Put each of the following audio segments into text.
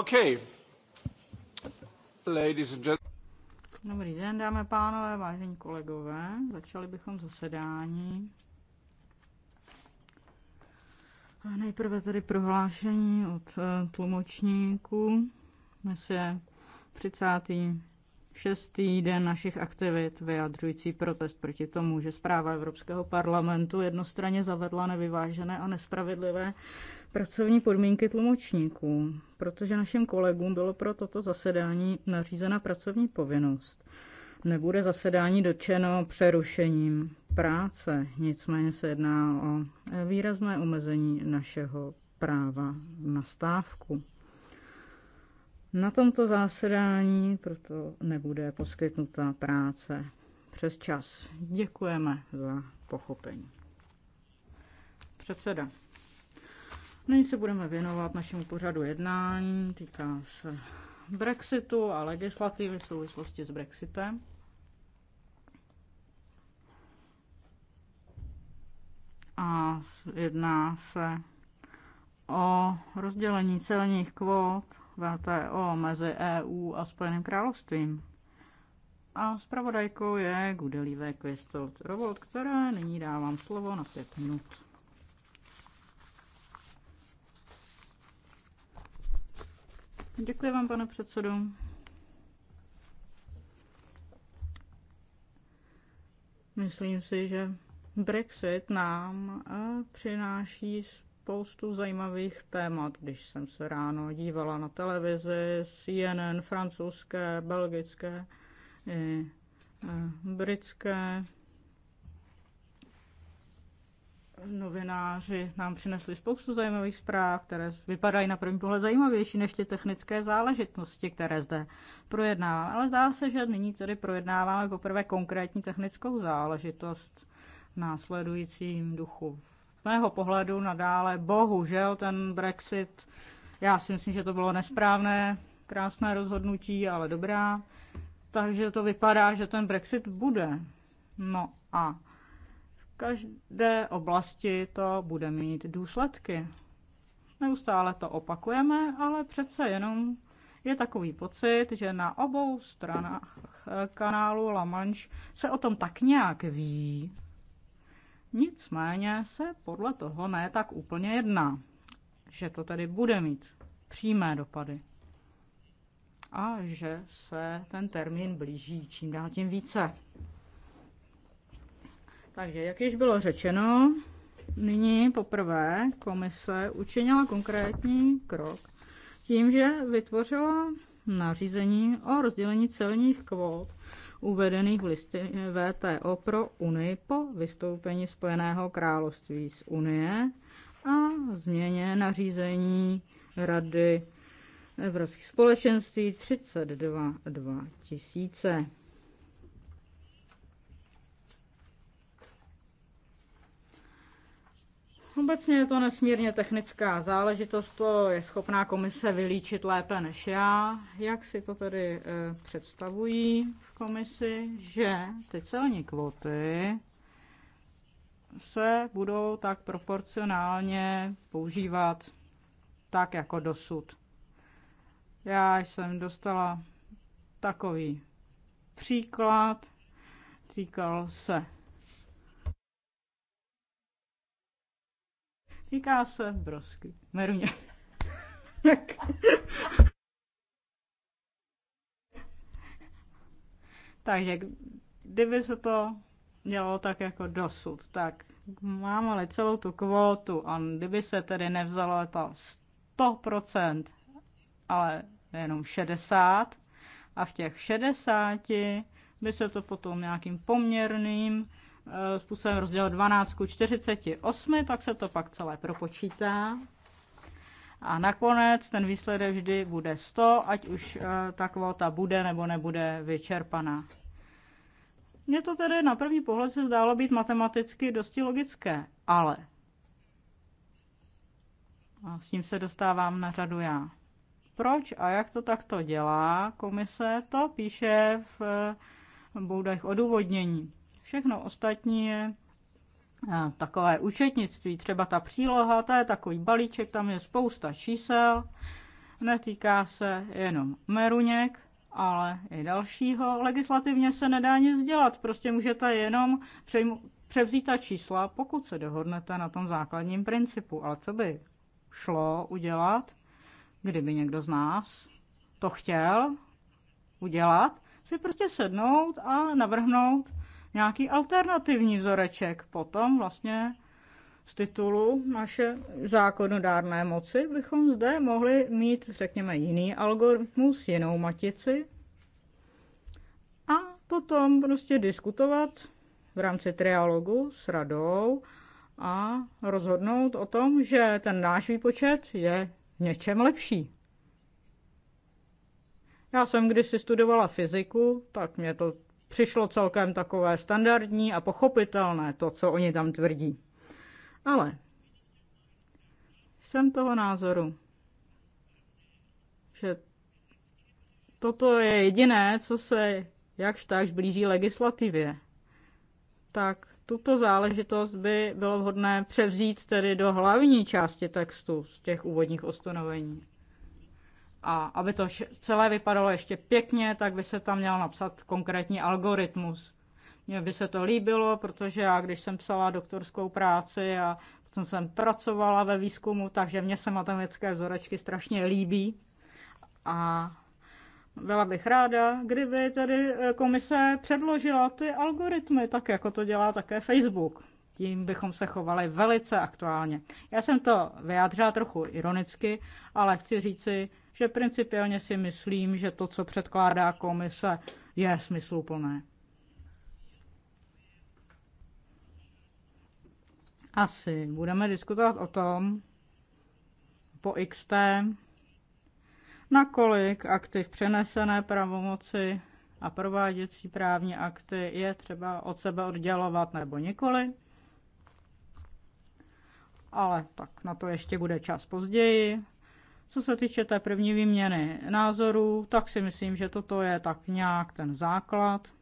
Okay. Ladies and gentlemen. Dobrý den, dámy a pánové, vážení kolegové. Začali bychom zasedání. A nejprve tedy prohlášení od eh, tlumočníků. Dnes je 30 šestý den našich aktivit vyjadřující protest proti tomu, že zpráva Evropského parlamentu jednostranně zavedla nevyvážené a nespravedlivé pracovní podmínky tlumočníků, protože našim kolegům bylo pro toto zasedání nařízena pracovní povinnost. Nebude zasedání dočeno přerušením práce, nicméně se jedná o výrazné omezení našeho práva na stávku. Na tomto zásedání proto nebude poskytnuta práce přes čas. Děkujeme za pochopení. Předseda. Nyní se budeme věnovat našemu pořadu jednání. Týká se Brexitu a legislativy v souvislosti s Brexitem. A jedná se o rozdělení celních kvót VTO mezi EU a Spojeným královstvím. A zpravodajkou je Gudelivé Questot Robot, které nyní dávám slovo na pět minut. Děkuji vám, pane předsedo. Myslím si, že Brexit nám eh, přináší spoustu zajímavých témat, když jsem se ráno dívala na televizi, CNN, francouzské, belgické, i, e, britské. Novináři nám přinesli spoustu zajímavých zpráv, které vypadají na první pohled zajímavější než ty technické záležitosti, které zde projednáváme. Ale zdá se, že nyní tedy projednáváme poprvé konkrétní technickou záležitost v následujícím duchu mého pohledu nadále bohužel ten Brexit, já si myslím, že to bylo nesprávné, krásné rozhodnutí, ale dobrá. Takže to vypadá, že ten Brexit bude. No a v každé oblasti to bude mít důsledky. Neustále to opakujeme, ale přece jenom je takový pocit, že na obou stranách kanálu La Manche se o tom tak nějak ví, Nicméně se podle toho ne tak úplně jedná, že to tedy bude mít přímé dopady a že se ten termín blíží čím dál tím více. Takže, jak již bylo řečeno, nyní poprvé komise učinila konkrétní krok tím, že vytvořila nařízení o rozdělení celních kvót uvedených v listy VTO pro Unii po vystoupení Spojeného království z Unie a změně nařízení Rady Evropských společenství 32 2000. Obecně je to nesmírně technická záležitost, to je schopná komise vylíčit lépe než já. Jak si to tedy eh, představují v komisi, že ty celní kvoty se budou tak proporcionálně používat tak jako dosud. Já jsem dostala takový příklad, týkal se Týká se brosky. Meruně. Takže kdyby se to dělalo tak jako dosud, tak mám ale celou tu kvótu a kdyby se tedy nevzalo to 100%, ale jenom 60 a v těch 60 by se to potom nějakým poměrným Eh, způsobem rozděl 12 ku 48, tak se to pak celé propočítá. A nakonec ten výsledek vždy bude 100, ať už eh, ta kvota bude nebo nebude vyčerpaná. Mně to tedy na první pohled se zdálo být matematicky dosti logické, ale a s tím se dostávám na řadu já. Proč a jak to takto dělá komise, to píše v eh, boudech odůvodnění. Všechno ostatní je eh, takové účetnictví, třeba ta příloha, to je takový balíček, tam je spousta čísel, netýká se jenom meruněk, ale i dalšího. Legislativně se nedá nic dělat, prostě můžete jenom převzít ta čísla, pokud se dohodnete na tom základním principu. Ale co by šlo udělat, kdyby někdo z nás to chtěl udělat, si prostě sednout a navrhnout nějaký alternativní vzoreček. Potom vlastně z titulu naše zákonodárné moci bychom zde mohli mít, řekněme, jiný algoritmus, jinou matici a potom prostě diskutovat v rámci trialogu s radou a rozhodnout o tom, že ten náš výpočet je v něčem lepší. Já jsem kdysi studovala fyziku, tak mě to přišlo celkem takové standardní a pochopitelné to, co oni tam tvrdí. Ale jsem toho názoru, že toto je jediné, co se jakž takž blíží legislativě. Tak tuto záležitost by bylo vhodné převzít tedy do hlavní části textu z těch úvodních ustanovení. A aby to celé vypadalo ještě pěkně, tak by se tam měl napsat konkrétní algoritmus. Mně by se to líbilo, protože já, když jsem psala doktorskou práci a potom jsem pracovala ve výzkumu, takže mně se matematické vzorečky strašně líbí. A byla bych ráda, kdyby tady eh, komise předložila ty algoritmy, tak jako to dělá také Facebook. Tím bychom se chovali velice aktuálně. Já jsem to vyjádřila trochu ironicky, ale chci říci, že principiálně si myslím, že to, co předkládá komise, je smysluplné. Asi budeme diskutovat o tom, po XT, nakolik aktiv přenesené pravomoci a prováděcí právní akty je třeba od sebe oddělovat nebo nikoli. Ale tak na to ještě bude čas později. Co se týče té první výměny názorů, tak si myslím, že toto je tak nějak ten základ.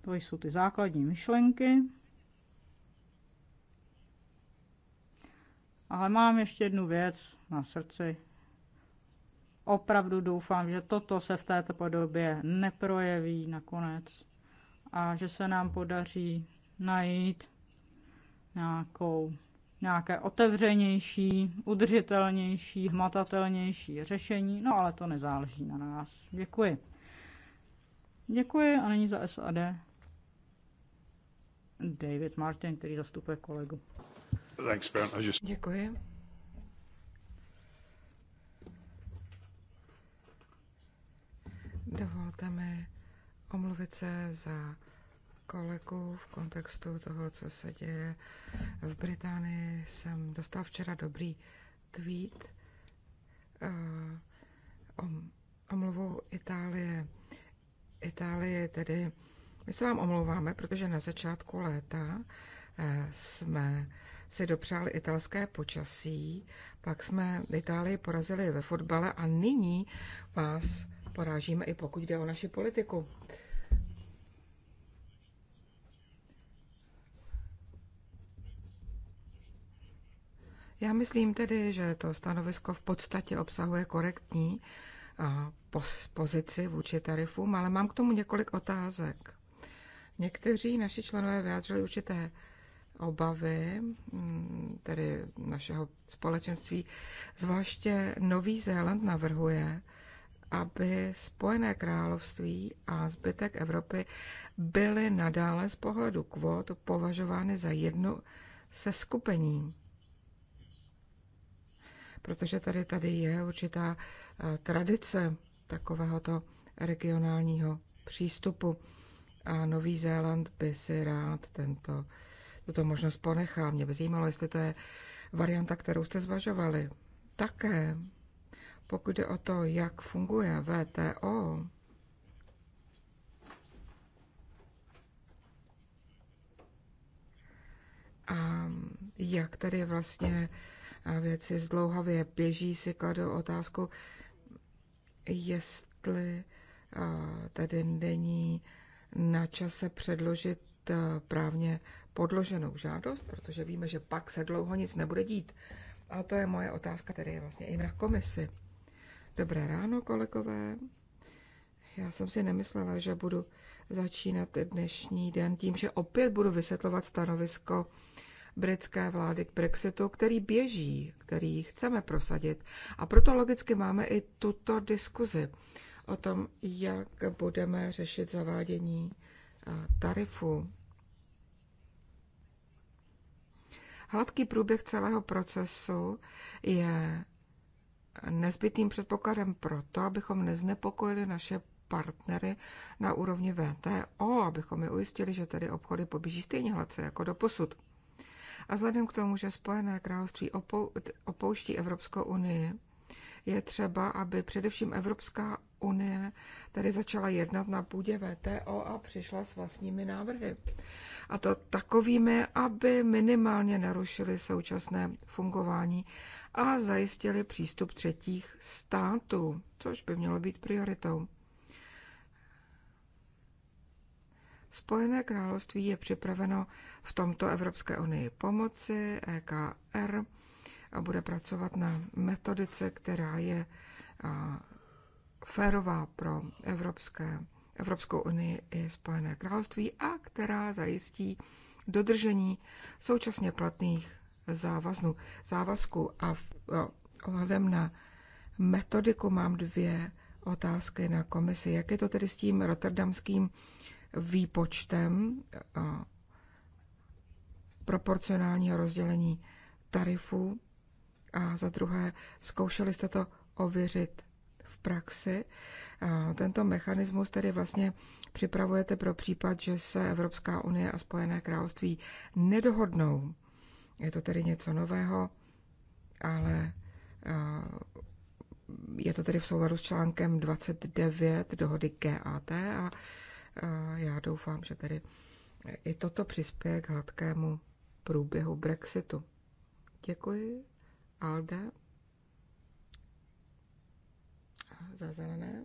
To jsou ty základní myšlenky. Ale mám ještě jednu věc na srdci. Opravdu doufám, že toto se v této podobě neprojeví nakonec a že se nám podaří najít nějakou nějaké otevřenější, udržitelnější, hmatatelnější řešení, no ale to nezáleží na nás. Děkuji. Děkuji a není za SAD David Martin, který zastupuje kolegu. Thanks, I just... Děkuji. Dovolte mi omluvit se za kolegů v kontextu toho, co se děje v Británii. Jsem dostal včera dobrý tweet eh, o omluvou Itálie. Itálie tedy, my se vám omlouváme, protože na začátku léta eh, jsme si dopřáli italské počasí, pak jsme Itálii porazili ve fotbale a nyní vás porážíme i pokud jde o naši politiku. Já myslím tedy, že to stanovisko v podstatě obsahuje korektní pozici vůči tarifům, ale mám k tomu několik otázek. Někteří naši členové vyjádřili určité obavy, mm, tedy našeho společenství, zvláště Nový Zéland navrhuje, aby Spojené království a zbytek Evropy byly nadále z pohledu kvót považovány za jedno se skupením protože tady, tady je určitá eh, tradice takovéhoto regionálního přístupu a Nový Zéland by si rád tento, tuto možnost ponechal. Mě by zajímalo, jestli to je varianta, kterou jste zvažovali. Také, pokud jde o to, jak funguje VTO, a jak tady vlastně a věci zdlouhavě běží, si kladou otázku, jestli tedy není na čase předložit právně podloženou žádost, protože víme, že pak se dlouho nic nebude dít. A to je moje otázka tedy vlastně i na komisi. Dobré ráno, kolegové. Já jsem si nemyslela, že budu začínat dnešní den tím, že opět budu vysvětlovat stanovisko britské vlády k Brexitu, který běží, který chceme prosadit. A proto logicky máme i tuto diskuzi o tom, jak budeme řešit zavádění tarifů. Hladký průběh celého procesu je nezbytným předpokladem proto, abychom neznepokojili naše partnery na úrovni VTO, abychom je ujistili, že tedy obchody poběží stejně hladce jako doposud. A vzhledem k tomu, že Spojené království opouští Evropskou unii, je třeba, aby především Evropská unie tady začala jednat na půdě VTO a přišla s vlastními návrhy. A to takovými, aby minimálně narušili současné fungování a zajistili přístup třetích států, což by mělo být prioritou. Spojené království je připraveno v tomto Evropské unii pomoci, EKR, a bude pracovat na metodice, která je férová pro Evropské, Evropskou unii i Spojené království a která zajistí dodržení současně platných závaznů, závazků. A ohledem na metodiku mám dvě otázky na komisi. Jak je to tedy s tím rotterdamským výpočtem eh, proporcionálního rozdělení tarifů a za druhé zkoušeli jste to ověřit v praxi. Tento mechanismus tedy vlastně připravujete pro případ, že se Evropská unie a Spojené království nedohodnou. Je to tedy něco nového, ale eh, je to tedy v souladu s článkem 29 dohody GAT a já doufám, že tedy i toto přispěje k hladkému průběhu Brexitu. Děkuji, Alde. Za zelené.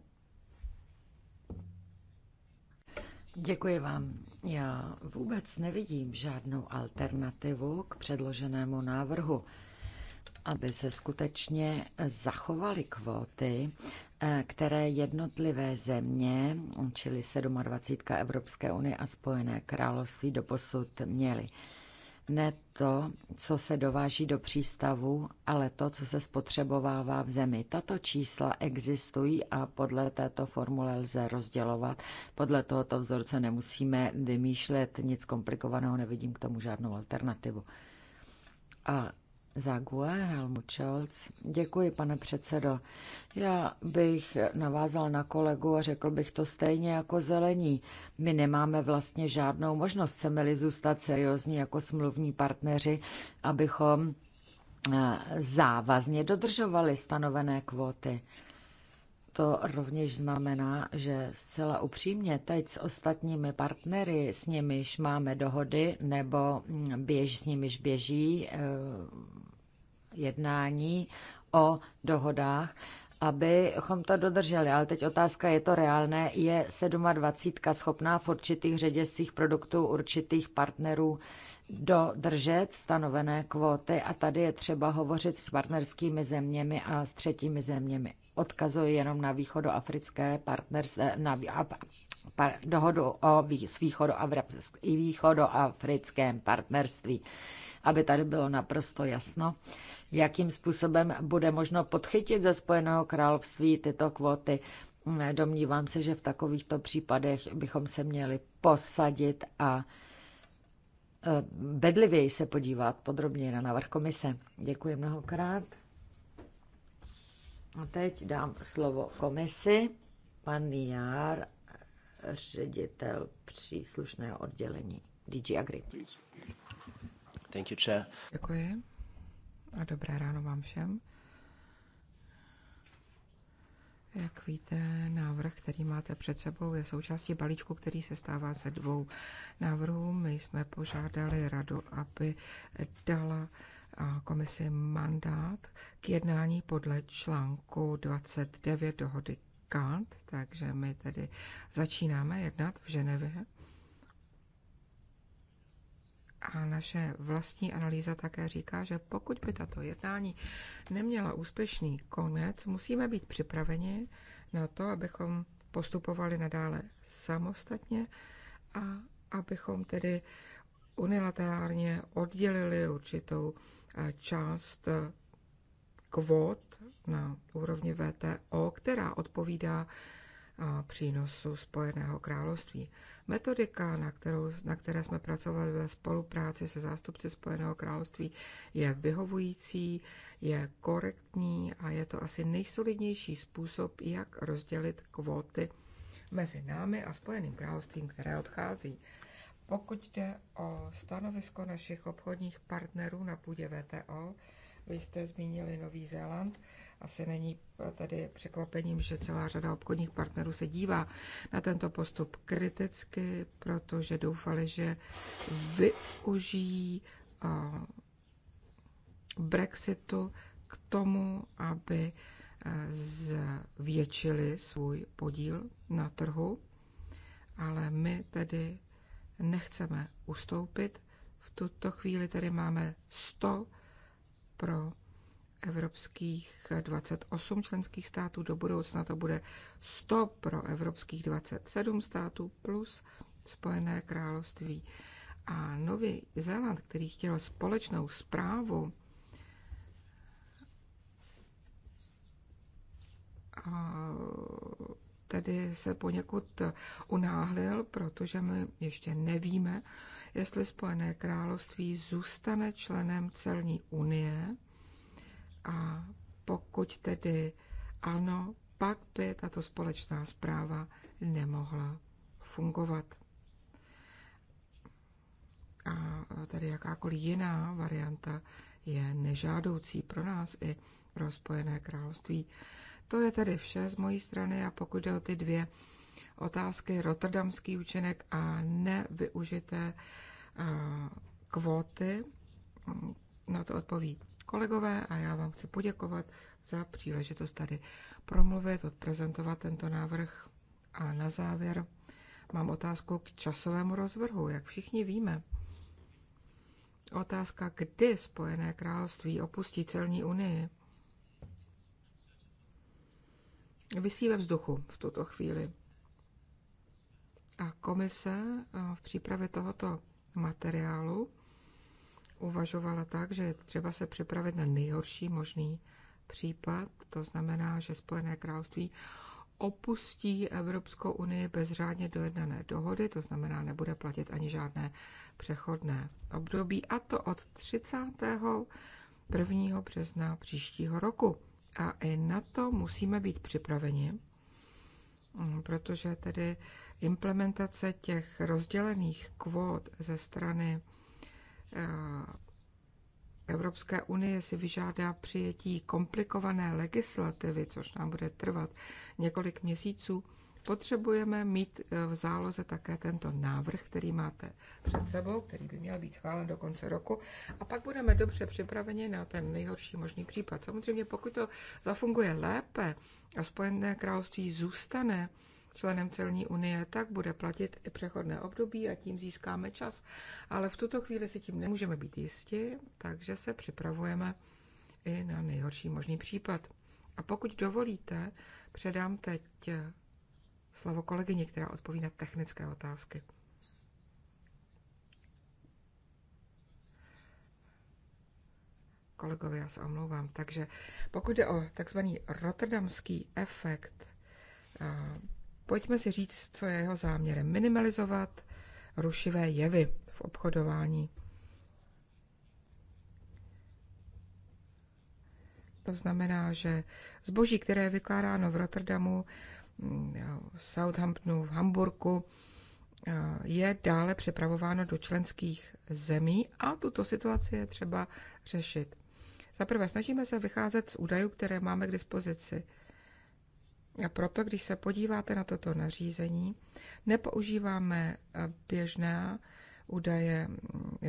Děkuji vám. Já vůbec nevidím žádnou alternativu k předloženému návrhu aby se skutečně zachovaly kvóty E, které jednotlivé země, čili 27. Evropské unie a Spojené království doposud měly. Ne to, co se dováží do přístavu, ale to, co se spotřebovává v zemi. Tato čísla existují a podle této formule lze rozdělovat. Podle tohoto vzorce nemusíme vymýšlet nic komplikovaného, nevidím k tomu žádnou alternativu. A Zague Helmut Scholz. Děkuji, pane předsedo. Já bych navázal na kolegu a řekl bych to stejně jako zelení. My nemáme vlastně žádnou možnost, chceme-li zůstat seriózní jako smluvní partneři, abychom eh, závazně dodržovali stanovené kvóty. To rovněž znamená, že zcela upřímně teď s ostatními partnery, s nimiž máme dohody nebo běž, s nimiž běží eh, jednání o dohodách, abychom to dodrželi. Ale teď otázka, je to reálné? Je 27 schopná v určitých řetězcích produktů určitých partnerů dodržet stanovené kvóty? A tady je třeba hovořit s partnerskými zeměmi a s třetími zeměmi odkazuje jenom na východoafrické partnerství, na par, dohodu o s východoafrickém partnerství, aby tady bylo naprosto jasno, jakým způsobem bude možno podchytit ze Spojeného království tyto kvóty. Domnívám se, že v takovýchto případech bychom se měli posadit a eh, bedlivěji se podívat podrobně na návrh komise. Děkuji mnohokrát. A teď dám slovo komisi. Pan Jár, ředitel příslušného oddělení DG Agri. Thank you, chair. Děkuji. A dobré ráno vám všem. Jak víte, návrh, který máte před sebou, je součástí balíčku, který se stává ze dvou návrhů. My jsme požádali radu, aby dala komisi mandát k jednání podle článku 29 dohody Kant, takže my tedy začínáme jednat v Ženevě. A naše vlastní analýza také říká, že pokud by tato jednání neměla úspěšný konec, musíme být připraveni na to, abychom postupovali nadále samostatně a abychom tedy unilaterálně oddělili určitou Eh, část eh, kvot na úrovni VTO, která odpovídá eh, přínosu Spojeného království. Metodika, na, kterou, na které jsme pracovali ve spolupráci se zástupci Spojeného království, je vyhovující, je korektní a je to asi nejsolidnější způsob, jak rozdělit kvóty mezi námi a Spojeným královstvím, které odchází. Pokud jde o stanovisko našich obchodních partnerů na půdě VTO, vy jste zmínili Nový Zéland. Asi není tedy překvapením, že celá řada obchodních partnerů se dívá na tento postup kriticky, protože doufali, že využijí Brexitu k tomu, aby e, zvětšili svůj podíl na trhu. Ale my tedy nechceme ustoupit. V tuto chvíli tedy máme 100 pro evropských 28 členských států, do budoucna to bude 100 pro evropských 27 států plus Spojené království. A Nový Zéland, který chtěl společnou zprávu, a tedy se poněkud unáhlil, protože my ještě nevíme, jestli Spojené království zůstane členem celní unie a pokud tedy ano, pak by tato společná zpráva nemohla fungovat. A tedy jakákoliv jiná varianta je nežádoucí pro nás i pro Spojené království. To je tedy vše z mojí strany a pokud jde o ty dvě otázky, rotterdamský účinek a nevyužité kvóty, na to odpoví kolegové a já vám chci poděkovat za příležitost tady promluvit, odprezentovat tento návrh a na závěr mám otázku k časovému rozvrhu. Jak všichni víme, otázka, kdy Spojené království opustí celní unii, vysí ve vzduchu v tuto chvíli. A komise eh, v přípravě tohoto materiálu uvažovala tak, že je třeba se připravit na nejhorší možný případ. To znamená, že Spojené království opustí Evropskou unii bez řádně dojednané dohody, to znamená, nebude platit ani žádné přechodné období, a to od 31. března příštího roku. A i na to musíme být připraveni, protože tedy implementace těch rozdělených kvót ze strany eh, Evropské unie si vyžádá přijetí komplikované legislativy, což nám bude trvat několik měsíců, potřebujeme mít eh, v záloze také tento návrh, který máte před sebou, který by měl být schválen do konce roku. A pak budeme dobře připraveni na ten nejhorší možný případ. Samozřejmě, pokud to zafunguje lépe a Spojené království zůstane členem celní unie, tak bude platit i přechodné období a tím získáme čas. Ale v tuto chvíli si tím nemůžeme být jisti, takže se připravujeme i na nejhorší možný případ. A pokud dovolíte, předám teď slovo kolegyně, která odpoví na technické otázky. Kolegovi, já se omlouvám. Takže pokud jde o takzvaný rotterdamský efekt, eh, pojďme si říct, co je jeho záměrem. Minimalizovat rušivé jevy v obchodování. To znamená, že zboží, které je vykládáno v Rotterdamu, Southamptonu v Hamburgu eh, je dále přepravováno do členských zemí a tuto situaci je třeba řešit. Za prvé, snažíme se vycházet z údajů, které máme k dispozici. A proto, když se podíváte na toto nařízení, nepoužíváme eh, běžné údaje mm,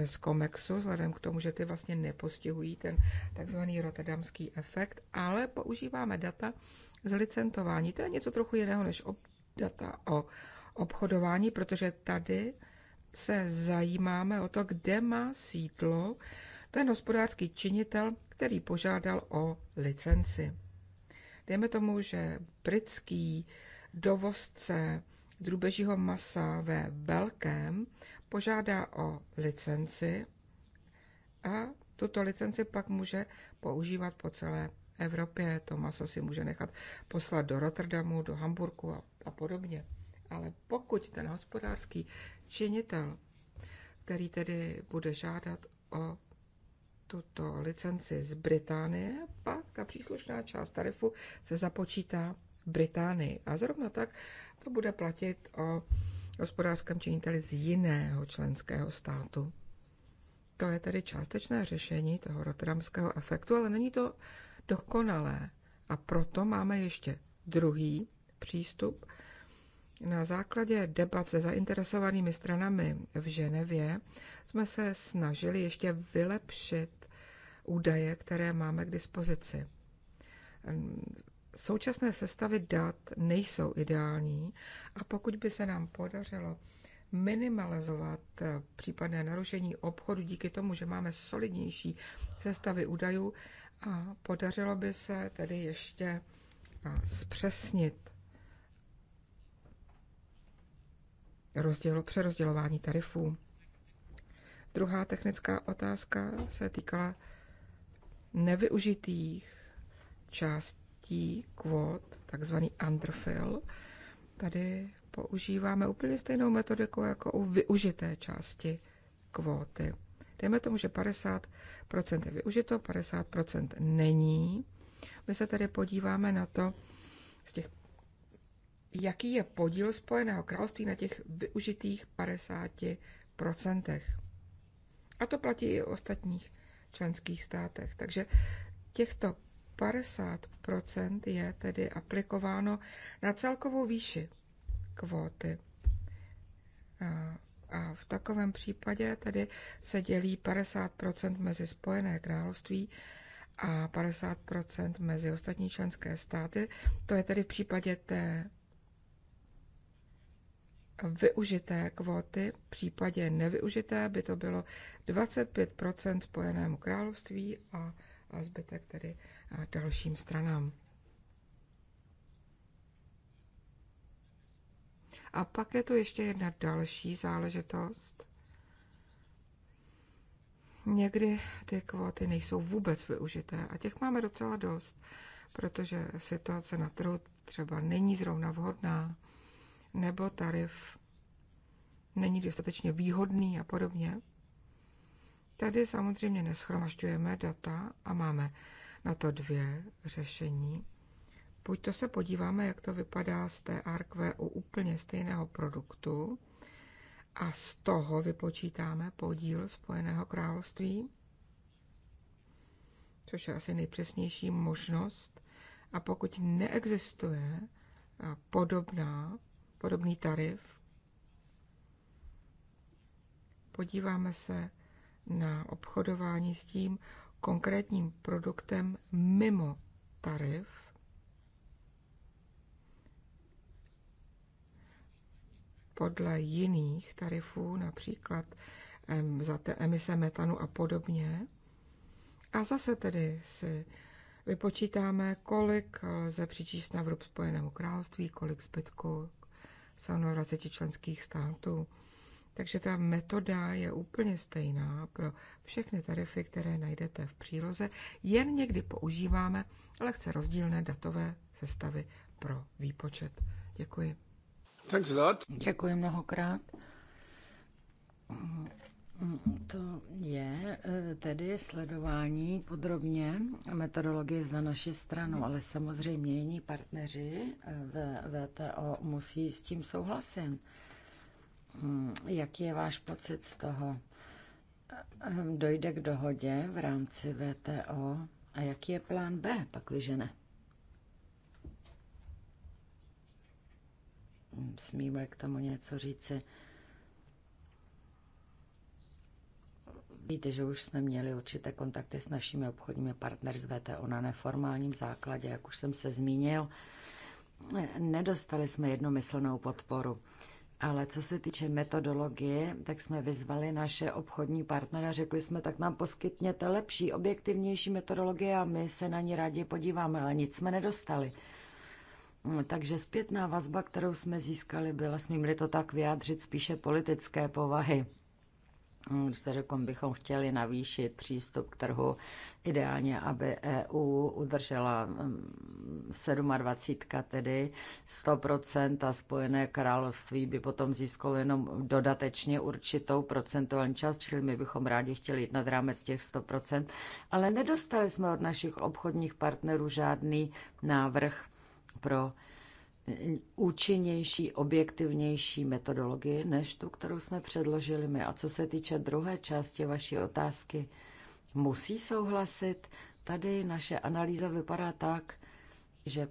z Comexu, vzhledem k tomu, že ty vlastně nepostihují ten takzvaný rotterdamský efekt, ale používáme data, z To je něco trochu jiného než ob, data o obchodování, protože tady se zajímáme o to, kde má sídlo ten hospodářský činitel, který požádal o licenci. Dejme tomu, že britský dovozce drubežího masa ve velkém požádá o licenci a tuto licenci pak může používat po celé Evropě. To maso si může nechat poslat do Rotterdamu, do Hamburku a, a podobně. Ale pokud ten hospodářský činitel, který tedy bude žádat o tuto licenci z Británie, pak ta příslušná část tarifu se započítá Británii. A zrovna tak to bude platit o hospodářském činiteli z jiného členského státu. To je tedy částečné řešení toho rotterdamského efektu, ale není to dokonalé. A proto máme ještě druhý přístup. Na základě debat se zainteresovanými stranami v Ženevě jsme se snažili ještě vylepšit údaje, které máme k dispozici. Současné sestavy dat nejsou ideální a pokud by se nám podařilo minimalizovat případné narušení obchodu díky tomu, že máme solidnější sestavy údajů, a podařilo by se tedy ještě zpřesnit rozdělo, přerozdělování tarifů. Druhá technická otázka se týkala nevyužitých částí kvot, takzvaný underfill. Tady používáme úplně stejnou metodiku jako u využité části kvóty. Dejme tomu, že 50% je využito, 50% není. My se tedy podíváme na to, z těch, jaký je podíl Spojeného království na těch využitých 50%. A to platí i o ostatních členských státech. Takže těchto 50% je tedy aplikováno na celkovou výši kvóty a v takovém případě tedy se dělí 50% mezi Spojené království a 50% mezi ostatní členské státy. To je tedy v případě té využité kvóty, v případě nevyužité by to bylo 25% Spojenému království a, a zbytek tedy dalším stranám. A pak je tu ještě jedna další záležitost. Někdy ty kvóty nejsou vůbec využité a těch máme docela dost, protože situace na trhu třeba není zrovna vhodná, nebo tarif není dostatečně výhodný a podobně. Tady samozřejmě neschromažďujeme data a máme na to dvě řešení. Buď to se podíváme, jak to vypadá z ARQ u úplně stejného produktu a z toho vypočítáme podíl Spojeného království, což je asi nejpřesnější možnost. A pokud neexistuje podobná, podobný tarif, podíváme se na obchodování s tím konkrétním produktem mimo tarif podle jiných tarifů, například za té emise metanu a podobně. A zase tedy si vypočítáme, kolik lze přičíst na vrub Spojenému království, kolik zbytku 20 členských států. Takže ta metoda je úplně stejná pro všechny tarify, které najdete v příloze, jen někdy používáme lehce rozdílné datové sestavy pro výpočet. Děkuji. Thanks a lot. Děkuji mnohokrát. To je eh, tedy sledování podrobně metodologie za naši stranu, ale samozřejmě jiní partneři eh, v VTO musí s tím souhlasit. Hmm, jaký je váš pocit z toho? Eh, dojde k dohodě v rámci VTO a jaký je plán B, pakliže ne? smíme k tomu něco říci. Víte, že už jsme měli určité kontakty s našimi obchodními partnery z VTO na neformálním základě, jak už jsem se zmínil. Nedostali jsme jednomyslnou podporu. Ale co se týče metodologie, tak jsme vyzvali naše obchodní partnera. řekli jsme, tak nám poskytněte lepší, objektivnější metodologie a my se na ní rádi podíváme, ale nic jsme nedostali. Takže zpětná vazba, kterou jsme získali, byla, smím-li to tak vyjádřit, spíše politické povahy. Se řekom, bychom chtěli navýšit přístup k trhu, ideálně, aby EU udržela 27, mm, tedy 100% a Spojené království by potom získalo jenom dodatečně určitou procentuální část, čili my bychom rádi chtěli jít nad rámec těch 100%, ale nedostali jsme od našich obchodních partnerů žádný návrh pro účinnější, objektivnější metodologii než tu, kterou jsme předložili my. A co se týče druhé části vaší otázky, musí souhlasit. Tady naše analýza vypadá tak, že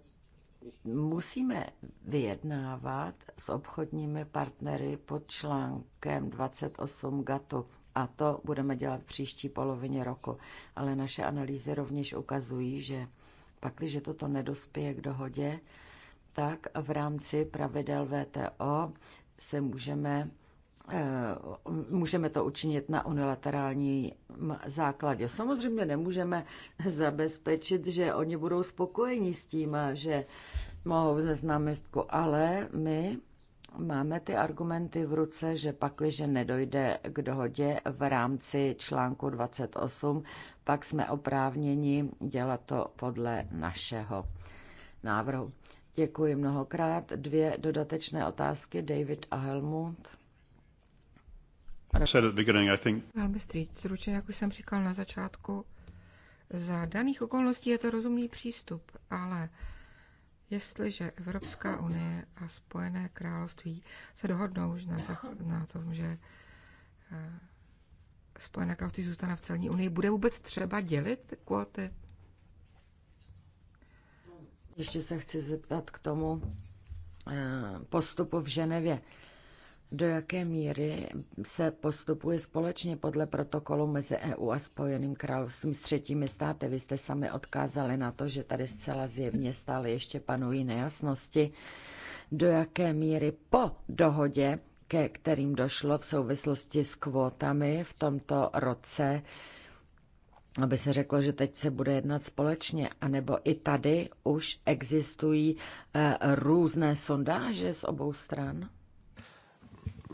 musíme vyjednávat s obchodními partnery pod článkem 28 GATU. A to budeme dělat příští polovině roku. Ale naše analýzy rovněž ukazují, že Pakliže toto nedospěje k dohodě, tak v rámci pravidel VTO se můžeme eh, můžeme to učinit na unilaterálním základě. Samozřejmě nemůžeme zabezpečit, že oni budou spokojení s tím, že mohou vznést náměstku, ale my máme ty argumenty v ruce, že pakliže nedojde k dohodě v rámci článku 28, pak jsme oprávněni dělat to podle našeho návrhu. Děkuji mnohokrát. Dvě dodatečné otázky, David a Helmut. Velmi stručně, jak už jsem říkal na začátku, za daných okolností je to rozumný přístup, ale uh, jestliže Evropská unie a Spojené království se dohodnou na, na tom, že eh, Spojené království zůstane v celní unii, bude vůbec třeba dělit kvóty? Ještě se chci zeptat k tomu eh, postupu v Ženevě do jaké míry se postupuje společně podle protokolu mezi EU a Spojeným královstvím s třetími státy. Vy jste sami odkázali na to, že tady zcela zjevně stále ještě panují nejasnosti, do jaké míry po dohodě, ke kterým došlo v souvislosti s kvótami v tomto roce, aby se řeklo, že teď se bude jednat společně, anebo i tady už existují eh, různé sondáže z obou stran?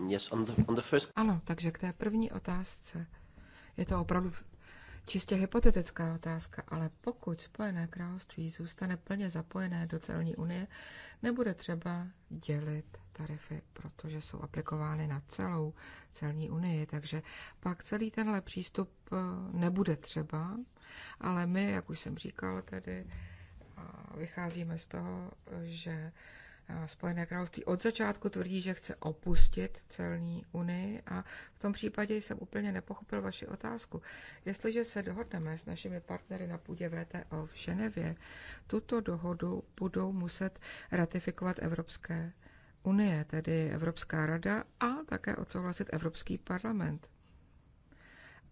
Yes, on the, on the first... Ano, takže k té první otázce. Je to opravdu čistě hypotetická otázka, ale pokud Spojené království zůstane plně zapojené do celní unie, nebude třeba dělit tarify, protože jsou aplikovány na celou celní unii, takže pak celý tenhle přístup eh, nebude třeba, ale my, jak už jsem říkal, tedy vycházíme z toho, že Spojené království od začátku tvrdí, že chce opustit celní unii a v tom případě jsem úplně nepochopil vaši otázku. Jestliže se dohodneme s našimi partnery na půdě VTO v Ženevě, tuto dohodu budou muset ratifikovat Evropské unie, tedy Evropská rada a také odsouhlasit Evropský parlament.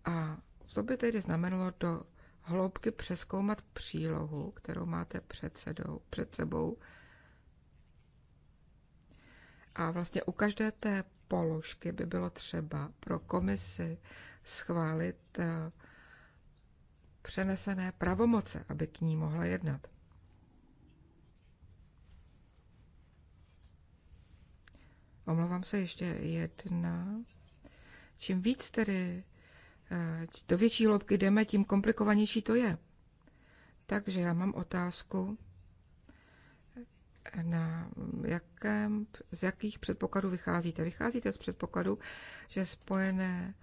A to by tedy znamenalo do hloubky přeskoumat přílohu, kterou máte před, sedou, před sebou, a vlastně u každé té položky by bylo třeba pro komisi schválit eh, přenesené pravomoce, aby k ní mohla jednat. Omlouvám se ještě jedna. Čím víc tedy eh, do větší hloubky jdeme, tím komplikovanější to je. Takže já mám otázku na jakém, z jakých předpokladů vycházíte. Vycházíte z předpokladu, že Spojené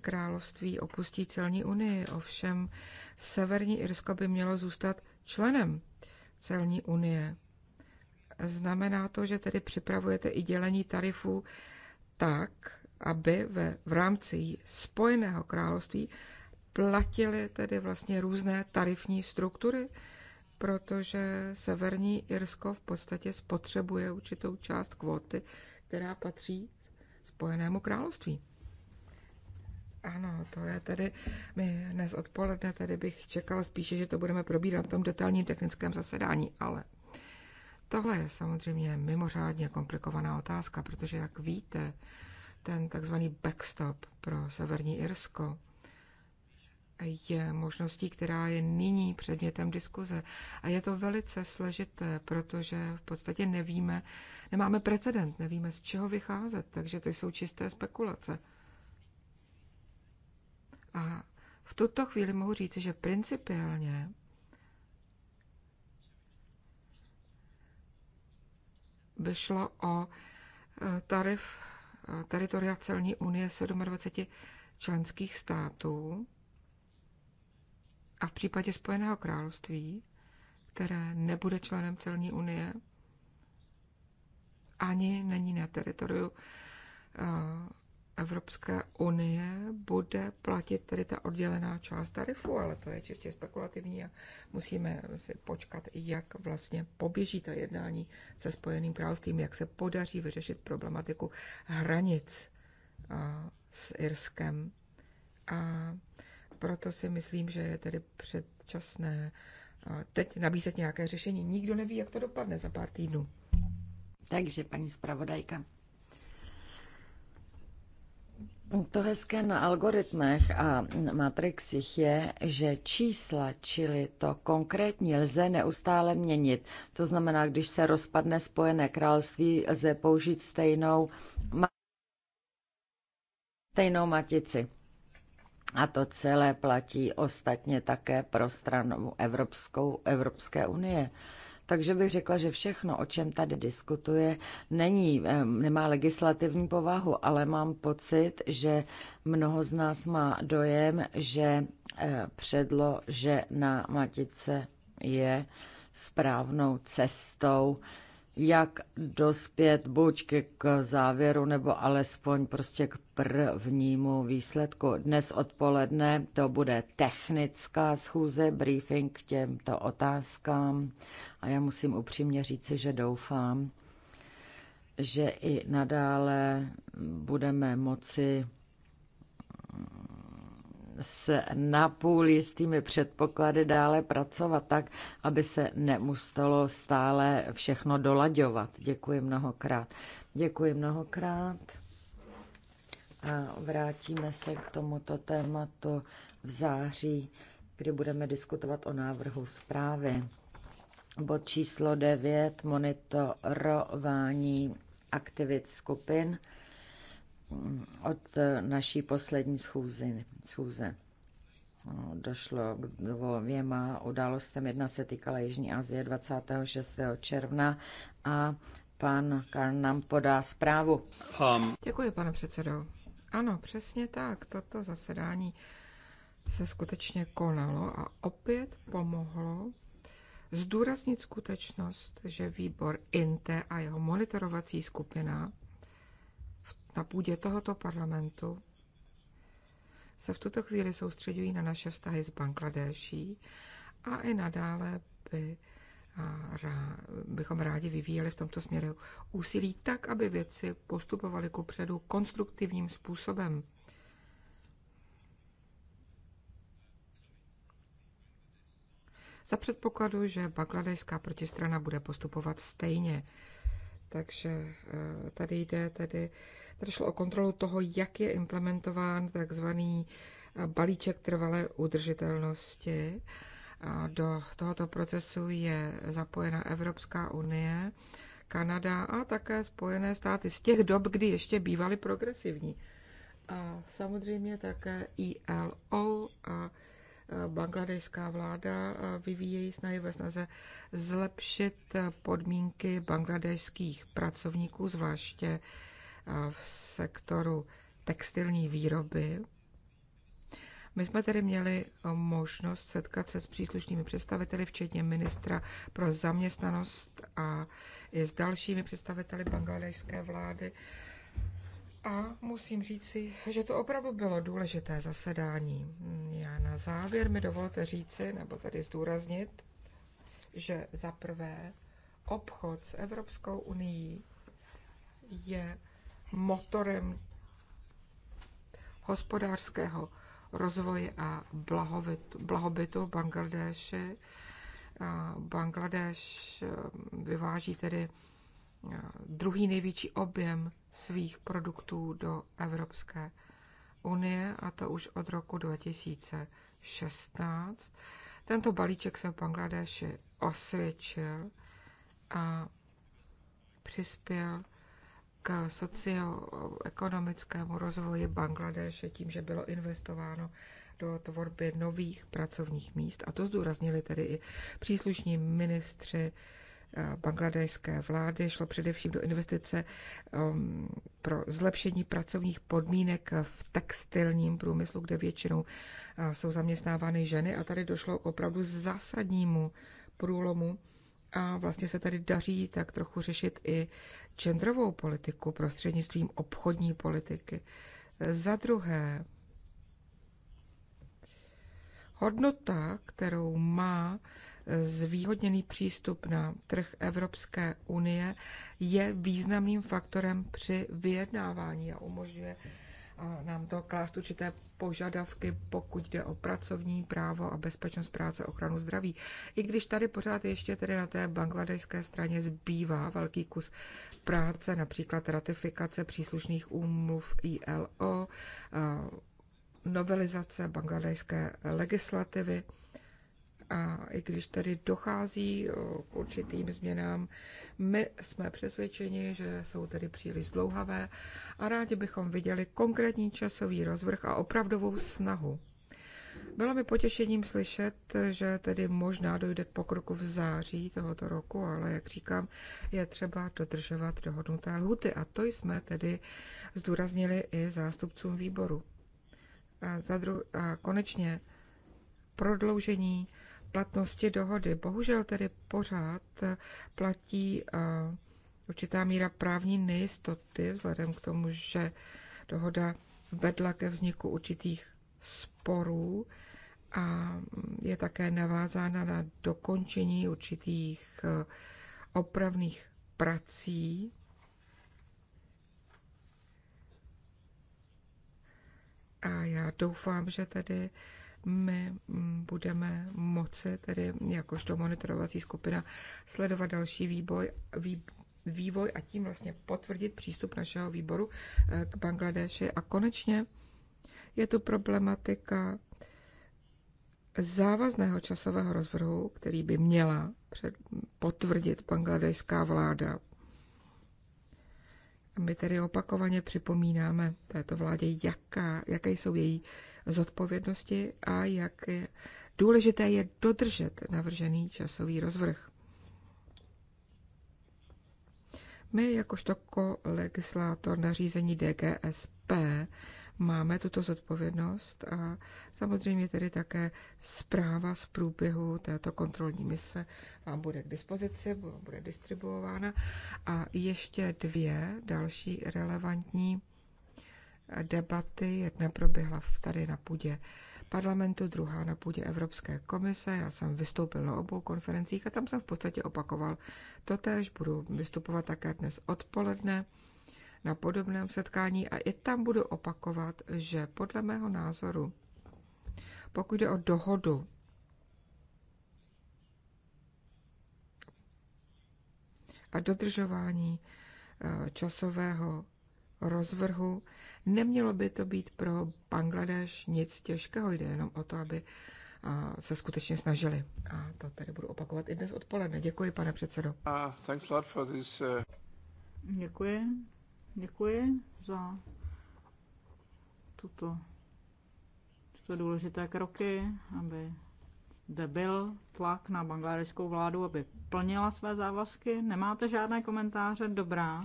království opustí celní unii, ovšem Severní Irsko by mělo zůstat členem celní unie. Znamená to, že tedy připravujete i dělení tarifů tak, aby ve, v rámci Spojeného království platily tedy vlastně různé tarifní struktury protože Severní Irsko v podstatě spotřebuje určitou část kvóty, která patří Spojenému království. Ano, to je tedy, my dnes odpoledne tady bych čekala spíše, že to budeme probírat v tom detailním technickém zasedání, ale tohle je samozřejmě mimořádně komplikovaná otázka, protože jak víte, ten takzvaný backstop pro Severní Irsko je možností, která je nyní předmětem diskuze. A je to velice složité, protože v podstatě nevíme, nemáme precedent, nevíme, z čeho vycházet, takže to jsou čisté spekulace. A v tuto chvíli mohu říct, že principiálně by šlo o e, tarif e, teritoria celní unie 27 členských států, a v případě Spojeného království, které nebude členem celní unie, ani není na teritoriu eh, Evropské unie, bude platit tedy ta oddělená část tarifu, ale to je čistě spekulativní a musíme si počkat, jak vlastně poběží ta jednání se Spojeným královstvím, jak se podaří vyřešit problematiku hranic eh, s Irskem. A proto si myslím, že je tedy předčasné teď nabízet nějaké řešení. Nikdo neví, jak to dopadne za pár týdnů. Takže, paní zpravodajka, to hezké na algoritmech a matrixích je, že čísla, čili to konkrétní, lze neustále měnit. To znamená, když se rozpadne spojené království, lze použít stejnou, ma- stejnou matici. A to celé platí ostatně také pro stranu Evropskou, Evropské unie. Takže bych řekla, že všechno, o čem tady diskutuje, není, nemá legislativní povahu, ale mám pocit, že mnoho z nás má dojem, že eh, na matice je správnou cestou jak dospět buď k závěru, nebo alespoň prostě k prvnímu výsledku. Dnes odpoledne to bude technická schůze, briefing k těmto otázkám a já musím upřímně říci, že doufám, že i nadále budeme moci se s půl jistými předpoklady dále pracovat tak, aby se nemuselo stále všechno dolaďovat. Děkuji mnohokrát. Děkuji mnohokrát. A vrátíme se k tomuto tématu v září, kdy budeme diskutovat o návrhu zprávy. Bod číslo 9. Monitorování aktivit skupin od naší poslední schůzy, schůze. Došlo k dvěma událostem. Jedna se týkala Jižní Asie 26. června a pan Karn nám podá zprávu. Um. Děkuji, pane předsedo. Ano, přesně tak. Toto zasedání se skutečně konalo a opět pomohlo zdůraznit skutečnost, že výbor INTE a jeho monitorovací skupina na půdě tohoto parlamentu se v tuto chvíli soustředují na naše vztahy s Bangladeší a i nadále by rá, bychom rádi vyvíjeli v tomto směru úsilí tak, aby věci postupovaly ku předu konstruktivním způsobem. Za předpokladu, že bangladešská protistrana bude postupovat stejně. Takže e, tady jde tedy Tady šlo o kontrolu toho, jak je implementován takzvaný eh, balíček trvalé udržitelnosti. Do tohoto procesu je zapojena Evropská unie, Kanada a také Spojené státy z těch dob, kdy ještě bývaly progresivní. A samozřejmě také ILO a eh, bangladejská vláda eh, vyvíjejí snahy ve snaze zlepšit podmínky bangladejských pracovníků, zvláště v sektoru textilní výroby. My jsme tedy měli možnost setkat se s příslušnými představiteli, včetně ministra pro zaměstnanost a i s dalšími představiteli bangladešské vlády. A musím říci, že to opravdu bylo důležité zasedání. Já na závěr mi dovolte říci, nebo tady zdůraznit, že za prvé obchod s Evropskou unii je motorem hospodářského rozvoje a blahobytu v Bangladeši. Bangladeš ehm, vyváží tedy ehm, druhý největší objem svých produktů do Evropské unie, a to už od roku 2016. Tento balíček se v Bangladeši osvědčil a přispěl k socioekonomickému rozvoji Bangladeše tím, že bylo investováno do tvorby nových pracovních míst. A to zdůraznili tedy i příslušní ministři eh, bangladejské vlády. Šlo především do investice ehm, pro zlepšení pracovních podmínek v textilním průmyslu, kde většinou eh, jsou zaměstnávány ženy. A tady došlo k opravdu zásadnímu průlomu a vlastně se tady daří tak trochu řešit i genderovou politiku prostřednictvím obchodní politiky. Za druhé, hodnota, kterou má zvýhodněný přístup na trh Evropské unie, je významným faktorem při vyjednávání a umožňuje nám to klást určité požadavky, pokud jde o pracovní právo a bezpečnost práce, ochranu zdraví. I když tady pořád ještě tedy na té bangladejské straně zbývá velký kus práce, například ratifikace příslušných úmluv ILO, novelizace bangladejské legislativy, a i když tedy dochází eh, k určitým změnám, my jsme přesvědčeni, že jsou tedy příliš zdlouhavé a rádi bychom viděli konkrétní časový rozvrh a opravdovou snahu. Bylo mi potěšením slyšet, že tedy možná dojde k pokroku v září tohoto roku, ale jak říkám, je třeba dodržovat dohodnuté lhuty a to jsme tedy zdůraznili i zástupcům výboru. A, za dru- a konečně prodloužení platnosti dohody. Bohužel tedy pořád platí eh, určitá míra právní nejistoty vzhledem k tomu, že dohoda vedla ke vzniku určitých sporů a je také navázána na dokončení určitých eh, opravných prací. A já doufám, že tedy my mm, budeme moci tedy jakožto monitorovací skupina sledovat další výboj, vý, vývoj a tím vlastně potvrdit přístup našeho výboru eh, k Bangladeši. A konečně je tu problematika závazného časového rozvrhu, který by měla před, potvrdit bangladejská vláda. My tedy opakovaně připomínáme této vládě, jaká, jaké jsou její zodpovědnosti a jak je důležité je dodržet navržený časový rozvrh. My jakožto kolegislátor nařízení DGSP máme tuto zodpovědnost a samozřejmě tedy také zpráva z průběhu této kontrolní mise vám bude k dispozici, bude distribuována. A ještě dvě další relevantní debaty. Jedna proběhla tady na půdě parlamentu, druhá na půdě Evropské komise. Já jsem vystoupil na obou konferencích a tam jsem v podstatě opakoval tež. Budu vystupovat také dnes odpoledne na podobném setkání a i tam budu opakovat, že podle mého názoru, pokud jde o dohodu a dodržování eh, časového rozvrhu, Nemělo by to být pro Bangladeš nic těžkého, jde jenom o to, aby se skutečně snažili. A to tady budu opakovat i dnes odpoledne. Děkuji, pane předsedo. Uh, thanks a lot for this, uh... Děkuji. Děkuji za tuto, tuto důležité kroky, aby zde byl tlak na bangladeskou vládu, aby plnila své závazky. Nemáte žádné komentáře? Dobrá.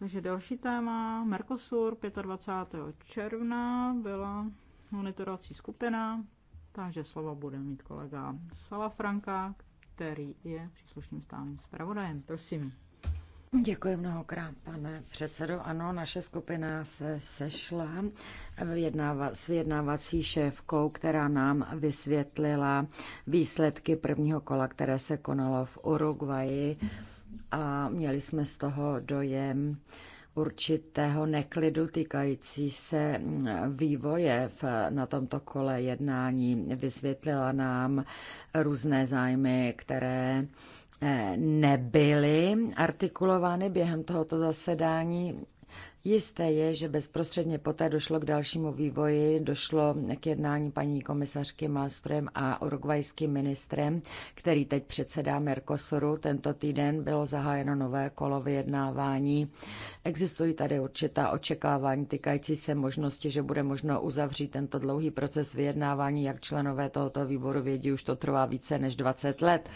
Takže další téma, Mercosur 25. června byla monitorovací skupina, takže slovo bude mít kolega Salafranka, který je příslušným stálým zpravodajem. Prosím. Děkuji mnohokrát, pane předsedo. Ano, naše skupina se sešla s vyjednávací šéfkou, která nám vysvětlila výsledky prvního kola, které se konalo v Uruguayi a měli jsme z toho dojem určitého neklidu týkající se mm, vývoje v, na tomto kole jednání. Vysvětlila nám různé zájmy, které eh, nebyly artikulovány během tohoto zasedání Jisté je, že bezprostředně poté došlo k dalšímu vývoji, došlo k jednání paní komisařky Malmström a urugvajským ministrem, který teď předsedá Mercosuru. Tento týden bylo zahájeno nové kolo vyjednávání. Existují tady určitá očekávání týkající se možnosti, že bude možno uzavřít tento dlouhý proces vyjednávání, jak členové tohoto výboru vědí, už to trvá více než 20 let.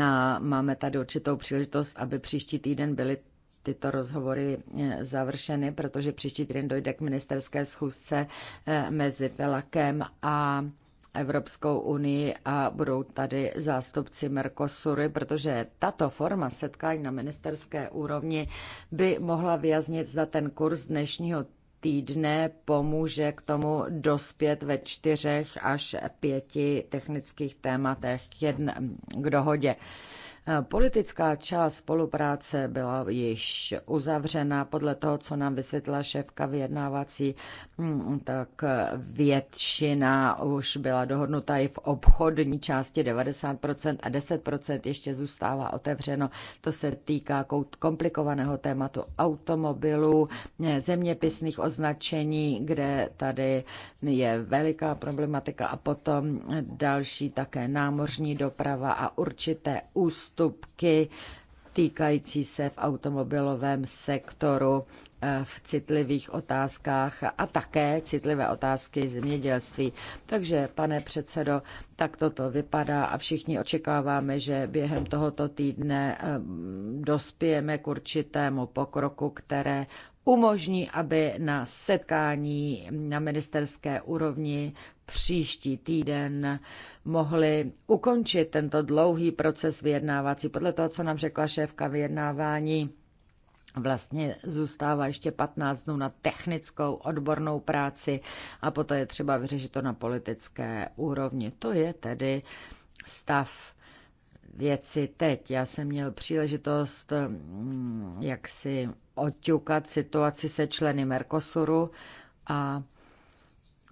A máme tady určitou příležitost, aby příští týden byly tyto rozhovory eh, završeny, protože příští týden dojde k ministerské schůzce eh, mezi Felakem a Evropskou unii a budou tady zástupci Mercosury, protože tato forma setkání na ministerské úrovni by mohla vyjaznit, za ten kurz dnešního týdne pomůže k tomu dospět ve čtyřech až pěti technických tématech jedn, k dohodě. Politická část spolupráce byla již uzavřena podle toho, co nám vysvětlila šéfka vyjednávací, mm, tak většina už byla dohodnuta i v obchodní části 90% a 10% ještě zůstává otevřeno. To se týká komplikovaného tématu automobilů, eh, zeměpisných označení, kde tady je veliká problematika a potom další také námořní doprava a určité ústupy ústupky týkající se v automobilovém sektoru eh, v citlivých otázkách a také citlivé otázky zemědělství. Takže, pane předsedo, tak toto vypadá a všichni očekáváme, že během tohoto týdne eh, dospějeme k určitému pokroku, které umožní, aby na setkání na ministerské úrovni příští týden mohli ukončit tento dlouhý proces vyjednávací. Podle toho, co nám řekla šéfka vyjednávání, Vlastně zůstává ještě 15 dnů na technickou odbornou práci a poté je třeba vyřešit to na politické úrovni. To je tedy stav věci teď. Já jsem měl příležitost mm, jak si oťukat situaci se členy Mercosuru a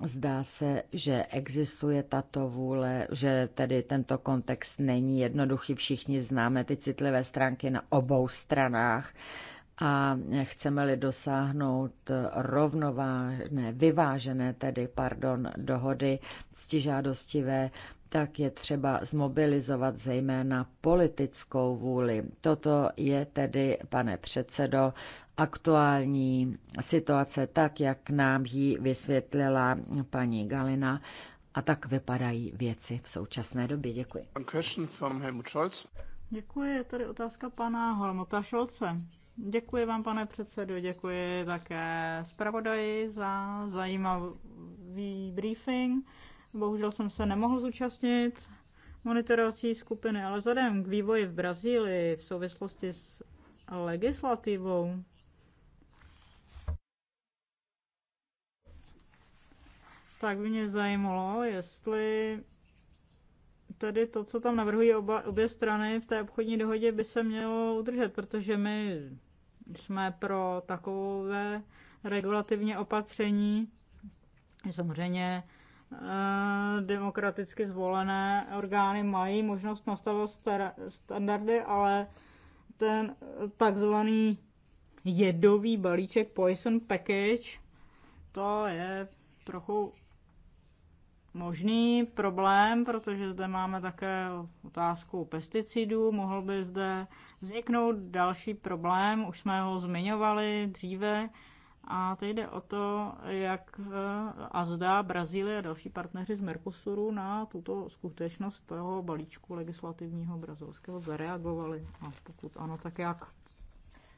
Zdá se, že existuje tato vůle, že tedy tento kontext není jednoduchý. Všichni známe ty citlivé stránky na obou stranách a chceme-li dosáhnout rovnovážné, vyvážené tedy, pardon, dohody ctižádostivé, tak je třeba zmobilizovat zejména politickou vůli. Toto je tedy, pane předsedo, aktuální situace tak, jak nám ji vysvětlila paní Galina a tak vypadají věci v současné době. Děkuji. Děkuji, je tady otázka pana Holmota Šolce. Děkuji vám, pane předsedo, děkuji také zpravodaji za zajímavý briefing. Bohužel jsem se nemohl zúčastnit monitorovací skupiny, ale vzhledem k vývoji v Brazílii v souvislosti s legislativou, tak by mě zajímalo, jestli tedy to, co tam navrhují oba, obě strany v té obchodní dohodě, by se mělo udržet, protože my jsme pro takové regulativní opatření. Samozřejmě Eh, demokraticky zvolené orgány mají možnost nastavovat standardy, ale ten takzvaný jedový balíček Poison Package, to je trochu možný problém, protože zde máme také otázku pesticidů. Mohl by zde vzniknout další problém, už jsme ho zmiňovali dříve, a teď jde o to, jak eh, a zdá Brazílie a další partneři z Mercosuru na tuto skutečnost toho balíčku legislativního brazilského zareagovali. A pokud ano, tak jak?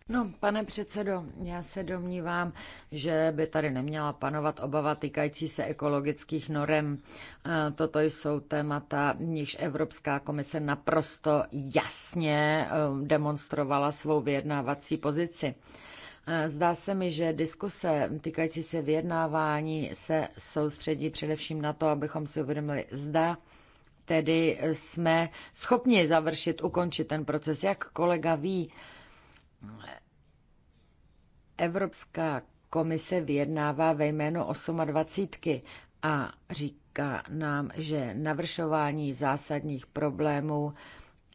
No, pane předsedo, já se domnívám, že by tady neměla panovat obava týkající se ekologických norem. Eh, toto jsou témata, níž Evropská komise naprosto jasně eh, demonstrovala svou vyjednávací pozici. Eh, zdá se mi, že diskuse týkající se vyjednávání se soustředí především na to, abychom si uvědomili, zda tedy jsme schopni završit, ukončit ten proces. Jak kolega ví, Evropská komise vyjednává ve jménu 28 a říká nám, že navršování zásadních problémů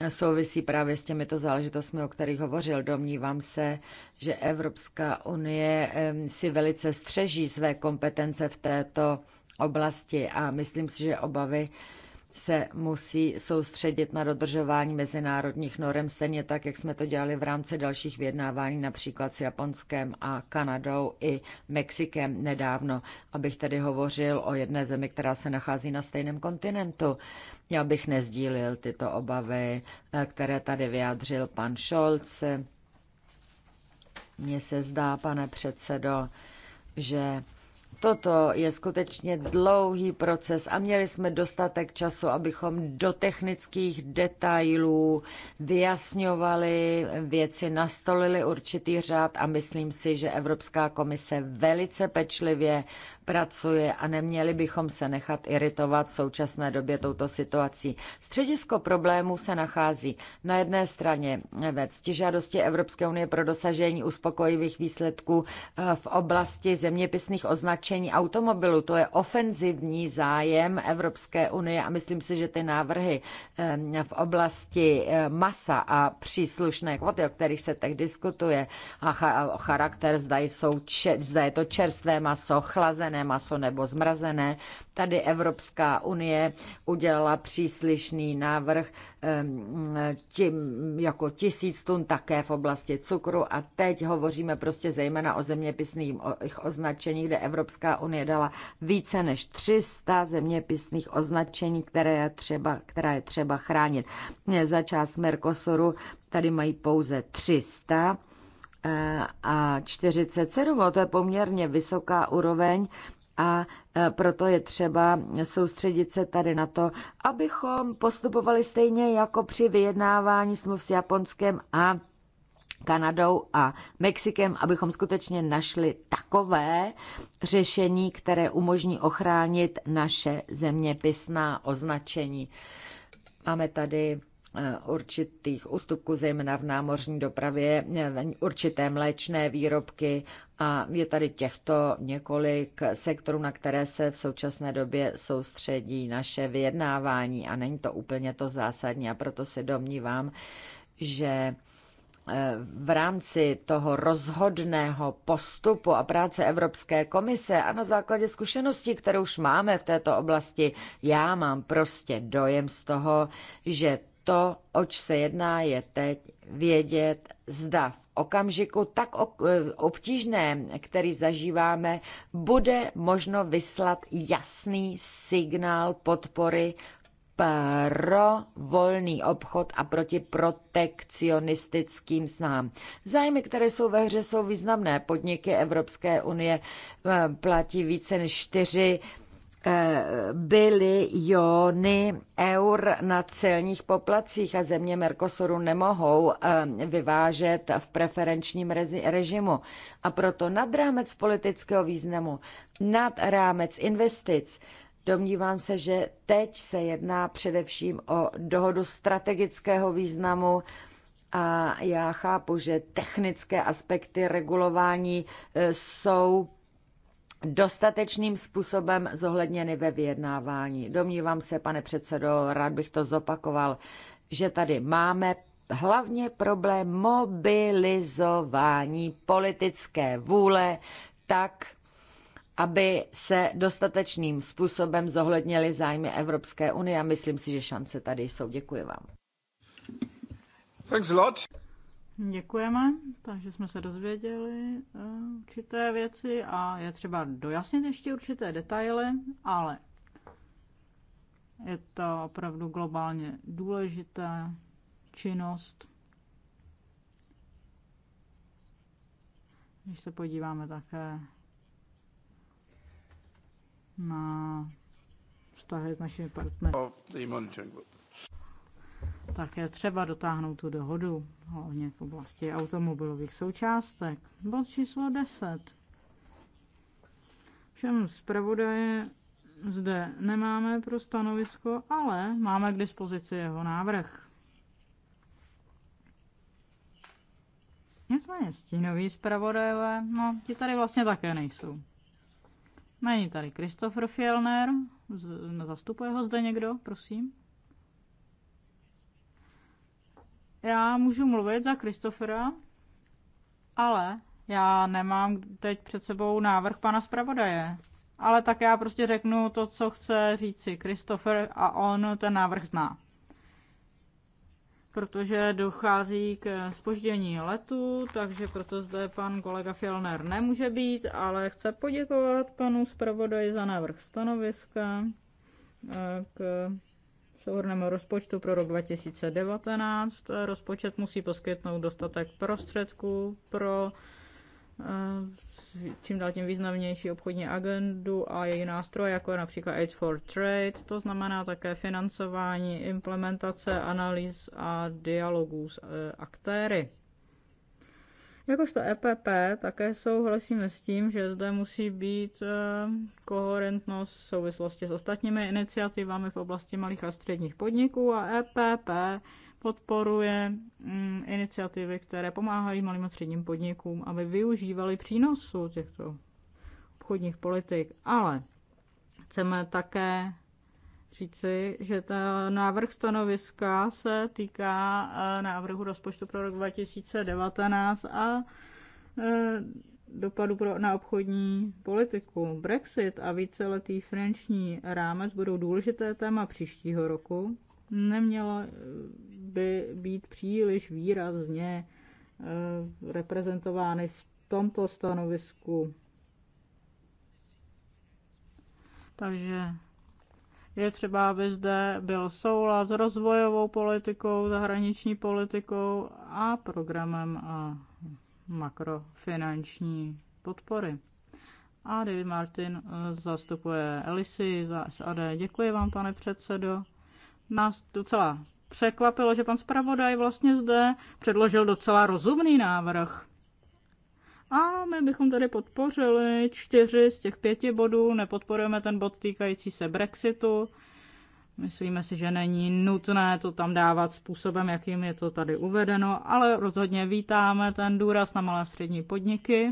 souvisí právě s těmito záležitostmi, o kterých hovořil. Domnívám se, že Evropská unie si velice střeží své kompetence v této oblasti a myslím si, že obavy se musí soustředit na dodržování mezinárodních norem, stejně tak, jak jsme to dělali v rámci dalších vyjednávání, například s Japonskem a Kanadou i Mexikem nedávno. Abych tedy hovořil o jedné zemi, která se nachází na stejném kontinentu. Já bych nezdílil tyto obavy, eh, které tady vyjádřil pan Scholz. Mně se zdá, pane předsedo, že Toto je skutečně dlouhý proces a měli jsme dostatek času, abychom do technických detailů vyjasňovali věci, nastolili určitý řád a myslím si, že Evropská komise velice pečlivě pracuje a neměli bychom se nechat iritovat v současné době touto situací. Středisko problémů se nachází na jedné straně ve ctižádosti Evropské unie pro dosažení uspokojivých výsledků eh, v oblasti zeměpisných označení automobilů. To je ofenzivní zájem Evropské unie a myslím si, že ty návrhy eh, v oblasti eh, masa a příslušné kvoty, o kterých se teď diskutuje, a charakter, zda, jsou, zda je to čerstvé maso, chlazené červené maso nebo zmrazené. Tady Evropská unie udělala příslišný návrh eh, tím, jako tisíc tun také v oblasti cukru a teď hovoříme prostě zejména o zeměpisných označeních, kde Evropská unie dala více než 300 zeměpisných označení, které je třeba, která je třeba chránit. Za část Mercosuru tady mají pouze 300 Eh, a 47, no, to je poměrně vysoká úroveň a eh, proto je třeba soustředit se tady na to, abychom postupovali stejně jako při vyjednávání smluv s Japonskem a Kanadou a Mexikem, abychom skutečně našli takové řešení, které umožní ochránit naše zeměpisná označení. Máme tady Eh, určitých ústupků, zejména v námořní dopravě, eh, určité mléčné výrobky a je tady těchto několik sektorů, na které se v současné době soustředí naše vyjednávání a není to úplně to zásadní a proto se domnívám, že eh, v rámci toho rozhodného postupu a práce Evropské komise a na základě zkušeností, kterou už máme v této oblasti, já mám prostě dojem z toho, že to, oč se jedná, je teď vědět, zda v okamžiku tak eh, obtížném, který zažíváme, bude možno vyslat jasný signál podpory pro volný obchod a proti protekcionistickým snám Zájmy, které jsou ve hře, jsou významné. Podniky Evropské unie eh, platí více než 4 Eh, biliony eur na celních poplacích a země Mercosuru nemohou eh, vyvážet v preferenčním režimu. A proto nad rámec politického významu, nad rámec investic, Domnívám se, že teď se jedná především o dohodu strategického významu, a já chápu, že technické aspekty regulování eh, jsou dostatečným způsobem zohledněny ve vyjednávání. Domnívám se, pane předsedo, rád bych to zopakoval, že tady máme hlavně problém mobilizování politické vůle tak, aby se dostatečným způsobem zohlednily zájmy Evropské unie a myslím si, že šance tady jsou. Děkuji vám. Thanks a lot. Děkujeme, takže jsme se dozvěděli eh, určité věci a je třeba dojasnit ještě určité detaily, ale je to opravdu globálně důležitá činnost. Když se podíváme také na vztahy s našimi partnery také třeba dotáhnout tu dohodu, hlavně v oblasti automobilových součástek. Bod číslo 10. Všem zpravodaje zde nemáme pro stanovisko, ale máme k dispozici jeho návrh. Nicméně stínový zpravodajové, no ti tady vlastně také nejsou. Není tady Christopher Fjellner, zastupuje ho zde někdo, prosím? Já můžu mluvit za Kristofera, ale já nemám teď před sebou návrh pana zpravodaje. Ale tak já prostě řeknu to, co chce říci Kristofer a on ten návrh zná. Protože dochází k spoždění letu, takže proto zde pan kolega Fjellner nemůže být, ale chce poděkovat panu zpravodaji za návrh stanoviska eh, k souhrnem rozpočtu pro rok 2019. Rozpočet musí poskytnout dostatek prostředků pro eh, čím dál tím významnější obchodní agendu a její nástroje, jako je například Aid for Trade, to znamená také financování, implementace, analýz a dialogů s eh, aktéry. Jakožto EPP také souhlasíme s tím, že zde musí být eh, koherentnost v souvislosti s ostatními iniciativami v oblasti malých a středních podniků a EPP podporuje mm, iniciativy, které pomáhají malým a středním podnikům, aby využívali přínosu těchto obchodních politik, ale chceme také říci, že ten návrh stanoviska se týká eh, návrhu rozpočtu pro rok 2019 a eh, dopadu pro, na obchodní politiku. Brexit a víceletý finanční rámec budou důležité téma příštího roku. Nemělo eh, by být příliš výrazně reprezentovány v tomto stanovisku. Takže je třeba, aby zde byl soulad s rozvojovou politikou, zahraniční politikou a programem a makrofinanční podpory. A David Martin eh, zastupuje Elisi za SAD. Děkuji vám, pane předsedo. Nás docela překvapilo, že pan zpravodaj vlastně zde předložil docela rozumný návrh a my bychom tady podpořili čtyři z těch pěti bodů, nepodporujeme ten bod týkající se Brexitu. Myslíme si, že není nutné to tam dávat způsobem, jakým je to tady uvedeno, ale rozhodně vítáme ten důraz na malé a střední podniky.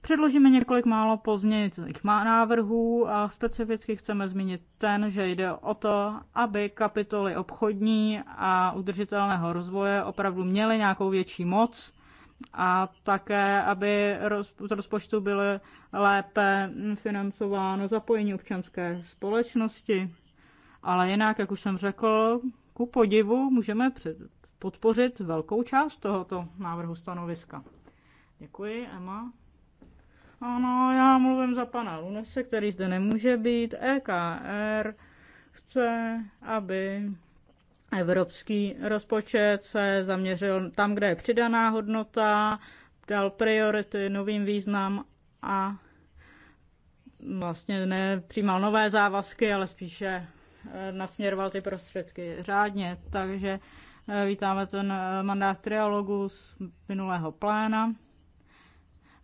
Předložíme několik málo pozdějících má návrhů a specificky chceme zmínit ten, že jde o to, aby kapitoly obchodní a udržitelného rozvoje opravdu měly nějakou větší moc, a také, aby z rozpočtu bylo lépe financováno zapojení občanské společnosti. Ale jinak, jak už jsem řekl, ku podivu můžeme podpořit velkou část tohoto návrhu stanoviska. Děkuji, Emma. Ano, já mluvím za pana Lunese, který zde nemůže být. EKR chce, aby Evropský rozpočet se zaměřil tam, kde je přidaná hodnota, dal priority, novým význam a vlastně nepřijímal nové závazky, ale spíše eh, nasměroval ty prostředky řádně. Takže eh, vítáme ten eh, mandát trialogu z minulého pléna.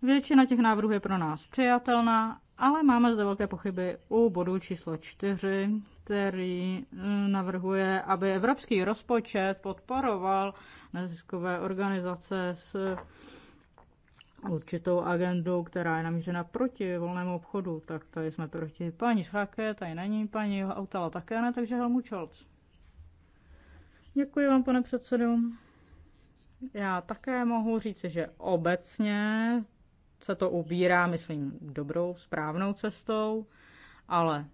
Většina těch návrhů je pro nás přijatelná, ale máme zde velké pochyby u bodu číslo 4, který eh, navrhuje, aby evropský rozpočet podporoval neziskové organizace s eh, určitou agendou, která je namířena proti volnému obchodu, tak tady jsme proti. Paní Schake, tady není, paní Autala také ne, takže Helmut Scholz. Děkuji vám, pane předsedu. Já také mohu říci, že obecně se to ubírá, myslím, dobrou, správnou cestou, ale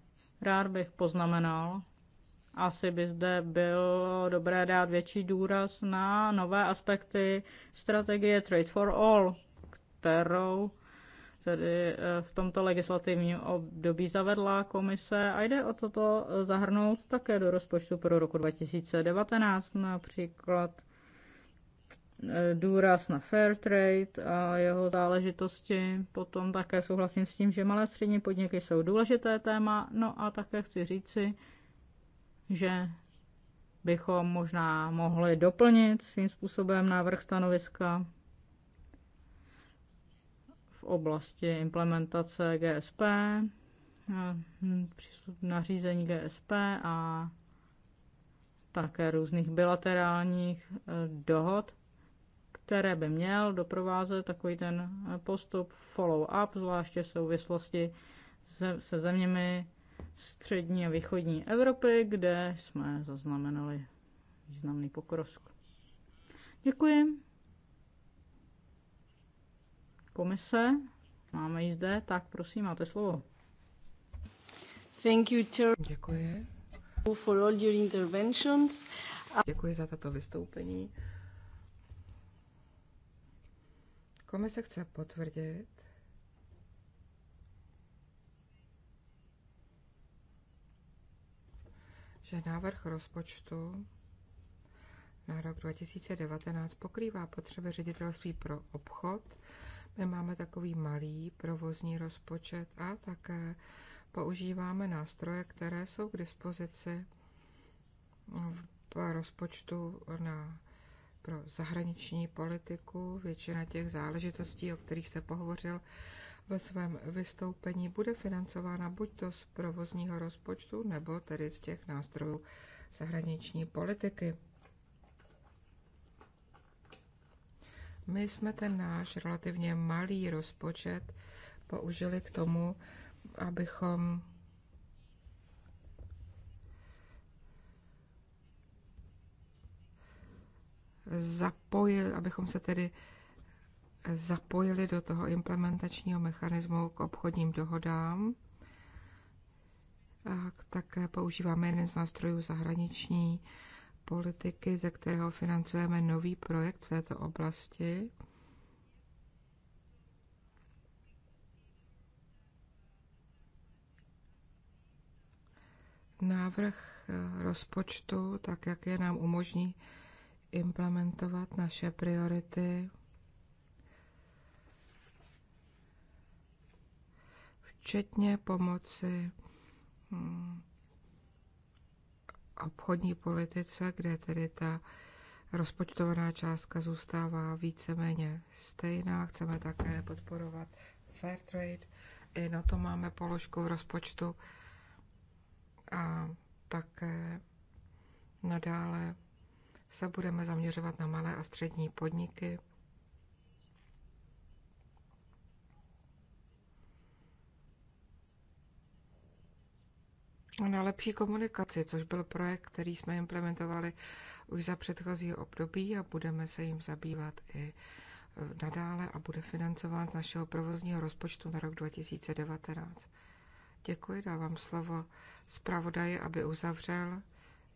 Rád bych poznamenal, asi by zde bylo dobré dát větší důraz na nové aspekty strategie Trade for All, kterou tedy eh, v tomto legislativním období zavedla komise a jde o toto zahrnout také do rozpočtu pro roku 2019, například Eh, důraz na fair trade a jeho záležitosti. Potom také souhlasím s tím, že malé střední podniky jsou důležité téma. No a také chci říci, že bychom možná mohli doplnit svým způsobem návrh stanoviska v oblasti implementace GSP, eh, nařízení GSP a také různých bilaterálních eh, dohod které by měl doprovázet takový ten postup follow-up, zvláště v souvislosti se, zeměmi střední a východní Evropy, kde jsme zaznamenali významný pokrok. Děkuji. Komise, máme ji zde, tak prosím, máte slovo. Thank you, Děkuji. For all your interventions. Děkuji za tato vystoupení. Komise chce potvrdit, že návrh rozpočtu na rok 2019 pokrývá potřeby ředitelství pro obchod. My máme takový malý provozní rozpočet a také používáme nástroje, které jsou k dispozici v rozpočtu na pro zahraniční politiku. Většina těch záležitostí, o kterých jste pohovořil ve svém vystoupení, bude financována buď to z provozního rozpočtu, nebo tedy z těch nástrojů zahraniční politiky. My jsme ten náš relativně malý rozpočet použili k tomu, abychom zapojili, abychom se tedy zapojili do toho implementačního mechanismu k obchodním dohodám. A také používáme jeden z nástrojů zahraniční politiky, ze kterého financujeme nový projekt v této oblasti. Návrh eh, rozpočtu, tak jak je nám umožní implementovat naše priority, včetně pomoci hm, obchodní politice, kde tedy ta rozpočtovaná částka zůstává víceméně stejná. Chceme také podporovat fair trade. I na to máme položku v rozpočtu a také nadále se budeme zaměřovat na malé a střední podniky. A na lepší komunikaci, což byl projekt, který jsme implementovali už za předchozího období a budeme se jim zabývat i e, nadále a bude financován z našeho provozního rozpočtu na rok 2019. Děkuji, dávám slovo zpravodaji, aby uzavřel.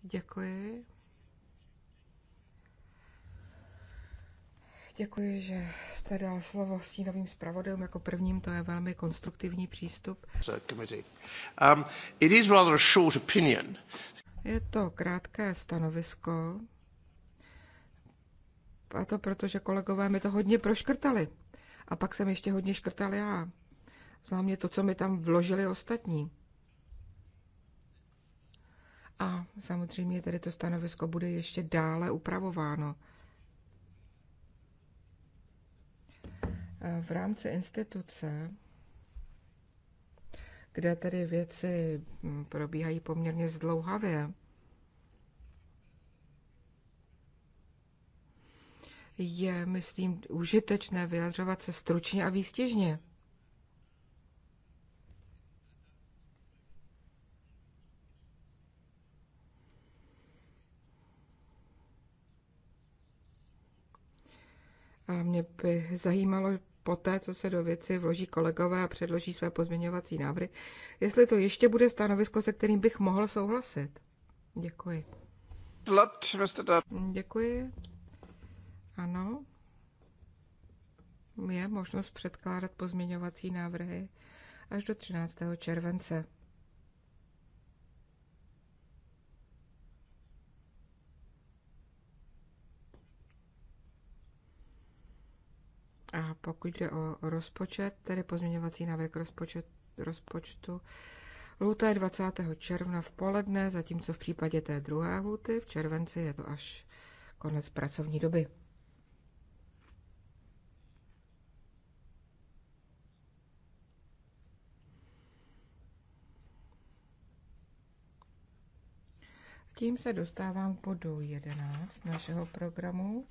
Děkuji. Děkuji, že jste dal slovo stínovým zpravodajům jako prvním, to je velmi konstruktivní přístup. Um, it is rather a short opinion. Je to krátké stanovisko, a to proto, že kolegové mi to hodně proškrtali. A pak jsem ještě hodně škrtal já. Zvláště to, co mi tam vložili ostatní. A samozřejmě tedy to stanovisko bude ještě dále upravováno. v rámci instituce, kde tedy věci probíhají poměrně zdlouhavě, je, myslím, užitečné vyjadřovat se stručně a výstěžně. A mě by zajímalo, poté, co se do věci vloží kolegové a předloží své pozměňovací návrhy, jestli to ještě bude stanovisko, se kterým bych mohl souhlasit. Děkuji. Děkuji. Ano. Je možnost předkládat pozměňovací návrhy až do 13. července. A pokud jde o rozpočet, tedy pozměňovací návrh rozpočet, rozpočtu, lhuta je 20. června v poledne, zatímco v případě té druhé lhuty v červenci je to až konec pracovní doby. Tím se dostávám k bodu 11 našeho programu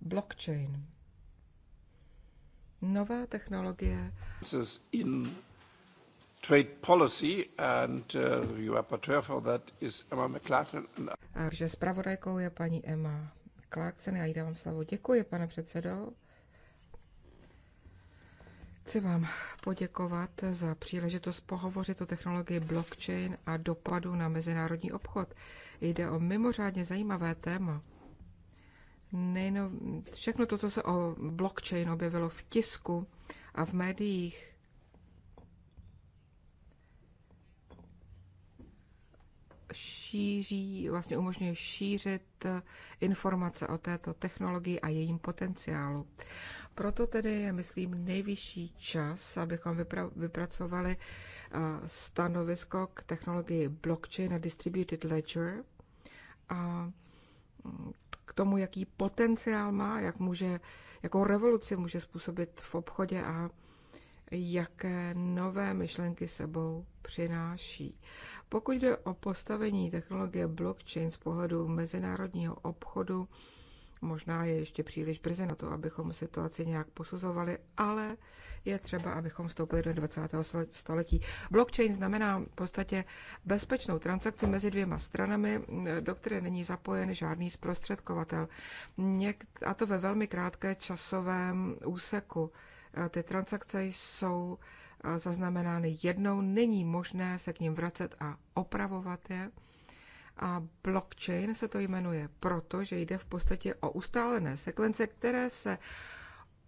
blockchain nové technologie. This in trade policy and uh, for that is Emma McLaren. A zpravodajkou je paní Emma Clarkson, já jí dávám slovo. Děkuji, pane předsedo. Chci vám poděkovat za příležitost pohovořit o technologii blockchain a dopadu na mezinárodní obchod. Jde o mimořádně zajímavé téma nejno, všechno to, co se o blockchain objevilo v tisku a v médiích, šíří, vlastně umožňuje šířit eh, informace o této technologii a jejím potenciálu. Proto tedy je, myslím, nejvyšší čas, abychom vypra- vypracovali eh, stanovisko k technologii blockchain a distributed ledger. A mm, k tomu, jaký potenciál má, jak může, jakou revoluci může způsobit v obchodě a jaké nové myšlenky sebou přináší. Pokud jde o postavení technologie blockchain z pohledu mezinárodního obchodu, Možná je ještě příliš brzy na to, abychom situaci nějak posuzovali, ale je třeba, abychom vstoupili do 20. století. Blockchain znamená v podstatě bezpečnou transakci mezi dvěma stranami, do které není zapojen žádný zprostředkovatel. A to ve velmi krátké časovém úseku. Ty transakce jsou zaznamenány jednou, není možné se k ním vracet a opravovat je. A blockchain se to jmenuje proto, že jde v podstatě o ustálené sekvence, které se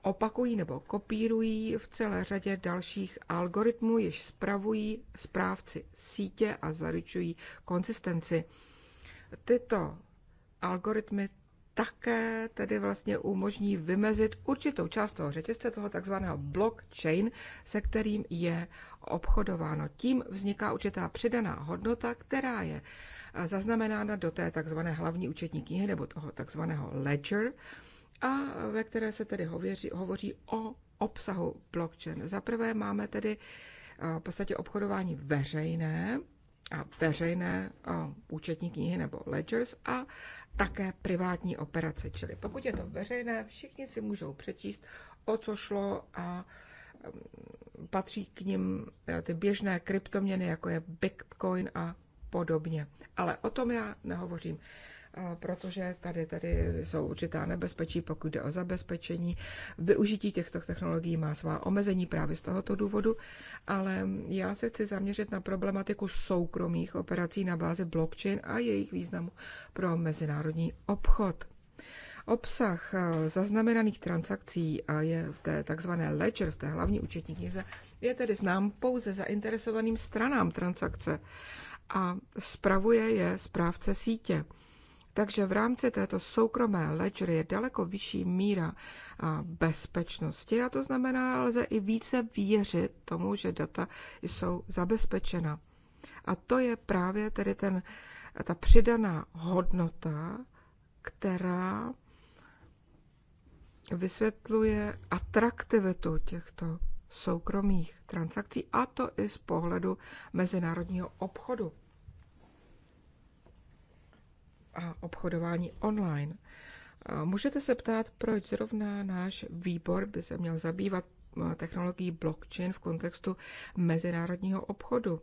opakují nebo kopírují v celé řadě dalších algoritmů, jež spravují správci sítě a zaručují konsistenci. Tyto algoritmy také tedy vlastně umožní vymezit určitou část toho řetězce, toho takzvaného blockchain, se kterým je obchodováno. Tím vzniká určitá přidaná hodnota, která je zaznamenána do té takzvané hlavní účetní knihy nebo toho takzvaného ledger, a ve které se tedy hověří, hovoří o obsahu blockchain. Za prvé máme tedy v podstatě obchodování veřejné a veřejné účetní knihy nebo ledgers a také privátní operace. Čili pokud je to veřejné, všichni si můžou přečíst, o co šlo a um, patří k nim e, ty běžné kryptoměny, jako je Bitcoin a podobně. Ale o tom já nehovořím, eh, protože tady, tady jsou určitá nebezpečí, pokud jde o zabezpečení. Využití těchto technologií má svá omezení právě z tohoto důvodu, ale já se chci zaměřit na problematiku soukromých operací na bázi blockchain a jejich významu pro mezinárodní obchod. Obsah eh, zaznamenaných transakcí a je v té takzvané ledger, v té hlavní účetní knize, je tedy znám pouze zainteresovaným stranám transakce a spravuje je správce sítě. Takže v rámci této soukromé ledger je daleko vyšší míra bezpečnosti a to znamená, lze i více věřit tomu, že data jsou zabezpečena. A to je právě tedy ten, ta přidaná hodnota, která vysvětluje atraktivitu těchto soukromých transakcí, a to i z pohledu mezinárodního obchodu a obchodování online. Eh, můžete se ptát, proč zrovna náš výbor by se měl zabývat eh, technologií blockchain v kontextu mezinárodního obchodu.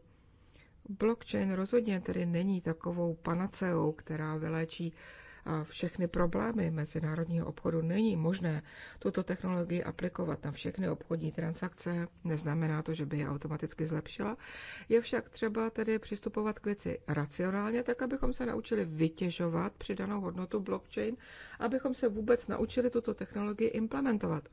Blockchain rozhodně tedy není takovou panaceou, která vyléčí a všechny problémy mezinárodního obchodu. Není možné tuto technologii aplikovat na všechny obchodní transakce, neznamená to, že by je automaticky zlepšila. Je však třeba tedy přistupovat k věci racionálně, tak abychom se naučili vytěžovat přidanou hodnotu blockchain, abychom se vůbec naučili tuto technologii implementovat.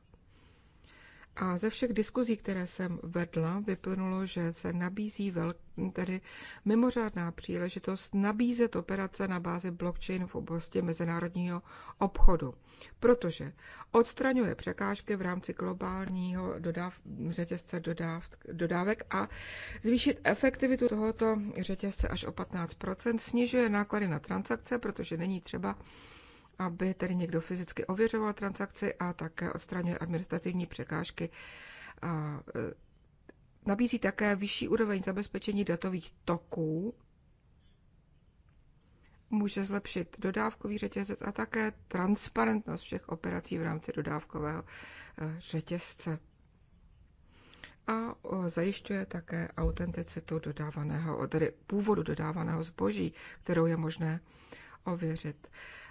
A ze všech diskuzí, které jsem vedla, vyplnulo, že se nabízí velk, tedy mimořádná příležitost nabízet operace na bázi blockchain v oblasti mezinárodního obchodu, protože odstraňuje překážky v rámci globálního dodáv, řetězce dodáv, dodávek a zvýšit efektivitu tohoto řetězce až o 15 snižuje náklady na transakce, protože není třeba aby tedy někdo fyzicky ověřoval transakci a také odstraňuje administrativní překážky. A e, nabízí také vyšší úroveň zabezpečení datových toků, může zlepšit dodávkový řetězec a také transparentnost všech operací v rámci dodávkového e, řetězce. A zajišťuje také autenticitu dodávaného, tedy původu dodávaného zboží, kterou je možné ověřit.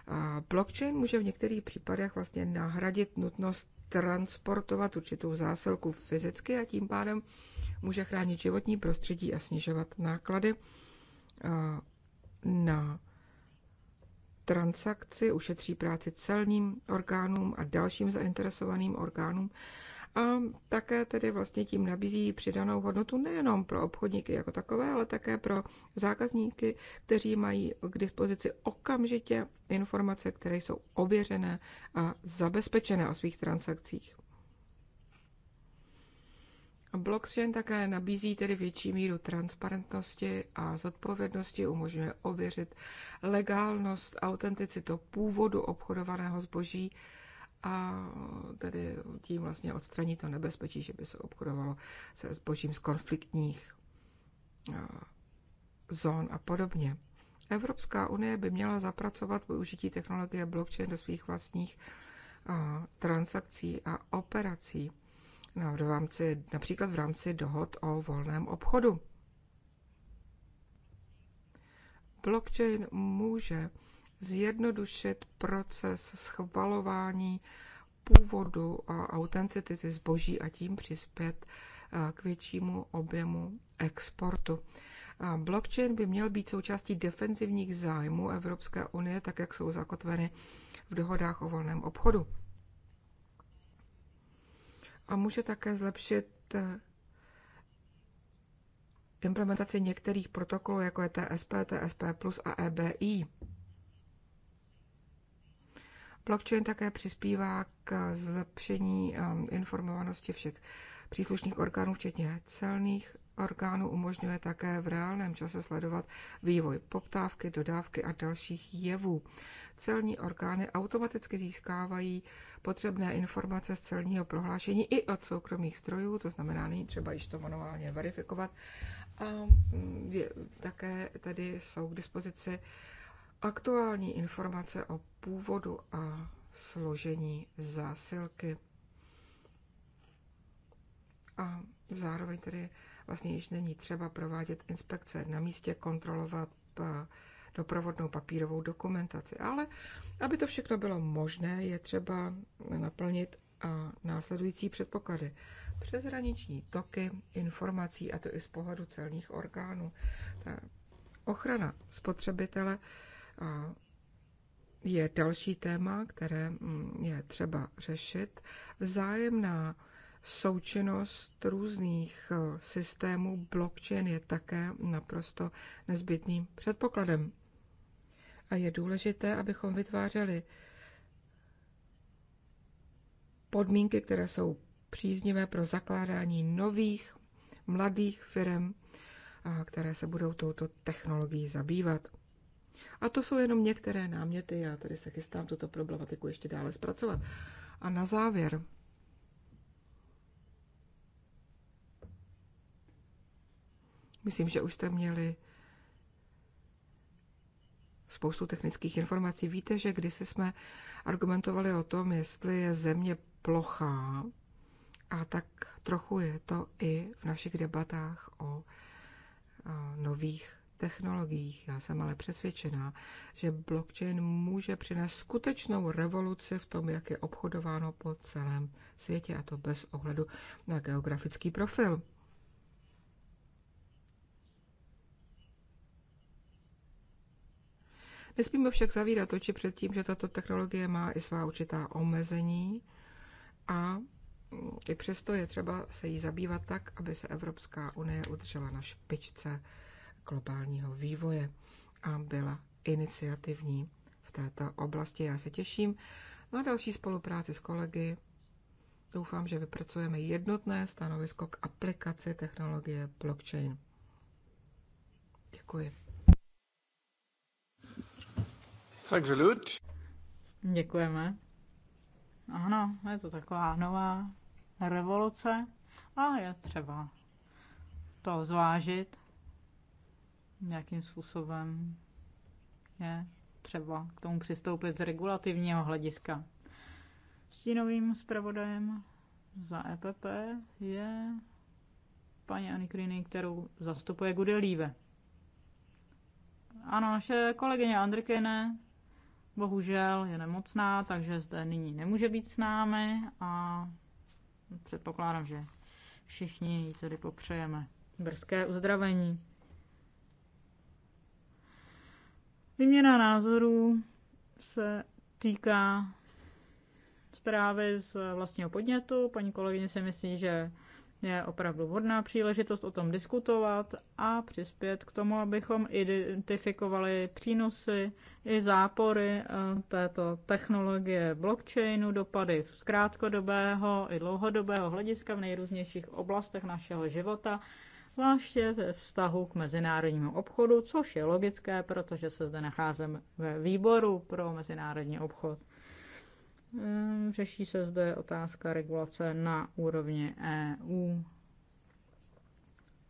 A blockchain může v některých případech vlastně nahradit nutnost transportovat určitou zásilku fyzicky a tím pádem může chránit životní prostředí a snižovat náklady na transakci, ušetří práci celním orgánům a dalším zainteresovaným orgánům a také tedy vlastně tím nabízí přidanou hodnotu nejenom pro obchodníky jako takové, ale také pro zákazníky, kteří mají k dispozici okamžitě informace, které jsou ověřené a zabezpečené o svých transakcích. Blockchain také nabízí tedy větší míru transparentnosti a zodpovědnosti, umožňuje ověřit legálnost, autenticitu původu obchodovaného zboží a tedy tím vlastně odstraní to nebezpečí, že by se obchodovalo se zbožím z konfliktních zón a podobně. Evropská unie by měla zapracovat využití technologie blockchain do svých vlastních transakcí a operací, v rámci, například v rámci dohod o volném obchodu. Blockchain může zjednodušit proces schvalování původu a autenticity zboží a tím přispět eh, k většímu objemu exportu. Eh, blockchain by měl být součástí defenzivních zájmů Evropské unie, tak jak jsou zakotveny v dohodách o volném obchodu. A může také zlepšit eh, implementaci některých protokolů, jako je TSP, TSP Plus a EBI. Blockchain také přispívá k zlepšení um, informovanosti všech příslušných orgánů, včetně celných orgánů, umožňuje také v reálném čase sledovat vývoj poptávky, dodávky a dalších jevů. Celní orgány automaticky získávají potřebné informace z celního prohlášení i od soukromých strojů, to znamená, není třeba již to manuálně verifikovat. A mm, je, také tady jsou k dispozici aktuální informace o původu a složení zásilky. A zároveň tedy vlastně již není třeba provádět inspekce na místě, kontrolovat eh, doprovodnou papírovou dokumentaci. Ale aby to všechno bylo možné, je třeba naplnit a následující předpoklady. Přezraniční toky informací, a to i z pohledu celních orgánů. Ta ochrana spotřebitele je další téma, které mm, je třeba řešit. Vzájemná součinnost různých eh, systémů blockchain je také naprosto nezbytným předpokladem. A je důležité, abychom vytvářeli podmínky, které jsou příznivé pro zakládání nových mladých firm, které se budou touto technologií zabývat. A to jsou jenom některé náměty, já tady se chystám tuto problematiku ještě dále zpracovat. A na závěr, myslím, že už jste měli spoustu technických informací. Víte, že když jsme argumentovali o tom, jestli je země plochá, a tak trochu je to i v našich debatách o nových technologiích. Já jsem ale přesvědčená, že blockchain může přinést skutečnou revoluci v tom, jak je obchodováno po celém světě, a to bez ohledu na geografický profil. Nesmíme však zavírat oči před tím, že tato technologie má i svá určitá omezení a i přesto je třeba se jí zabývat tak, aby se Evropská unie udržela na špičce globálního vývoje a byla iniciativní v této oblasti. Já se těším na další spolupráci s kolegy. Doufám, že vypracujeme jednotné stanovisko k aplikaci technologie blockchain. Děkuji. Thanks a lot. Děkujeme. Ano, je to taková nová revoluce a je třeba to zvážit nějakým způsobem je třeba k tomu přistoupit z regulativního hlediska. Stínovým zpravodajem za EPP je paní Anikriny, kterou zastupuje Gudelíve. Ano, naše kolegyně Andrikine bohužel je nemocná, takže zde nyní nemůže být s námi a předpokládám, že všichni jí tedy popřejeme brzké uzdravení. Výměna názorů se týká zprávy z vlastního podnětu. Paní kolegyně si myslí, že je opravdu vhodná příležitost o tom diskutovat a přispět k tomu, abychom identifikovali přínosy i zápory eh, této technologie blockchainu, dopady z krátkodobého i dlouhodobého hlediska v nejrůznějších oblastech našeho života zvláště ve vztahu k mezinárodnímu obchodu, což je logické, protože se zde nacházíme ve výboru pro mezinárodní obchod. Ehm, řeší se zde otázka regulace na úrovni EU.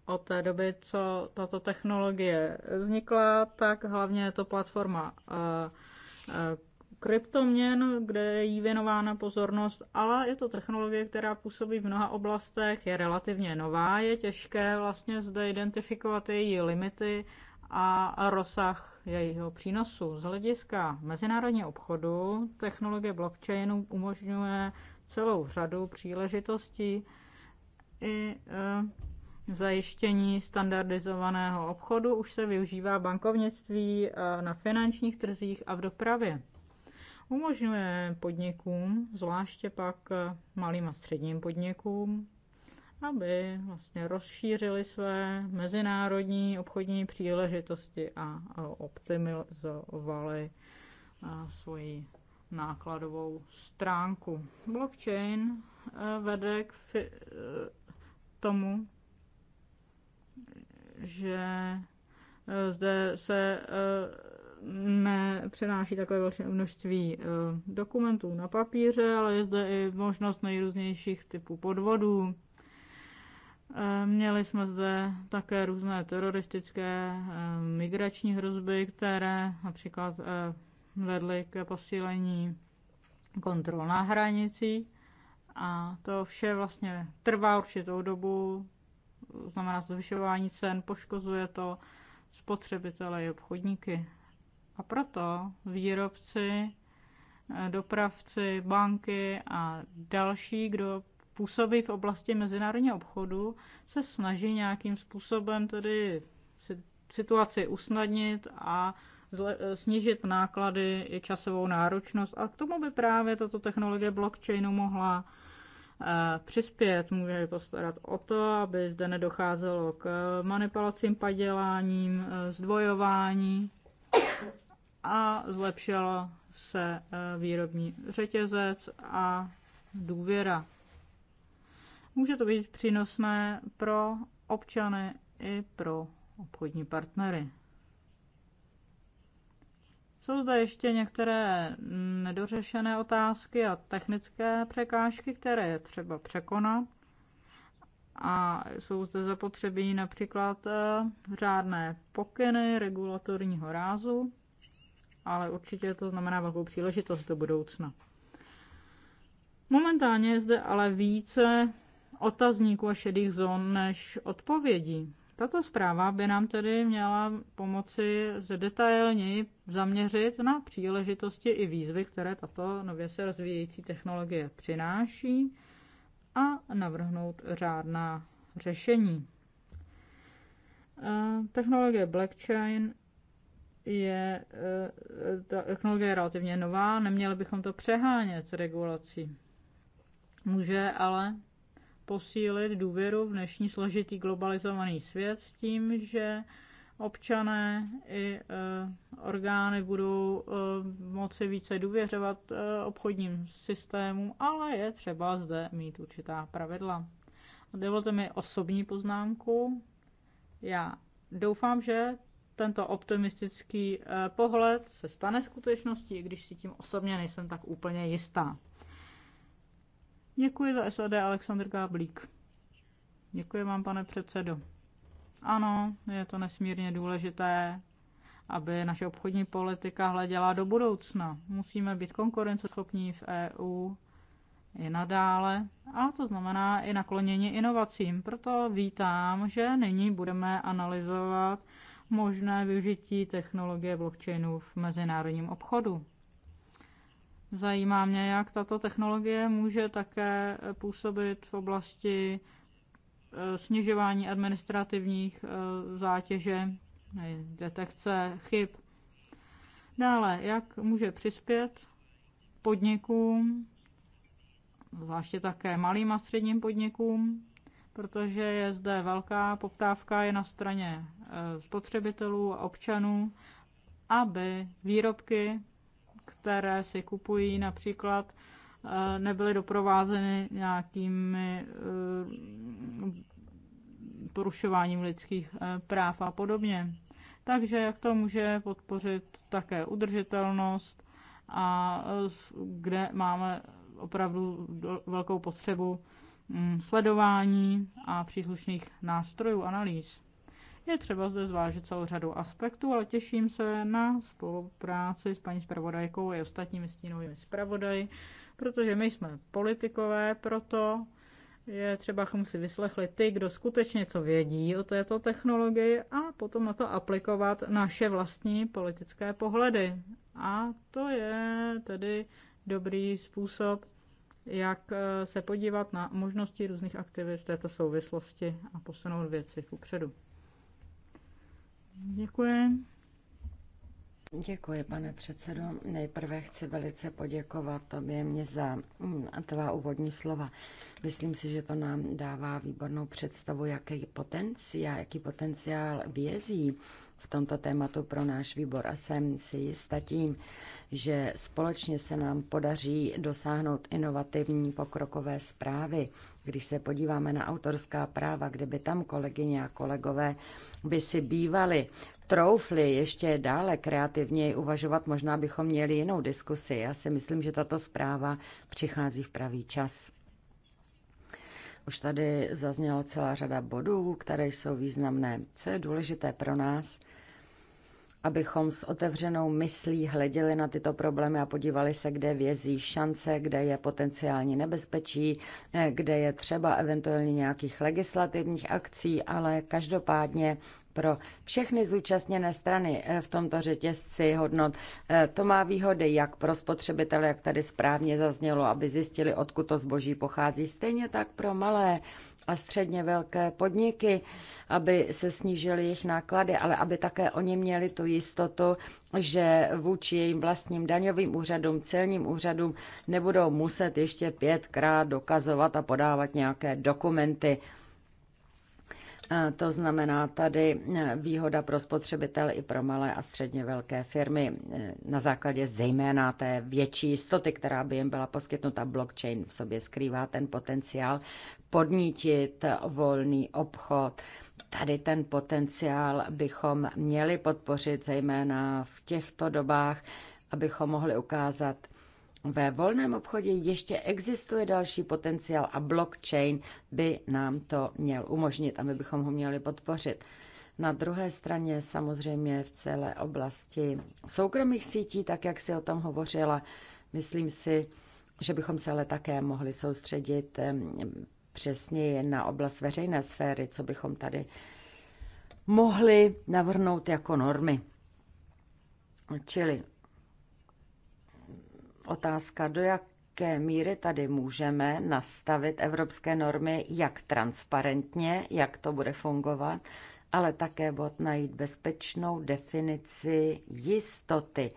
Od té doby, co tato technologie vznikla, tak hlavně je to platforma eh, eh, kryptoměn, kde je jí věnována pozornost, ale je to technologie, která působí v mnoha oblastech, je relativně nová, je těžké vlastně zde identifikovat její limity a rozsah jejího přínosu. Z hlediska mezinárodního obchodu technologie blockchainu umožňuje celou řadu příležitostí i v eh, zajištění standardizovaného obchodu už se využívá bankovnictví eh, na finančních trzích a v dopravě umožňuje podnikům, zvláště pak eh, malým a středním podnikům, aby vlastně rozšířili své mezinárodní obchodní příležitosti a optimizovali eh, svoji nákladovou stránku. Blockchain eh, vede k tomu, že zde se nepřenáší takové velké množství eh, dokumentů na papíře, ale je zde i možnost nejrůznějších typů podvodů. Eh, měli jsme zde také různé teroristické eh, migrační hrozby, které například vedly k posílení kontrol na hranicích. A to vše vlastně trvá určitou dobu, znamená zvyšování cen, poškozuje to spotřebitele i obchodníky. A proto výrobci, eh, dopravci, banky a další, kdo působí v oblasti mezinárodního obchodu, se snaží nějakým způsobem tedy situaci usnadnit a snížit náklady i časovou náročnost. A k tomu by právě tato technologie blockchainu mohla eh, přispět, může postarat o to, aby zde nedocházelo k manipulacím, paděláním, eh, zdvojování a zlepšilo se e, výrobní řetězec a důvěra. Může to být přínosné pro občany i pro obchodní partnery. Jsou zde ještě některé nedořešené otázky a technické překážky, které je třeba překonat. A jsou zde zapotřebí například e, řádné pokyny regulatorního rázu, ale určitě to znamená velkou příležitost do budoucna. Momentálně je zde ale více otazníků a šedých zón než odpovědí. Tato zpráva by nám tedy měla pomoci se detailněji zaměřit na příležitosti i výzvy, které tato nově se rozvíjející technologie přináší a navrhnout řádná řešení. Eh, technologie blockchain je eh, ta technologie je relativně nová, neměli bychom to přehánět s regulací. Může ale posílit důvěru v dnešní složitý globalizovaný svět s tím, že občané i eh, orgány budou eh, moci více důvěřovat obchodním systému, ale je třeba zde mít určitá pravidla. Dovolte mi osobní poznámku. Já doufám, že tento optimistický eh, pohled se stane skutečností, i když si tím osobně nejsem tak úplně jistá. Děkuji za SAD Aleksandr Gáblík. Děkuji vám, pane předsedo. Ano, je to nesmírně důležité, aby naše obchodní politika hleděla do budoucna. Musíme být konkurenceschopní v EU i nadále, a to znamená i naklonění inovacím. Proto vítám, že nyní budeme analyzovat možné využití technologie blockchainu v mezinárodním obchodu. Zajímá mě, jak tato technologie může také působit v oblasti eh, snižování administrativních eh, zátěže, eh, detekce chyb. Dále, jak může přispět podnikům, zvláště také malým a středním podnikům, protože je zde velká poptávka je na straně eh, spotřebitelů a občanů, aby výrobky, které si kupují například, eh, nebyly doprovázeny nějakými eh, porušováním lidských práv a podobně. Takže jak to může podpořit také udržitelnost a kde máme opravdu velkou potřebu Mm, sledování a příslušných nástrojů analýz. Je třeba zde zvážit celou řadu aspektů, ale těším se na spolupráci s paní zpravodajkou a ostatními stínovými zpravodaji, protože my jsme politikové, proto je třeba, abychom si vyslechli ty, kdo skutečně co vědí o této technologii a potom na to aplikovat naše vlastní politické pohledy. A to je tedy dobrý způsob, jak eh, se podívat na možnosti různých aktivit v této souvislosti a posunout věci kupředu. Děkuji. Děkuji, pane předsedo. Nejprve chci velice poděkovat tobě mě za hm, tvá úvodní slova. Myslím si, že to nám dává výbornou představu, jaký potenciál, jaký potenciál vězí v tomto tématu pro náš výbor a jsem si jistá tím, že společně se nám podaří dosáhnout inovativní pokrokové zprávy. Když se podíváme na autorská práva, kdyby tam kolegyně a kolegové by si bývali troufli ještě dále kreativněji uvažovat, možná bychom měli jinou diskusi. Já si myslím, že tato zpráva přichází v pravý čas. Už tady zazněla celá řada bodů, které jsou významné. Co je důležité pro nás, abychom s otevřenou myslí hleděli na tyto problémy a podívali se, kde vězí šance, kde je potenciální nebezpečí, eh, kde je třeba eventuálně nějakých legislativních akcí, ale každopádně pro všechny zúčastněné strany eh, v tomto řetězci hodnot. Eh, to má výhody jak pro spotřebitele, jak tady správně zaznělo, aby zjistili, odkud to zboží pochází, stejně tak pro malé a středně velké podniky, aby se snížily jejich náklady, ale aby také oni měli tu jistotu, že vůči jejím vlastním daňovým úřadům, celním úřadům nebudou muset ještě pětkrát dokazovat a podávat nějaké dokumenty. To znamená tady e, výhoda pro spotřebitele i pro malé a středně velké firmy e, na základě zejména té větší jistoty, která by jim byla poskytnuta. Blockchain v sobě skrývá ten potenciál podnítit volný obchod. Tady ten potenciál bychom měli podpořit zejména v těchto dobách, abychom mohli ukázat, ve volném obchodě ještě existuje další potenciál a blockchain by nám to měl umožnit a my bychom ho měli podpořit. Na druhé straně samozřejmě v celé oblasti soukromých sítí, tak jak si o tom hovořila, myslím si, že bychom se ale také mohli soustředit přesně na oblast veřejné sféry, co bychom tady mohli navrhnout jako normy. Čili Otázka, do jaké míry tady můžeme nastavit evropské normy, jak transparentně, jak to bude fungovat, ale také bod najít bezpečnou definici jistoty.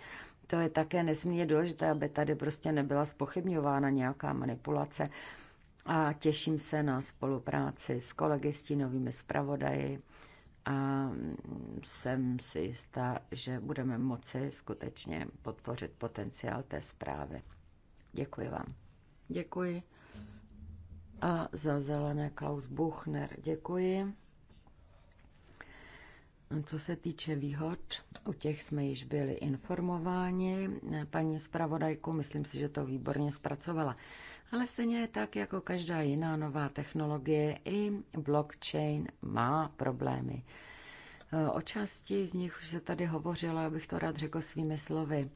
To je také nesmírně důležité, aby tady prostě nebyla spochybňována nějaká manipulace. A těším se na spolupráci s kolegy, s novými zpravodaji a jsem si jistá, že budeme moci skutečně podpořit potenciál té zprávy. Děkuji vám. Děkuji. A za zelené Klaus Buchner. Děkuji. Co se týče výhod, u těch jsme již byli informováni. Paní zpravodajku, myslím si, že to výborně zpracovala. Ale stejně tak, jako každá jiná nová technologie, i blockchain má problémy. O části z nich už se tady hovořila, abych to rád řekl svými slovy.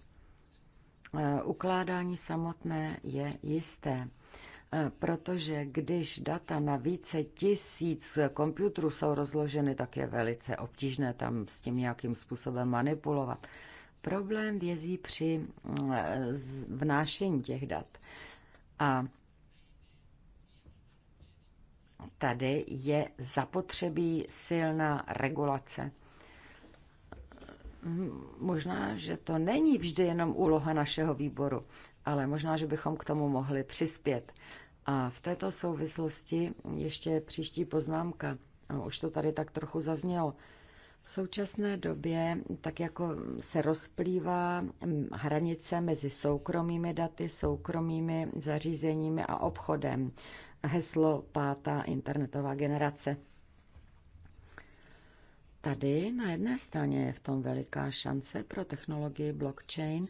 Ukládání samotné je jisté. Eh, protože když data na více tisíc komputerů jsou rozloženy, tak je velice obtížné tam s tím nějakým způsobem manipulovat. Problém vězí při eh, vnášení těch dat. A tady je zapotřebí silná regulace. Možná, že to není vždy jenom úloha našeho výboru, ale možná, že bychom k tomu mohli přispět. A v této souvislosti ještě příští poznámka. Už to tady tak trochu zaznělo. V současné době tak jako se rozplývá mm, hranice mezi soukromými daty, soukromými zařízeními a obchodem. Heslo pátá internetová generace. Tady na jedné straně je v tom veliká šance pro technologii blockchain,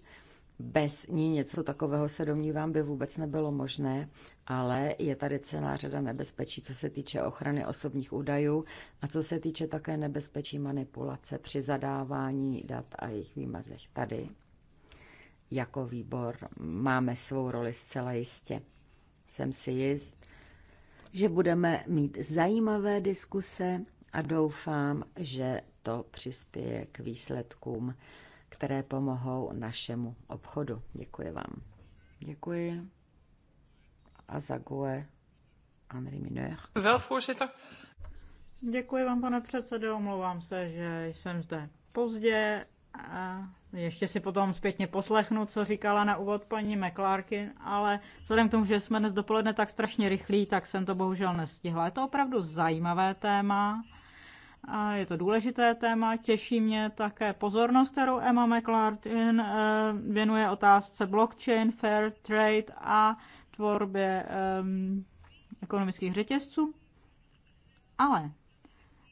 bez ní něco takového se domnívám by vůbec nebylo možné, ale je tady celá řada nebezpečí, co se týče ochrany osobních údajů a co se týče také nebezpečí manipulace při zadávání dat a jejich výmazech. Tady jako výbor máme svou roli zcela jistě. Jsem si jist, že budeme mít zajímavé diskuse a doufám, že to přispěje k výsledkům které pomohou našemu obchodu. Děkuji vám. Děkuji. A za GUE Henri Mineur. Vel, voorzitter. Děkuji vám, pane předsedo. Omlouvám se, že jsem zde pozdě. A ještě si potom zpětně poslechnu, co říkala na úvod paní McClarkin, ale vzhledem k tomu, že jsme dnes dopoledne tak strašně rychlí, tak jsem to bohužel nestihla. Je to opravdu zajímavé téma. A je to důležité téma. Těší mě také pozornost, kterou Emma McLartin eh, věnuje otázce blockchain, fair trade a tvorbě um, ekonomických řetězců. Ale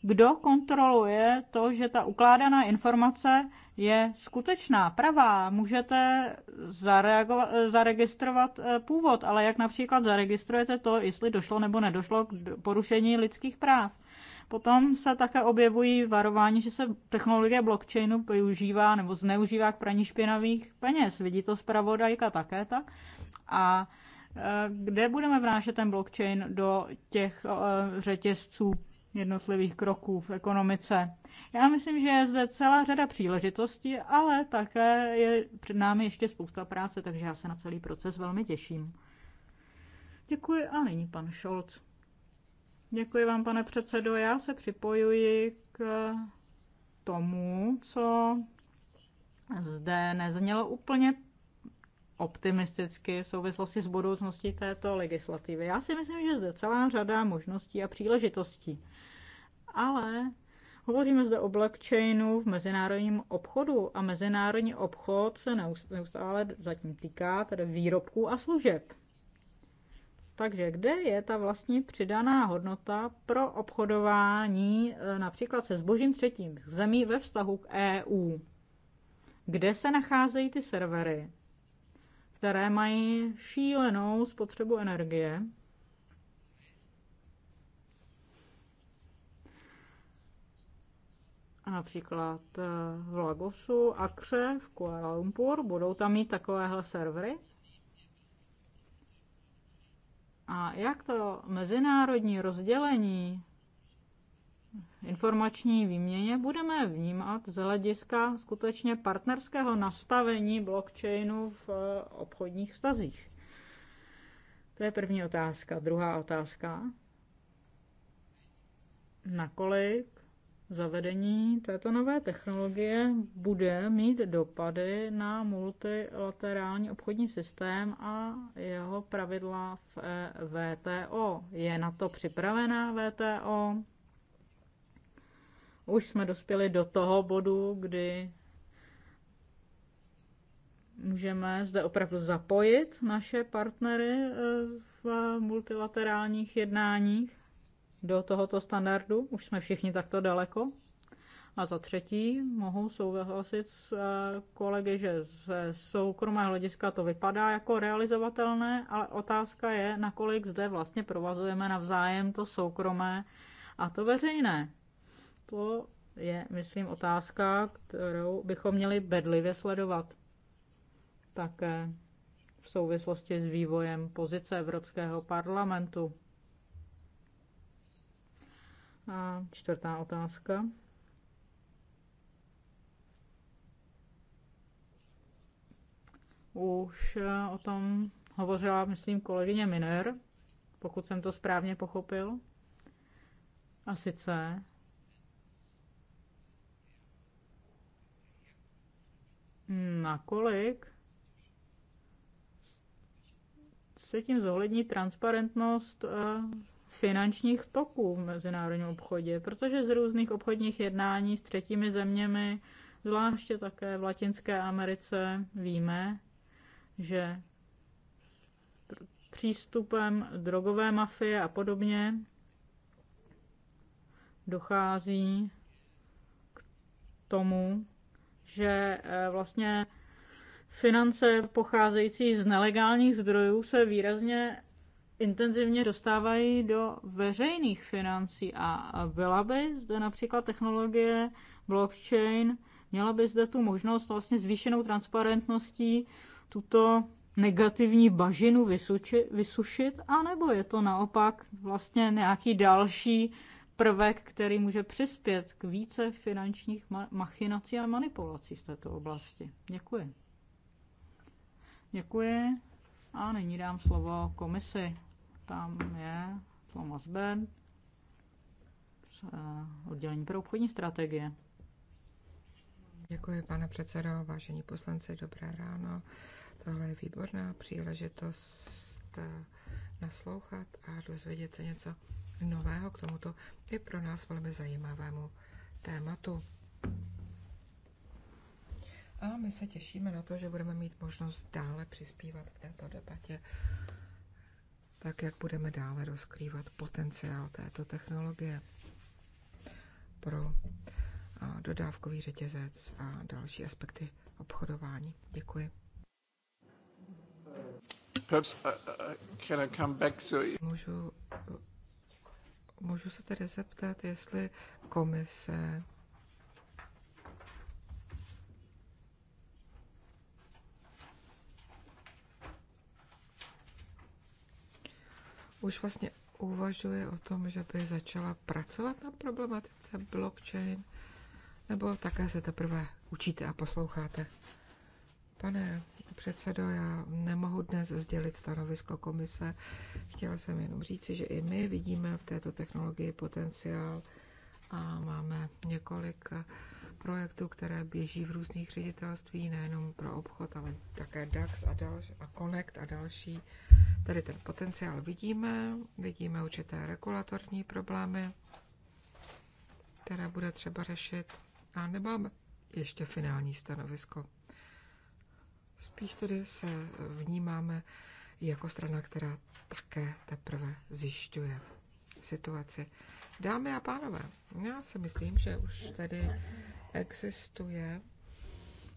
kdo kontroluje to, že ta ukládaná informace je skutečná, pravá? Můžete eh, zaregistrovat eh, původ, ale jak například zaregistrujete to, jestli došlo nebo nedošlo k porušení lidských práv? Potom se také objevují varování, že se technologie blockchainu využívá nebo zneužívá k praní špinavých peněz. Vidí to zpravodajka také tak. A e, kde budeme vnášet ten blockchain do těch e, řetězců jednotlivých kroků v ekonomice. Já myslím, že je zde celá řada příležitostí, ale také je před námi ještě spousta práce, takže já se na celý proces velmi těším. Děkuji a nyní pan Scholz. Děkuji vám, pane předsedo. Já se připojuji k tomu, co zde neznělo úplně optimisticky v souvislosti s budoucností této legislativy. Já si myslím, že zde celá řada možností a příležitostí. Ale hovoříme zde o blockchainu v mezinárodním obchodu a mezinárodní obchod se neustále zatím týká tedy výrobků a služeb. Takže kde je ta vlastně přidaná hodnota pro obchodování e, například se zbožím třetím zemí ve vztahu k EU? Kde se nacházejí ty servery, které mají šílenou spotřebu energie? Například e, v Lagosu, Akře, v Kuala Lumpur budou tam mít takovéhle servery? A jak to mezinárodní rozdělení informační výměně budeme vnímat z hlediska skutečně partnerského nastavení blockchainu v eh, obchodních vztazích? To je první otázka. Druhá otázka. Nakolik Zavedení této nové technologie bude mít dopady na multilaterální obchodní systém a jeho pravidla v e VTO. Je na to připravená VTO? Už jsme dospěli do toho bodu, kdy můžeme zde opravdu zapojit naše partnery eh, v multilaterálních jednáních do tohoto standardu, už jsme všichni takto daleko. A za třetí mohu souhlasit s eh, kolegy, že z soukromého hlediska to vypadá jako realizovatelné, ale otázka je, nakolik zde vlastně provazujeme navzájem to soukromé a to veřejné. To je, myslím, otázka, kterou bychom měli bedlivě sledovat. Také v souvislosti s vývojem pozice Evropského parlamentu a čtvrtá otázka. Už eh, o tom hovořila, myslím, kolegyně Miner, pokud jsem to správně pochopil. A sice nakolik se tím zohlední transparentnost eh, finančních toků v mezinárodním obchodě, protože z různých obchodních jednání s třetími zeměmi, zvláště také v Latinské Americe, víme, že přístupem drogové mafie a podobně dochází k tomu, že eh, vlastně finance pocházející z nelegálních zdrojů se výrazně intenzivně dostávají do veřejných financí a byla by zde například technologie blockchain, měla by zde tu možnost vlastně zvýšenou transparentností tuto negativní bažinu vysuči, vysušit, anebo je to naopak vlastně nějaký další prvek, který může přispět k více finančních machinací a manipulací v této oblasti. Děkuji. Děkuji a nyní dám slovo komisi. Tam je Thomas Ben oddělení pro obchodní strategie. Děkuji, pane předsedo, vážení poslanci, dobré ráno. Tohle je výborná příležitost eh, naslouchat a dozvědět se něco nového k tomuto i pro nás velmi zajímavému tématu. A my se těšíme na to, že budeme mít možnost dále přispívat k této debatě tak jak budeme dále rozkrývat potenciál této technologie pro dodávkový řetězec a další aspekty obchodování. Děkuji. Perhaps, uh, uh can I come back to... Můžu, uh, můžu se tedy zeptat, jestli komise už vlastně uvažuje o tom, že by začala pracovat na problematice blockchain, nebo také se teprve učíte a posloucháte? Pane předsedo, já nemohu dnes sdělit stanovisko komise. Chtěla jsem jenom říci, že i my vidíme v této technologii potenciál a máme několik projektů, které běží v různých ředitelství, nejenom pro obchod, ale také DAX a, další, a Connect a další. Tady ten potenciál vidíme, vidíme určité regulatorní problémy, které bude třeba řešit a nemáme ještě finální stanovisko. Spíš tedy se vnímáme jako strana, která také teprve zjišťuje situaci. Dámy a pánové, já si myslím, že už tady existuje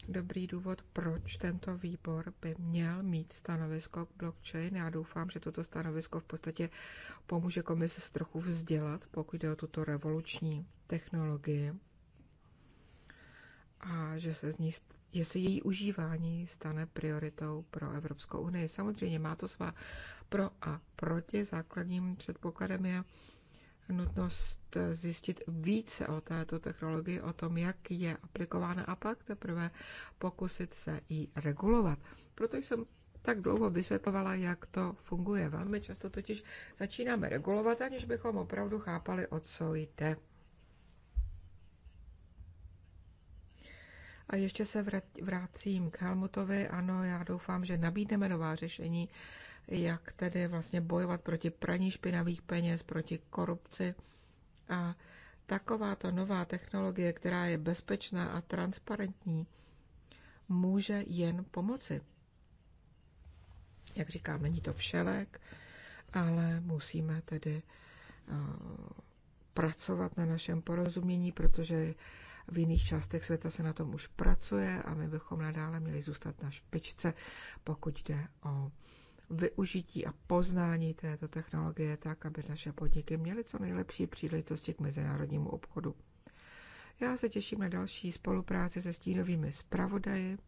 dobrý důvod, proč tento výbor by měl mít stanovisko k blockchain. Já doufám, že toto stanovisko v podstatě pomůže komise se trochu vzdělat, pokud jde o tuto revoluční technologii a že se z ní že se její užívání stane prioritou pro Evropskou unii. Samozřejmě má to svá pro a proti. Základním předpokladem je nutnost zjistit více o této technologii, o tom, jak je aplikována a pak teprve pokusit se ji regulovat. Proto jsem tak dlouho vysvětlovala, jak to funguje. Velmi často totiž začínáme regulovat, aniž bychom opravdu chápali, o co jde. A ještě se vracím k Helmutovi. Ano, já doufám, že nabídneme nová řešení jak tedy vlastně bojovat proti praní špinavých peněz, proti korupci. A takováto nová technologie, která je bezpečná a transparentní, může jen pomoci. Jak říkám, není to všelek, ale musíme tedy eh, pracovat na našem porozumění, protože v jiných částech světa se na tom už pracuje a my bychom nadále měli zůstat na špičce, pokud jde o využití a poznání této technologie tak, aby naše podniky měly co nejlepší příležitosti k mezinárodnímu obchodu. Já se těším na další spolupráci se stínovými zpravodaji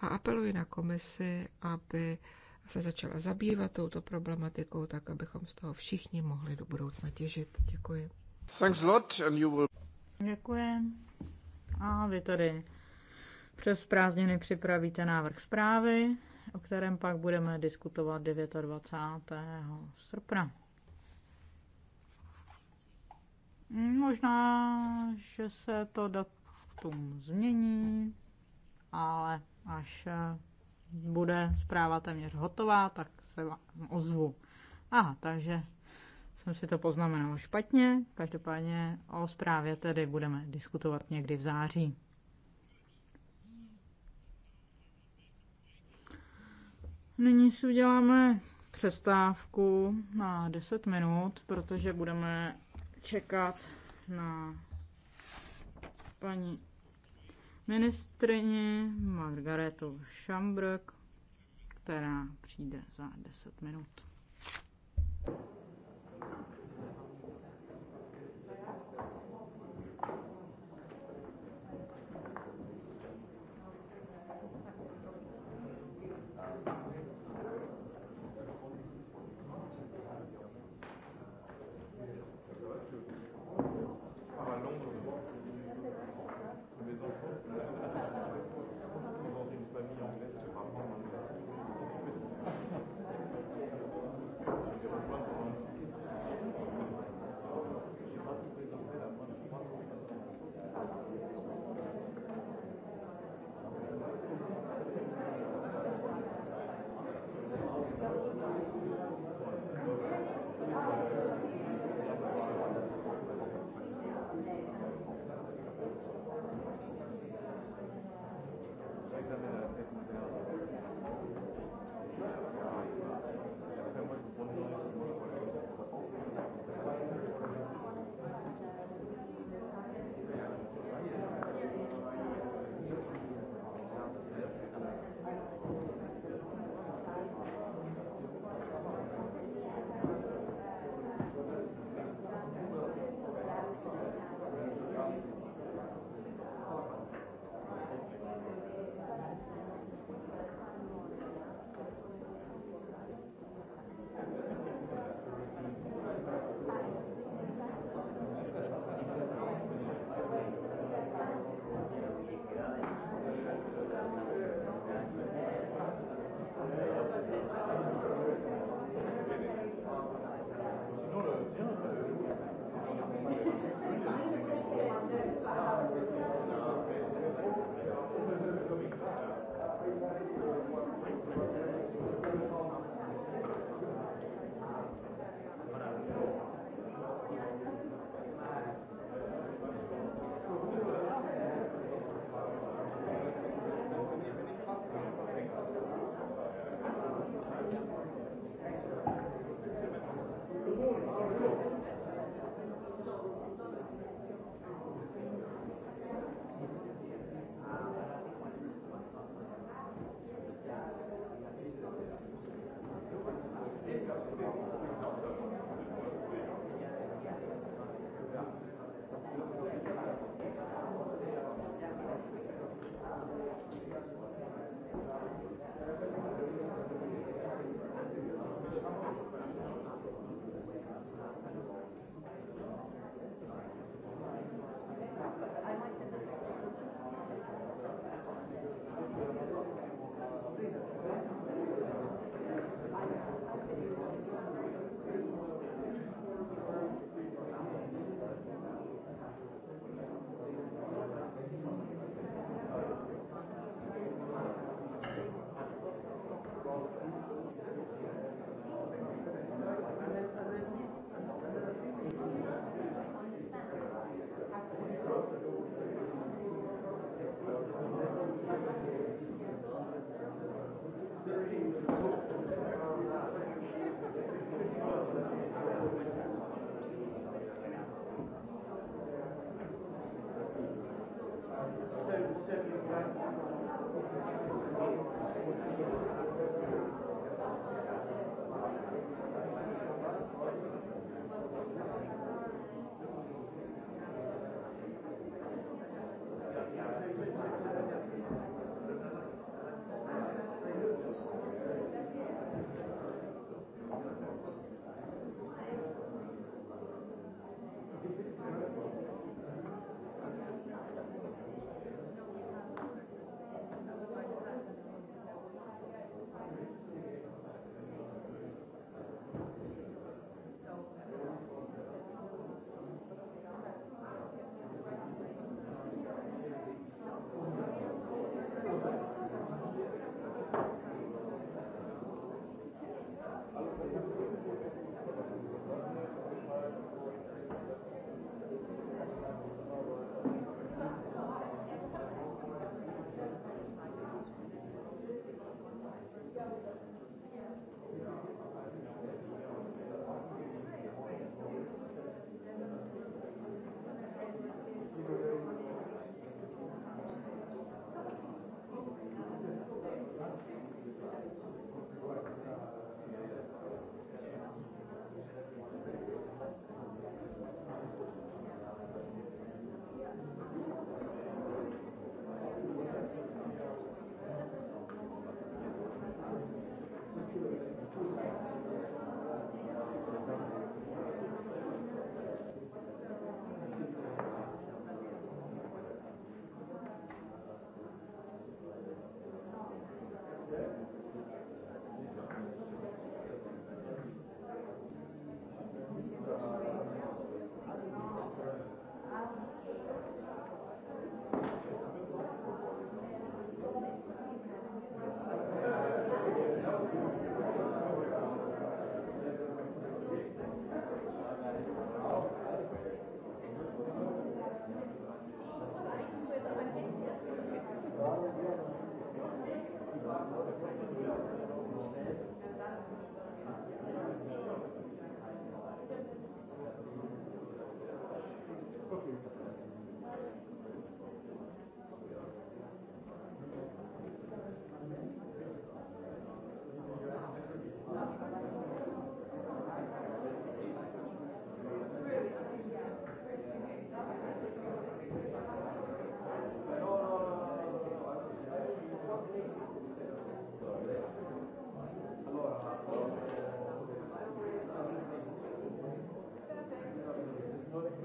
a apeluji na komisi, aby se začala zabývat touto problematikou, tak abychom z toho všichni mohli do budoucna těžit. Děkuji. Thanks a lot and you will... Děkuji. A vy tady přes prázdniny připravíte návrh zprávy o kterém pak budeme diskutovat 29. srpna. Možná, že se to datum změní, ale až eh, bude zpráva téměř hotová, tak se vám ozvu. Aha, takže jsem si to poznamenal špatně. Každopádně o zprávě tedy budeme diskutovat někdy v září. Nyní si uděláme přestávku na 10 minut, protože budeme čekat na paní ministrině Margaretu Šambrk, která přijde za 10 minut.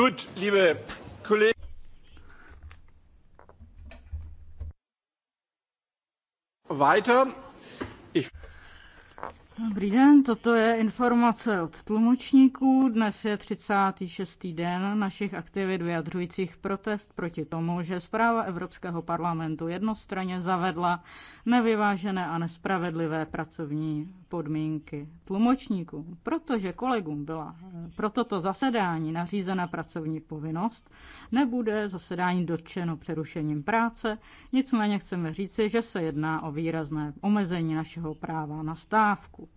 Gut, liebe Kollegen. Weiter. Ich... Dobrý den, toto je informace od tlumočníků. Dnes je 36. den našich aktivit vyjadřujících protest proti tomu, že zpráva Evropského parlamentu jednostranně zavedla nevyvážené a nespravedlivé pracovní podmínky tlumočníků, protože kolegům byla pro toto zasedání nařízena pracovní povinnost, nebude zasedání dotčeno přerušením práce, nicméně chceme říci, že se jedná o výrazné omezení našeho práva na stávku.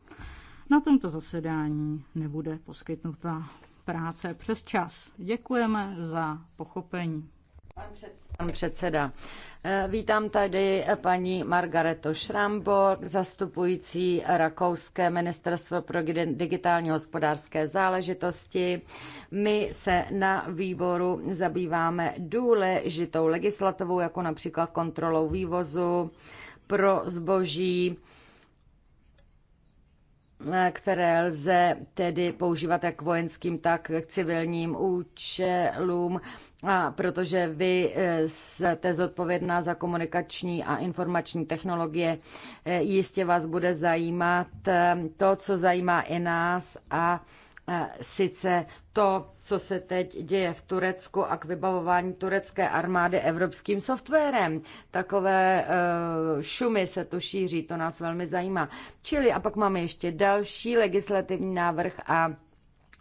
Na tomto zasedání nebude poskytnuta práce přes čas. Děkujeme za pochopení. Pan předseda. Eh, vítám tady paní Margaretu Šramborg, zastupující Rakouské ministerstvo pro digitální hospodářské záležitosti. My se na výboru zabýváme důležitou legislativou, jako například kontrolou vývozu pro zboží které lze tedy používat jak vojenským, tak k civilním účelům, a protože vy eh, jste zodpovědná za komunikační a informační technologie, eh, jistě vás bude zajímat eh, to, co zajímá i nás a Eh, sice to, co se teď děje v Turecku a k vybavování turecké armády evropským softwarem. Takové uh, šumy se tu šíří, to nás velmi zajímá. Čili a pak máme ještě další legislativní návrh a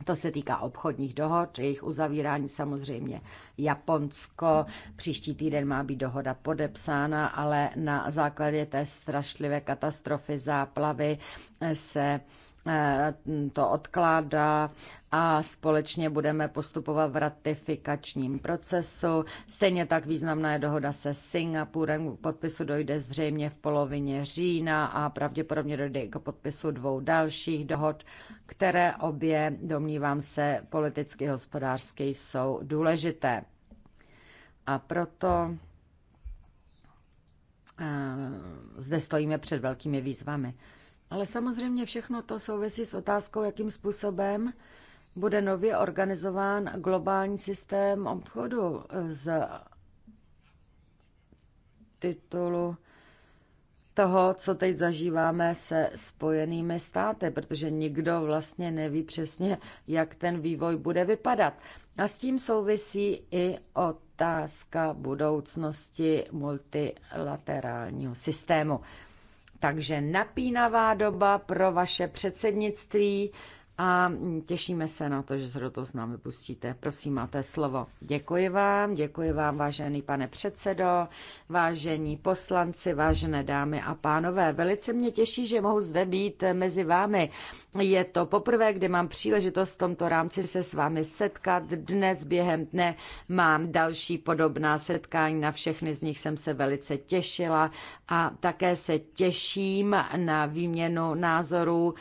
to se týká obchodních dohod, jejich uzavírání samozřejmě Japonsko. Příští týden má být dohoda podepsána, ale na základě té strašlivé katastrofy záplavy eh, se uh, Eh, to odkládá a společně budeme postupovat v ratifikačním procesu. Stejně tak významná je dohoda se Singapurem. K podpisu dojde zřejmě v polovině října a pravděpodobně dojde k podpisu dvou dalších dohod, které obě, domnívám se, politicky hospodářsky jsou důležité. A proto eh, zde stojíme před velkými výzvami. Ale samozřejmě všechno to souvisí s otázkou, jakým způsobem bude nově organizován globální systém obchodu z titulu toho, co teď zažíváme se spojenými státy, protože nikdo vlastně neví přesně, jak ten vývoj bude vypadat. A s tím souvisí i otázka budoucnosti multilaterálního systému. Takže napínavá doba pro vaše předsednictví a těšíme se na to, že se do toho s námi pustíte. Prosím, máte slovo. Děkuji vám, děkuji vám, vážený pane předsedo, vážení poslanci, vážené dámy a pánové. Velice mě těší, že mohu zde být mezi vámi. Je to poprvé, kdy mám příležitost v tomto rámci se s vámi setkat. Dnes během dne mám další podobná setkání, na všechny z nich jsem se velice těšila a také se těším na výměnu názorů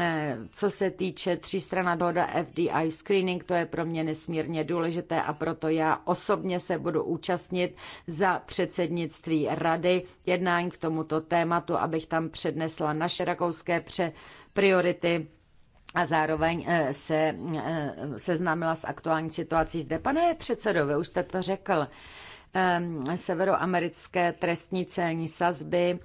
Eh, co se týče třístrana dohoda FDI screening, to je pro mě nesmírně důležité a proto já osobně se budu účastnit za předsednictví rady jednání k tomuto tématu, abych tam přednesla naše rakouské pře- priority a zároveň eh, se eh, seznámila s aktuální situací zde. Pane předsedo, vy už jste to řekl, severoamerické trestní celní sazby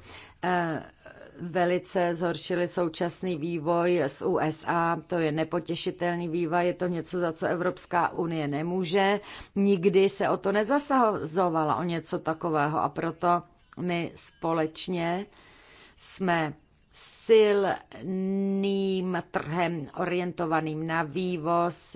velice zhoršili současný vývoj z USA. To je nepotěšitelný vývoj, je to něco, za co Evropská unie nemůže. Nikdy se o to nezasahovala, o něco takového a proto my společně jsme silným trhem orientovaným na vývoz.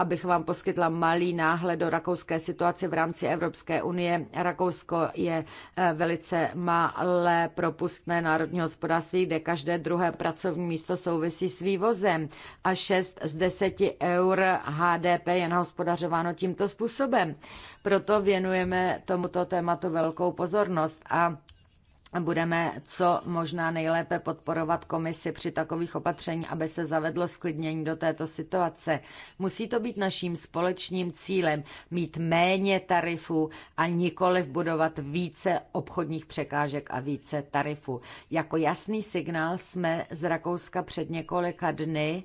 Abych vám poskytla malý náhled do rakouské situace v rámci Evropské unie. Rakousko je eh, velice malé propustné národní hospodářství, kde každé druhé pracovní místo souvisí s vývozem a 6 z 10 eur HDP je nahospodařováno tímto způsobem. Proto věnujeme tomuto tématu velkou pozornost a budeme co možná nejlépe podporovat komisi při takových opatření, aby se zavedlo sklidnění do této situace. Musí to být naším společným cílem mít méně tarifů a nikoliv budovat více obchodních překážek a více tarifů. Jako jasný signál jsme z Rakouska před několika dny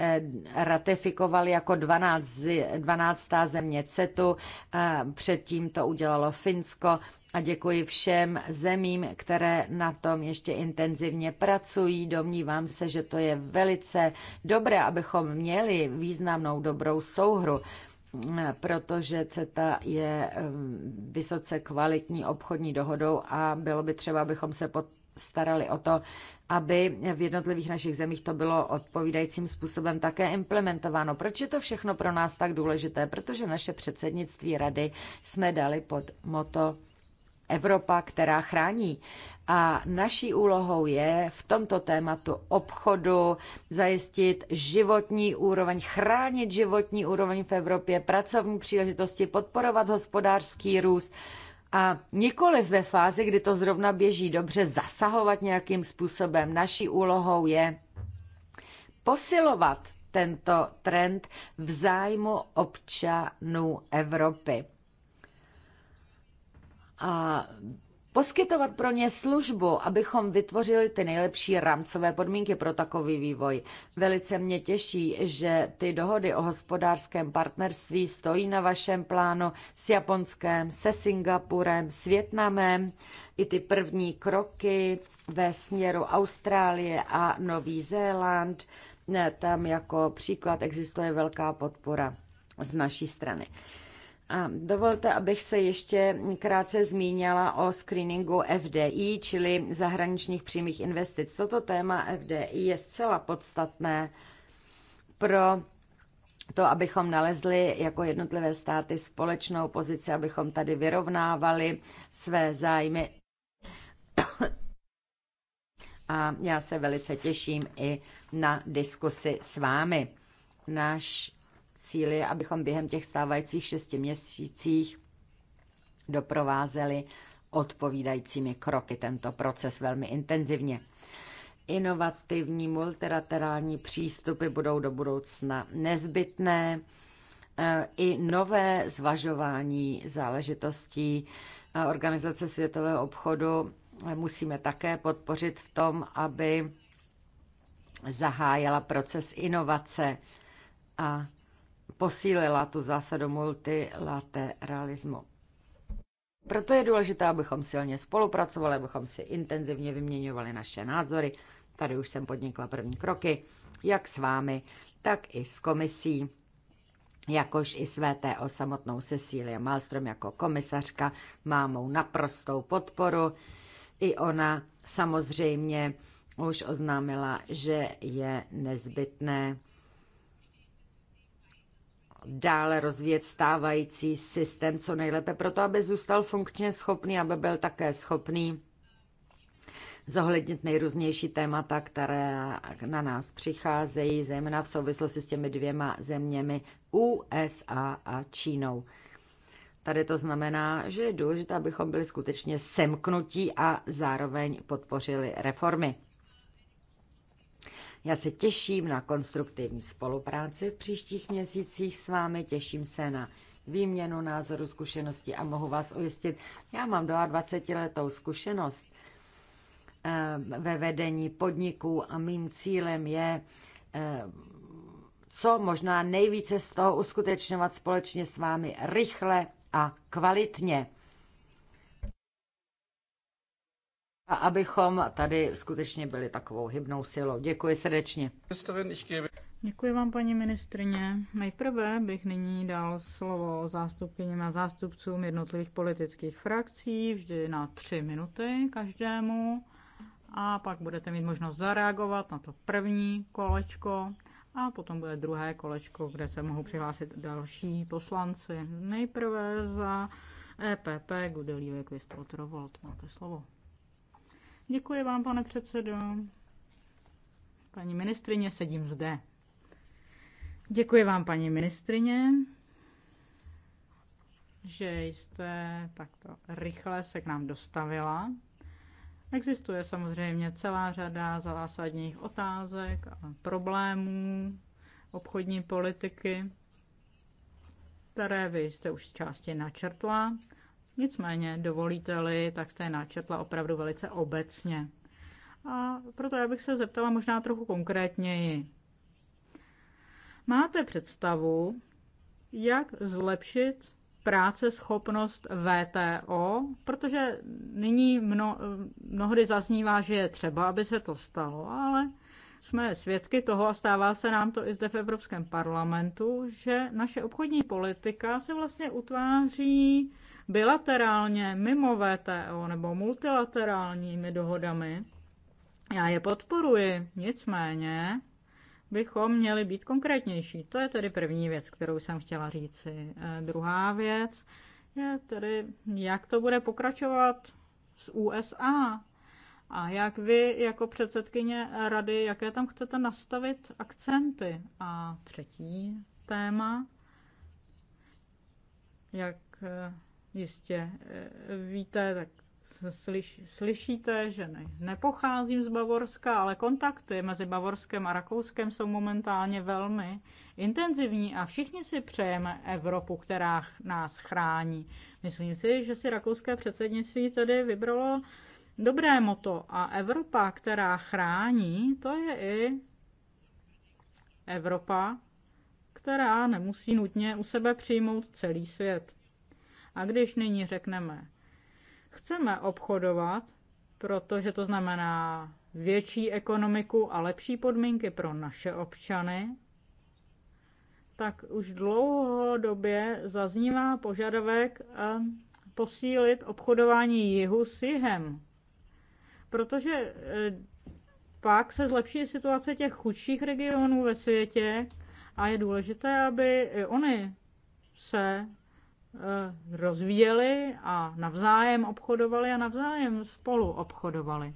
eh, ratifikoval jako 12, 12. země CETu, eh, předtím to udělalo Finsko a děkuji všem zemím, které na tom ještě intenzivně pracují. Domnívám se, že to je velice dobré, abychom měli významnou dobrou souhru, protože CETA je um, vysoce kvalitní obchodní dohodou a bylo by třeba, abychom se pod starali o to, aby v jednotlivých našich zemích to bylo odpovídajícím způsobem také implementováno. Proč je to všechno pro nás tak důležité? Protože naše předsednictví rady jsme dali pod moto Evropa, která chrání. A naší úlohou je v tomto tématu obchodu zajistit životní úroveň, chránit životní úroveň v Evropě, pracovní příležitosti, podporovat hospodářský růst a nikoli ve fázi, kdy to zrovna běží dobře, zasahovat nějakým způsobem. Naší úlohou je posilovat tento trend v zájmu občanů Evropy a poskytovat pro ně službu, abychom vytvořili ty nejlepší rámcové podmínky pro takový vývoj. Velice mě těší, že ty dohody o hospodářském partnerství stojí na vašem plánu s Japonskem, se Singapurem, s Větnamem, i ty první kroky ve směru Austrálie a Nový Zéland. Tam jako příklad existuje velká podpora z naší strany. A dovolte, abych se ještě krátce zmínila o screeningu FDI, čili zahraničních přímých investic. Toto téma FDI je zcela podstatné pro to, abychom nalezli jako jednotlivé státy společnou pozici, abychom tady vyrovnávali své zájmy. A já se velice těším i na diskusi s vámi. Náš Cíl je, abychom během těch stávajících šesti měsících doprovázeli odpovídajícími kroky tento proces velmi intenzivně. Inovativní multilaterální přístupy budou do budoucna nezbytné eh, i nové zvažování záležitostí eh, Organizace světového obchodu eh, musíme také podpořit v tom, aby zahájila proces inovace a posílila tu zásadu multilateralismu. Proto je důležité, abychom silně spolupracovali, abychom si intenzivně vyměňovali naše názory. Tady už jsem podnikla první kroky, jak s vámi, tak i s komisí, jakož i s VTO samotnou Cecilia Malstrom jako komisařka má mou naprostou podporu. I ona samozřejmě už oznámila, že je nezbytné dále rozvíjet stávající systém co nejlépe, proto aby zůstal funkčně schopný, aby byl také schopný zohlednit nejrůznější témata, které na nás přicházejí, zejména v souvislosti s těmi dvěma zeměmi USA a Čínou. Tady to znamená, že je důležité, abychom byli skutečně semknutí a zároveň podpořili reformy. Já se těším na konstruktivní spolupráci v příštích měsících s vámi, těším se na výměnu názoru, zkušenosti a mohu vás ujistit, já mám 22 letou zkušenost eh, ve vedení podniků a mým cílem je eh, co možná nejvíce z toho uskutečňovat společně s vámi rychle a kvalitně. a abychom tady skutečně byli takovou hybnou silou. Děkuji srdečně. Děkuji vám, paní ministrině. Nejprve bych nyní dal slovo zástupkyním a zástupcům jednotlivých politických frakcí, vždy na tři minuty každému. A pak budete mít možnost zareagovat na to první kolečko a potom bude druhé kolečko, kde se mohou přihlásit další poslanci. Nejprve za EPP Gudelive Kvistol Trovolt. Máte slovo. Děkuji vám, pane předsedo. Paní ministrině, sedím zde. Děkuji vám, paní ministrině, že jste takto rychle se k nám dostavila. Existuje samozřejmě celá řada zásadních otázek a problémů obchodní politiky, které vy jste už z části načrtla. Nicméně, dovolíte-li, tak jste je načetla opravdu velice obecně. A proto já bych se zeptala možná trochu konkrétněji. Máte představu, jak zlepšit práce schopnost VTO, protože nyní mno, mnohdy zaznívá, že je třeba, aby se to stalo, ale jsme svědky toho a stává se nám to i zde v Evropském parlamentu, že naše obchodní politika se vlastně utváří bilaterálně mimo VTO nebo multilaterálními dohodami. Já je podporuji, nicméně bychom měli být konkrétnější. To je tedy první věc, kterou jsem chtěla říci. Eh, druhá věc je tedy, jak to bude pokračovat s USA a jak vy jako předsedkyně rady, jaké tam chcete nastavit akcenty. A třetí téma, jak eh, jistě eh, víte, tak slyš, slyšíte, že ne, nepocházím z Bavorska, ale kontakty mezi Bavorskem a Rakouskem jsou momentálně velmi intenzivní a všichni si přejeme Evropu, která nás chrání. Myslím si, že si rakouské předsednictví tedy vybralo dobré moto a Evropa, která chrání, to je i Evropa, která nemusí nutně u sebe přijmout celý svět. A když nyní řekneme, chceme obchodovat, protože to znamená větší ekonomiku a lepší podmínky pro naše občany, tak už dlouhodobě zaznívá požadavek eh, posílit obchodování jihu s jihem. Protože eh, pak se zlepší situace těch chudších regionů ve světě a je důležité, aby i oni se Eh, rozvíjeli a navzájem obchodovali a navzájem spolu obchodovali.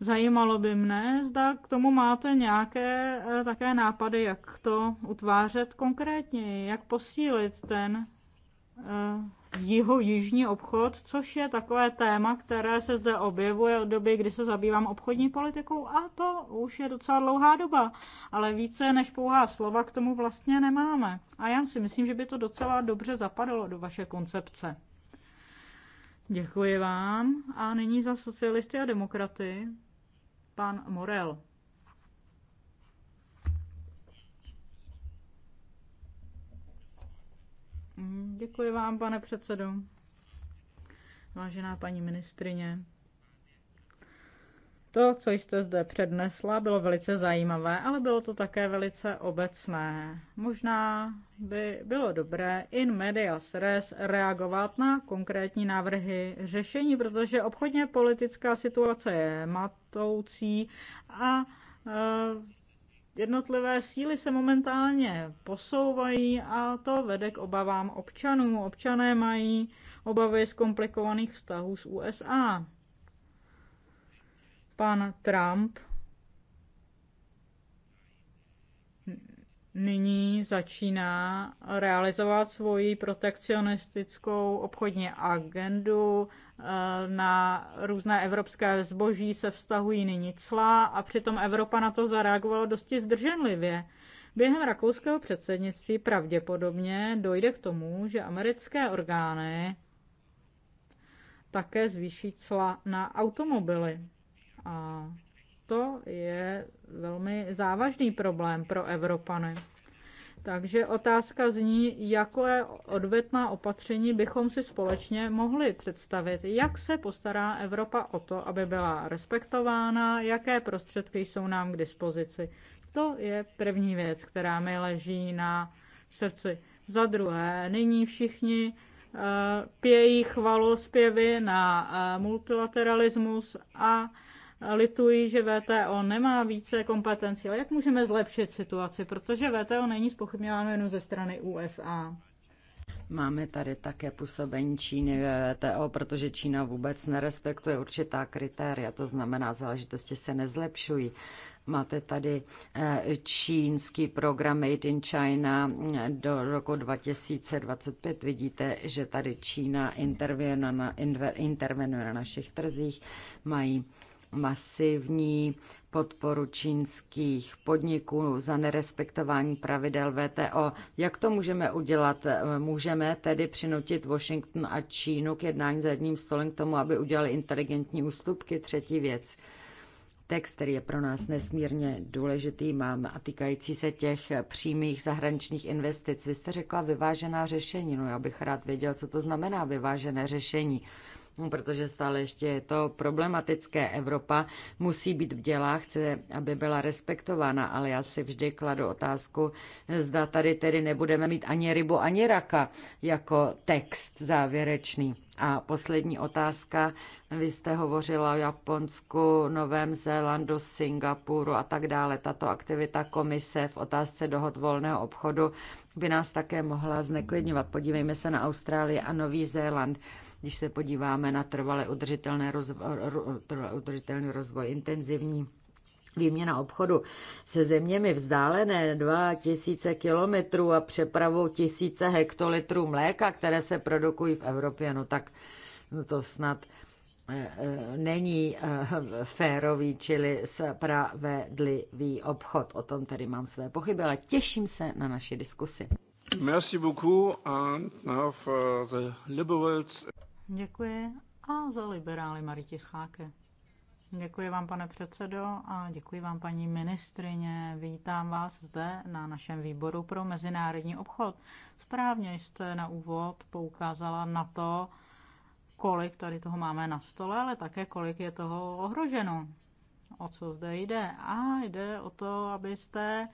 Zajímalo by mne, zda k tomu máte nějaké eh, také nápady, jak to utvářet konkrétně, jak posílit ten eh, jeho jižní obchod, což je takové téma, které se zde objevuje od doby, kdy se zabývám obchodní politikou a to už je docela dlouhá doba, ale více než pouhá slova k tomu vlastně nemáme. A já si myslím, že by to docela dobře zapadalo do vaše koncepce. Děkuji vám a nyní za socialisty a demokraty pan Morel. Mm, děkuji vám, pane předsedo. Vážená paní ministrině, to, co jste zde přednesla, bylo velice zajímavé, ale bylo to také velice obecné. Možná by bylo dobré in medias res reagovat na konkrétní návrhy řešení, protože obchodně politická situace je matoucí a e, Jednotlivé síly se momentálně posouvají a to vede k obavám občanů. Občané mají obavy z komplikovaných vztahů s USA. Pan Trump nyní začíná realizovat svoji protekcionistickou obchodní agendu Eh, na různé evropské zboží se vztahují nyní cla a přitom Evropa na to zareagovala dosti zdrženlivě. Během rakouského předsednictví pravděpodobně dojde k tomu, že americké orgány také zvýší cla na automobily. A to je velmi závažný problém pro Evropany. Takže otázka zní, jaké odvetná opatření bychom si společně mohli představit. Jak se postará Evropa o to, aby byla respektována, jaké prostředky jsou nám k dispozici. To je první věc, která mi leží na srdci. Za druhé, nyní všichni eh, pějí chvalospěvy na eh, multilateralismus a litují, že VTO nemá více kompetencí, ale jak můžeme zlepšit situaci, protože VTO není spochybňováno jen ze strany USA. Máme tady také působení Číny ve VTO, protože Čína vůbec nerespektuje určitá kritéria, to znamená, záležitosti se nezlepšují. Máte tady eh, čínský program Made in China eh, do roku 2025. Vidíte, že tady Čína intervenuje na, intervenuje na našich trzích, mají masivní podporu čínských podniků za nerespektování pravidel VTO. Jak to můžeme udělat? Můžeme tedy přinutit Washington a Čínu k jednání za jedním stolem k tomu, aby udělali inteligentní ústupky? Třetí věc. Text, který je pro nás nesmírně důležitý, mám a týkající se těch přímých zahraničních investic. Vy jste řekla vyvážená řešení. No já bych rád věděl, co to znamená vyvážené řešení protože stále ještě je to problematické. Evropa musí být bdělá, chce, aby byla respektována, ale já si vždy kladu otázku, zda tady tedy nebudeme mít ani rybu, ani raka jako text závěrečný. A poslední otázka. Vy jste hovořila o Japonsku, Novém Zélandu, Singapuru a tak dále. Tato aktivita komise v otázce dohod volného obchodu by nás také mohla zneklidňovat. Podívejme se na Austrálii a Nový Zéland. Když se podíváme na trvalé udržitelné rozvo- ro- udržitelný rozvoj intenzivní Výměna obchodu se zeměmi vzdálené 2000 kilometrů a přepravou tisíce hektolitrů mléka, které se produkují v Evropě, no tak no to snad eh, eh, není eh, férový, čili spravedlivý obchod. O tom tedy mám své pochyby, ale těším se na naši diskusi. Merci beaucoup and now for the liberals. Děkuji. A za liberály Maritě Scháke. Děkuji vám, pane předsedo, a děkuji vám, paní ministrině. Vítám vás zde na našem výboru pro mezinárodní obchod. Správně jste na úvod poukázala na to, kolik tady toho máme na stole, ale také kolik je toho ohroženo. O co zde jde? A jde o to, abyste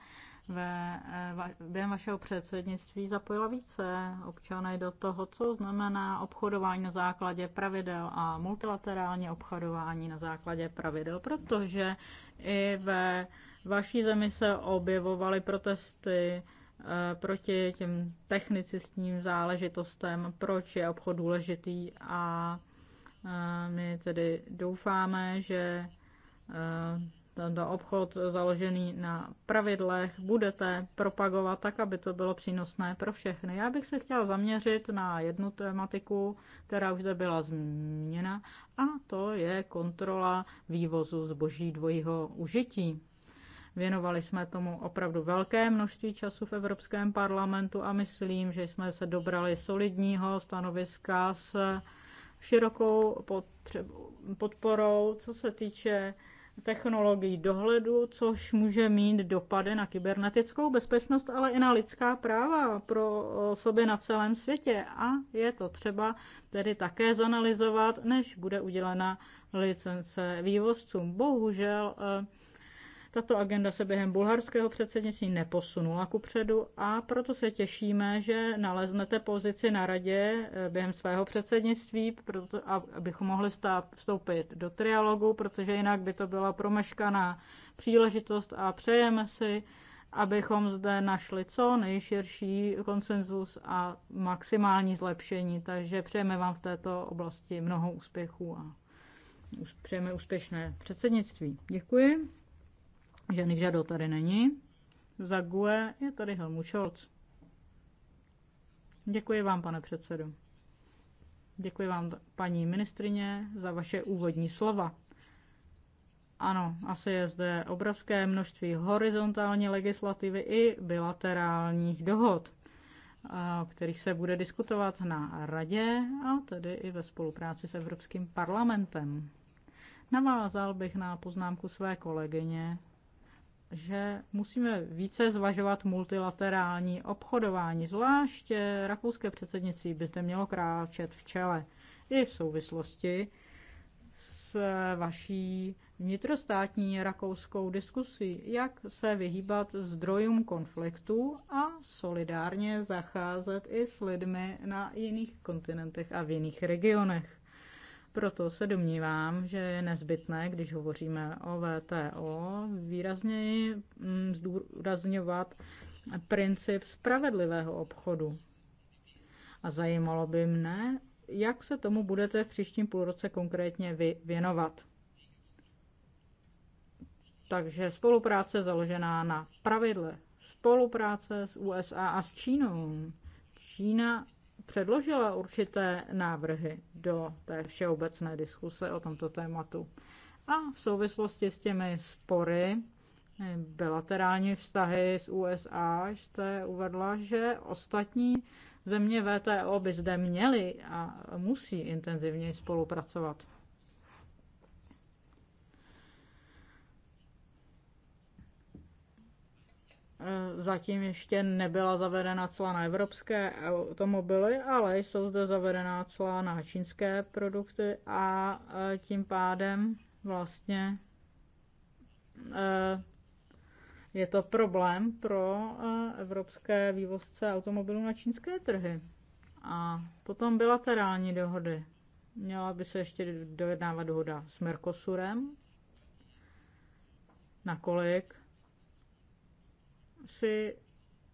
ve, va, během vašeho předsednictví zapojila více občany do toho, co znamená obchodování na základě pravidel a multilaterální obchodování na základě pravidel, protože i ve vaší zemi se objevovaly protesty eh, proti těm technicistním záležitostem, proč je obchod důležitý a eh, my tedy doufáme, že eh, tento obchod založený na pravidlech budete propagovat tak, aby to bylo přínosné pro všechny. Já bych se chtěla zaměřit na jednu tématiku, která už zde byla změněna, a to je kontrola vývozu zboží dvojího užití. Věnovali jsme tomu opravdu velké množství času v Evropském parlamentu a myslím, že jsme se dobrali solidního stanoviska s širokou podporou, co se týče technologií dohledu, což může mít dopady na kybernetickou bezpečnost, ale i na lidská práva pro osoby na celém světě. A je to třeba tedy také zanalizovat, než bude udělena licence vývozcům. Bohužel eh, tato agenda se během bulharského předsednictví neposunula kupředu a proto se těšíme, že naleznete pozici na radě eh, během svého předsednictví, proto, abychom mohli stát, vstoupit do trialogu, protože jinak by to byla promeškaná příležitost a přejeme si, abychom zde našli co nejširší konsenzus a maximální zlepšení. Takže přejeme vám v této oblasti mnoho úspěchů a přejeme úspěšné předsednictví. Děkuji že žadov tady není. Za GUE je tady Helmut Scholz. Děkuji vám, pane předsedo. Děkuji vám, paní ministrině, za vaše úvodní slova. Ano, asi je zde obrovské množství horizontální legislativy i bilaterálních dohod, o kterých se bude diskutovat na radě a tedy i ve spolupráci s Evropským parlamentem. Navázal bych na poznámku své kolegyně že musíme více zvažovat multilaterální obchodování, zvláště rakouské předsednictví by zde mělo kráčet v čele i v souvislosti s vaší vnitrostátní rakouskou diskusí, jak se vyhýbat zdrojům konfliktů a solidárně zacházet i s lidmi na jiných kontinentech a v jiných regionech. Proto se domnívám, že je nezbytné, když hovoříme o VTO, výrazně mm, zdůrazňovat princip spravedlivého obchodu. A zajímalo by mne, jak se tomu budete v příštím půlroce konkrétně vy věnovat. Takže spolupráce založená na pravidle. Spolupráce s USA a s Čínou. Čína předložila určité návrhy do té všeobecné diskuse o tomto tématu. A v souvislosti s těmi spory, eh, bilaterální vztahy s USA, jste uvedla, že ostatní země VTO by zde měly a musí intenzivněji spolupracovat. Eh, zatím ještě nebyla zavedena cla na evropské automobily, ale jsou zde zavedená cla na čínské produkty a eh, tím pádem vlastně eh, je to problém pro evropské vývozce automobilů na čínské trhy. A potom bilaterální dohody. Měla by se ještě dojednávat dohoda s Mercosurem, nakolik si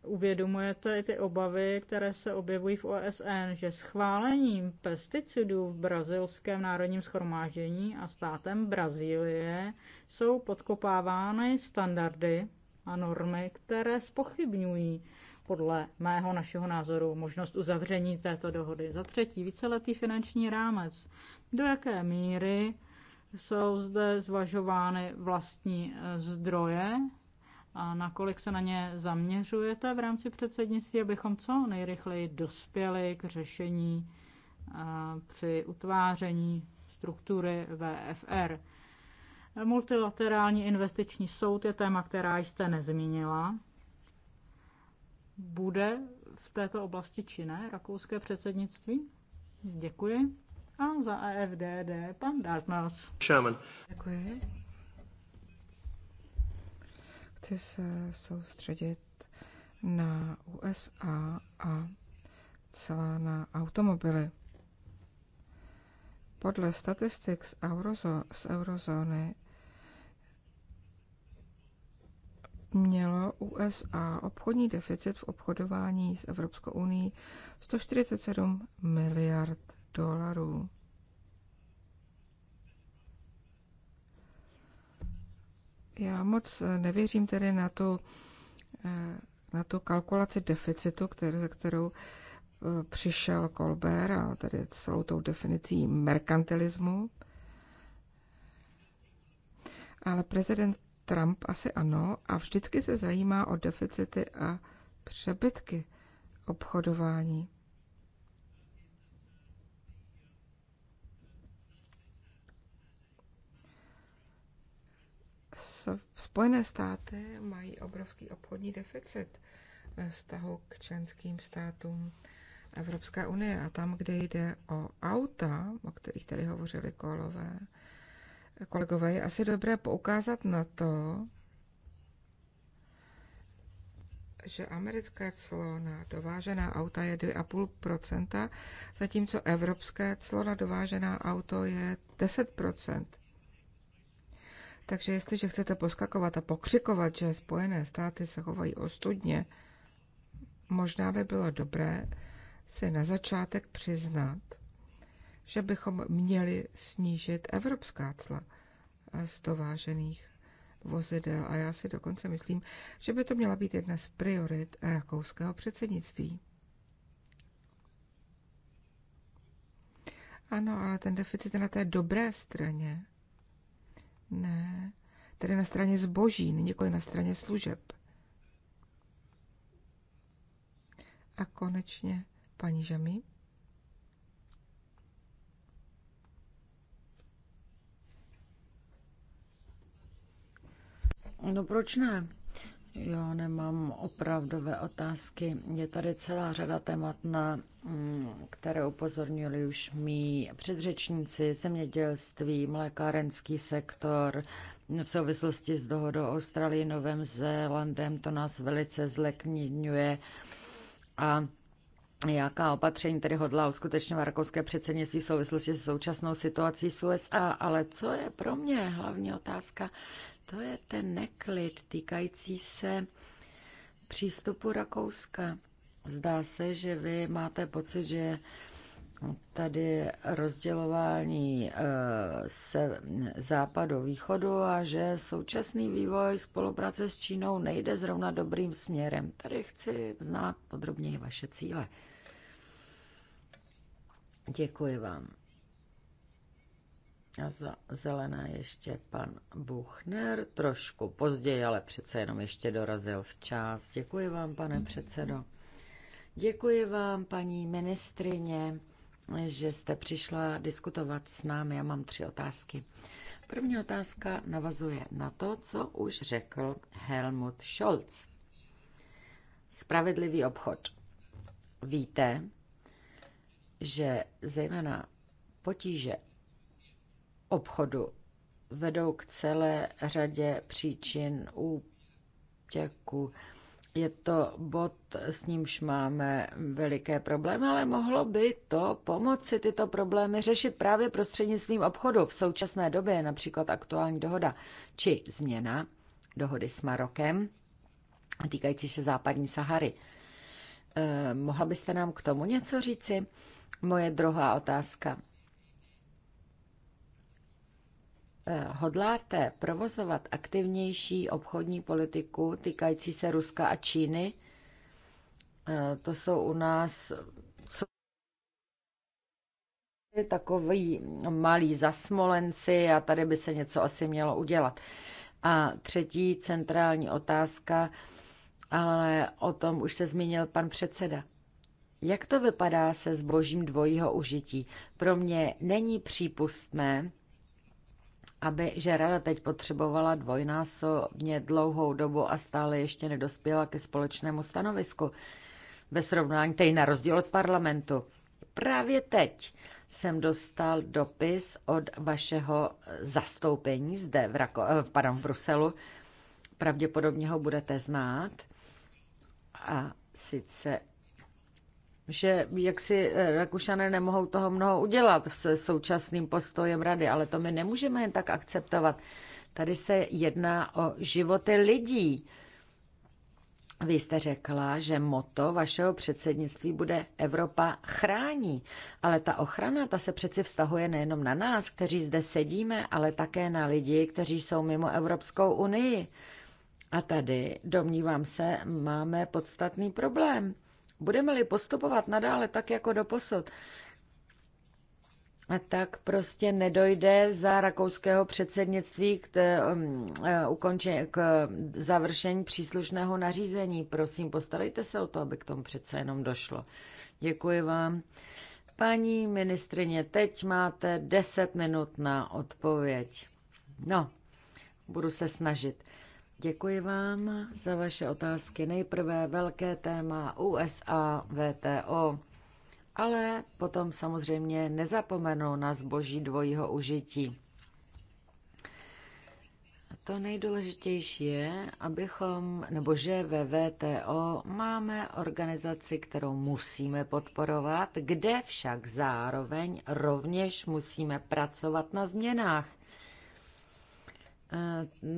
uvědomujete i ty obavy, které se objevují v OSN, že schválením pesticidů v brazilském národním schromáždění a státem Brazílie jsou podkopávány standardy a normy, které spochybňují podle mého našeho názoru možnost uzavření této dohody. Za třetí, víceletý finanční rámec. Do jaké míry jsou zde zvažovány vlastní eh, zdroje a nakolik se na ně zaměřujete v rámci předsednictví, abychom co nejrychleji dospěli k řešení při utváření struktury VFR. Multilaterální investiční soud je téma, která jste nezmínila. Bude v této oblasti činné rakouské předsednictví? Děkuji. A za AFDD e pan Dartmouth. Děkuji. Chci se soustředit na USA a celá na automobily. Podle statistik z, Eurozo- z eurozóny mělo USA obchodní deficit v obchodování s Evropskou uní 147 miliard dolarů. Já moc eh, nevěřím tedy na tu, eh, na tu kalkulaci deficitu, který, kterou eh, přišel Kolber a tedy celou tou definicí merkantilismu. Ale prezident Trump asi ano a vždycky se zajímá o deficity a přebytky obchodování. Spojené státy mají obrovský obchodní deficit ve vztahu k členským státům Evropské unie. A tam, kde jde o auta, o kterých tady hovořili kolové, kolegové, je asi dobré poukázat na to, že americké clo na dovážená auta je 2,5%, zatímco evropské clo na dovážená auto je 10%. Takže jestliže chcete poskakovat a pokřikovat, že Spojené státy se chovají ostudně, možná by bylo dobré si na začátek přiznat, že bychom měli snížit evropská cla z dovážených vozidel. A já si dokonce myslím, že by to měla být jedna z priorit rakouského předsednictví. Ano, ale ten deficit je na té dobré straně. Ne, tedy na straně zboží, nikoli na straně služeb. A konečně paní Žami. No proč ne? Já nemám opravdové otázky. Je tady celá řada témat, na mm, které upozornili už mý předřečníci, zemědělství, mlékárenský sektor. V souvislosti s dohodou Austrálie, Novém Zélandem to nás velice zleknidňuje. A jaká opatření tedy hodlá uskutečně rakouské předsednictví v souvislosti s současnou situací s USA, ale co je pro mě hlavní otázka, to je ten neklid týkající se přístupu Rakouska. Zdá se, že vy máte pocit, že tady rozdělování eh, se západu východu a že současný vývoj spolupráce s Čínou nejde zrovna dobrým směrem. Tady chci znát podrobněji vaše cíle. Děkuji vám. A za zelené ještě pan Buchner, trošku později, ale přece jenom ještě dorazil včas. Děkuji vám, pane předsedo. Děkuji vám, paní ministrině, že jste přišla diskutovat s námi. Já mám tři otázky. První otázka navazuje na to, co už řekl Helmut Scholz. Spravedlivý obchod. Víte, že zejména potíže obchodu vedou k celé řadě příčin útěku. Je to bod, s nímž máme veliké problémy, ale mohlo by to pomoci tyto problémy řešit právě prostřednictvím obchodu. V současné době je například aktuální dohoda či změna dohody s Marokem týkající se západní Sahary. Eh, mohla byste nám k tomu něco říci? Moje druhá otázka. Eh, hodláte provozovat aktivnější obchodní politiku týkající se Ruska a Číny, eh, to jsou u nás takový malí zasmolenci a tady by se něco asi mělo udělat. A třetí centrální otázka, ale o tom už se zmínil pan předseda. Jak to vypadá se zbožím dvojího užití? Pro mě není přípustné, aby Žerada teď potřebovala dvojnásobně dlouhou dobu a stále ještě nedospěla ke společnému stanovisku. Ve srovnání tedy na rozdíl od parlamentu. Právě teď jsem dostal dopis od vašeho zastoupení zde v, Rako, eh, pardon, v Bruselu. Pravděpodobně ho budete znát. A sice že jak si eh, Rakušané nemohou toho mnoho udělat se současným postojem rady, ale to my nemůžeme jen tak akceptovat. Tady se jedná o životy lidí. Vy jste řekla, že moto vašeho předsednictví bude Evropa chrání, ale ta ochrana, ta se přeci vztahuje nejenom na nás, kteří zde sedíme, ale také na lidi, kteří jsou mimo Evropskou unii. A tady, domnívám se, máme podstatný problém. Budeme-li postupovat nadále tak jako doposud, tak prostě nedojde za rakouského předsednictví k, um, eh, ukonče, k završení příslušného nařízení. Prosím, postarejte se o to, aby k tomu přece jenom došlo. Děkuji vám. Paní ministrině, teď máte 10 minut na odpověď. No, budu se snažit. Děkuji vám za vaše otázky. Nejprve velké téma USA VTO, ale potom samozřejmě nezapomenou na zboží dvojího užití. To nejdůležitější je, abychom, nebo že ve VTO máme organizaci, kterou musíme podporovat, kde však zároveň rovněž musíme pracovat na změnách